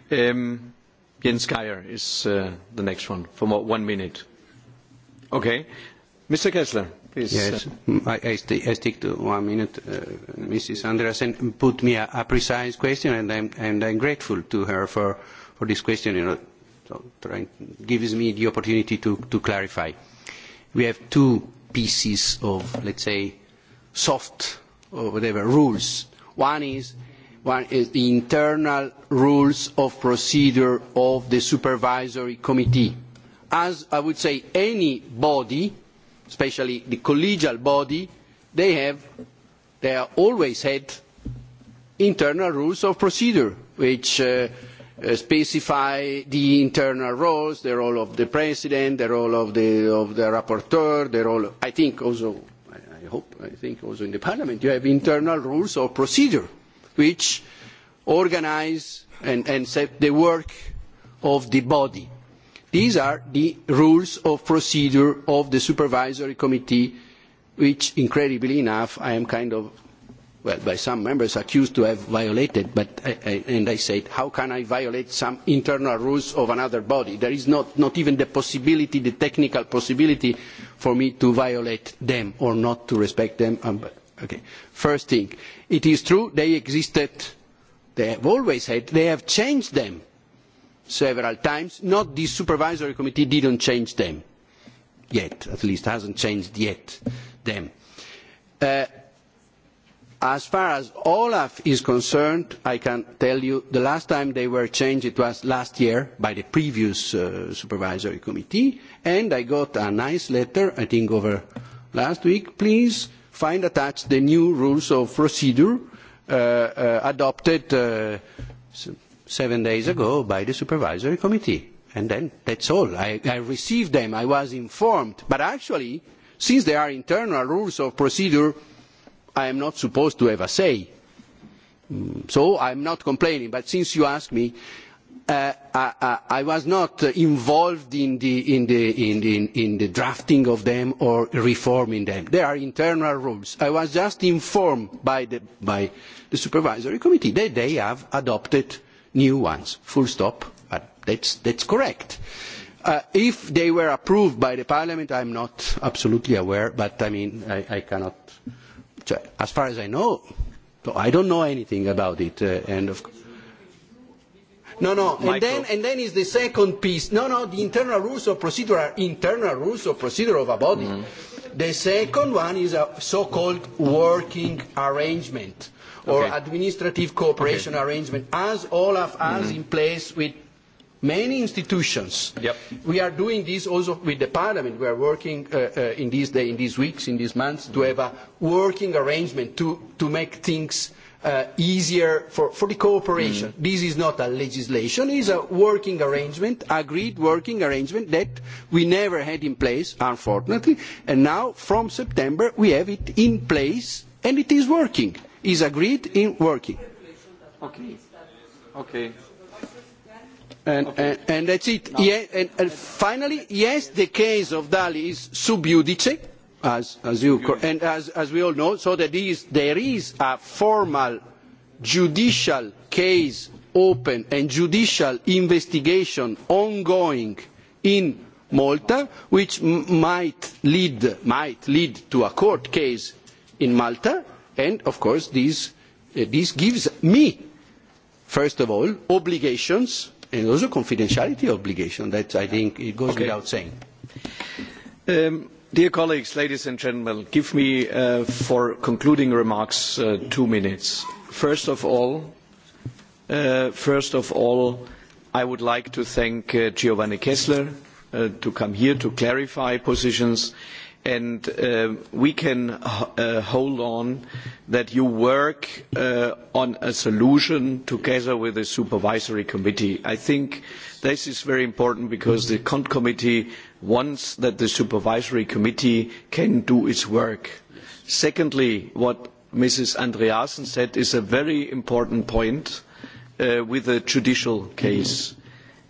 Um, Jens Geier is uh, the next one for one minute. Okay. Mr. Kessler. Please. I, stick to one minute. Uh, Mrs. Andreasen put me a, precise question, and I'm, grateful to her for, this question. You know, gives me the opportunity to, clarify. We have two pieces of, let's say, soft or whatever rules. One is One is the internal rules of procedure of the supervisory committee. As I would say, any body especially the collegial body, they have they have always had internal rules of procedure which uh, uh, specify the internal roles, the role of the president, the role of the, of the rapporteur, the role. I think also, I hope, I think also in the parliament you have internal rules of procedure, which organise and, and set the work of the body. These are the rules of procedure of the supervisory committee, which, incredibly enough, I am kind of, well, by some members accused to have violated, but I, and I said, how can I violate some internal rules of another body? There is not, even the possibility, the technical possibility for me to violate them or not to respect them. Um, okay. First thing, it is true they existed, they have always had, they have changed them several times. Not the supervisory committee didn't change them yet, at least hasn't changed yet them. Uh, as far as Olaf is concerned, I can tell you the last time they were changed, it was last year by the previous uh, supervisory committee, and I got a nice letter, I think over last week, please find attached the new rules of procedure uh, uh adopted uh, seven days ago by the supervisory committee. And then that's all. I, I received them. I was informed. But actually, since there are internal rules of procedure, I am not supposed to have a say. Mm, so I'm not complaining. But since you ask me, uh, I, I, I was not involved in the, in, the, in, the, in the drafting of them or reforming them. There are internal rules. I was just informed by the, by the supervisory committee that they have adopted new ones, full stop, but that's, that's correct. Uh, if they were approved by the Parliament, I'm not absolutely aware, but I mean, I, I cannot, as far as I know, I don't know anything about it, uh, and of No, no, and then, and then is the second piece. No, no, the internal rules of procedure are internal rules of procedure of a body. Mm. The second one is a so-called working arrangement or okay. administrative cooperation okay. arrangement, as all of us mm-hmm. in place with many institutions. Yep. We are doing this also with the Parliament. We are working uh, uh, in these days, in these weeks, in these months to mm-hmm. have a working arrangement to, to make things uh, easier for, for, the cooperation. Mm. This is not a legislation, is a working arrangement, agreed working arrangement that we never had in place, unfortunately, and now from September we have it in place and it is working is agreed in working. Okay. Okay. And, okay. and, and that's it. No. Yeah, and, and finally, yes, the case of Dali is sub judice, as, as you and as, as we all know, so that is, there is a formal judicial case open and judicial investigation ongoing in Malta, which m- might lead, might lead to a court case in Malta and of course this, uh, this gives me first of all obligations and also confidentiality obligations that i think it goes okay. without saying um, dear colleagues ladies and gentlemen give me uh, for concluding remarks uh, 2 minutes first of all uh, first of all i would like to thank uh, giovanni kessler uh, to come here to clarify positions and uh, we can uh, hold on that you work uh, on a solution together with the supervisory committee. I think this is very important because the CONT committee wants that the supervisory committee can do its work. Secondly, what Mrs. Andreasen said is a very important point with the judicial case.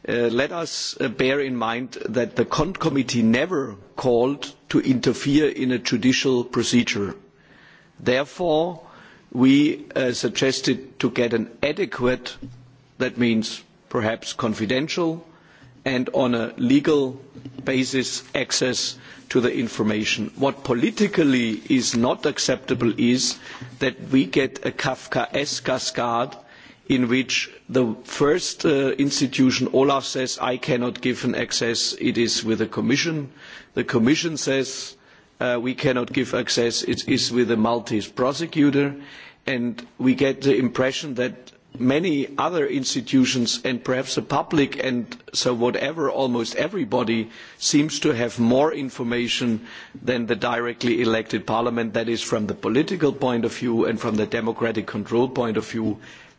let us bear in mind that the CONT committee never called to interfere in a judicial procedure. Therefore, we uh, suggested to get an adequate, that means perhaps confidential, and on a legal basis access to the information. What politically is not acceptable is that we get a Kafkaesque cascade in which the first uh, institution, Olaf, says, I cannot give an access, it is with the Commission. The Commission says, uh, we cannot give access, it is with the Maltese prosecutor. And we get the impression that many other institutions and perhaps the public and so whatever, almost everybody seems to have more information than the directly elected parliament. That is from the political point of view and from the democratic control point of view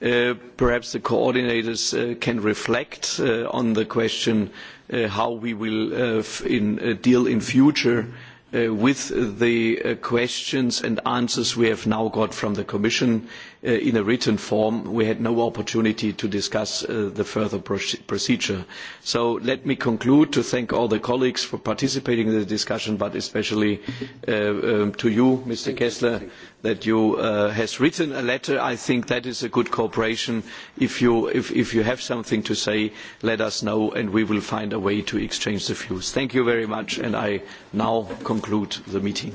Uh, perhaps the coordinators uh, can reflect uh, on the question uh, how we will uh, in, deal in future with the questions and answers we have now got from the Commission Uh, in a written form, we had no opportunity to discuss uh, the further procedure. So let me conclude to thank all the colleagues for participating in the discussion, but especially uh, um, to you, Mr. Thank Kessler, you. that you uh, has written a letter. I think that is a good cooperation. If you, if, if you have something to say, let us know, and we will find a way to exchange the views. Thank you very much, and I now conclude the meeting.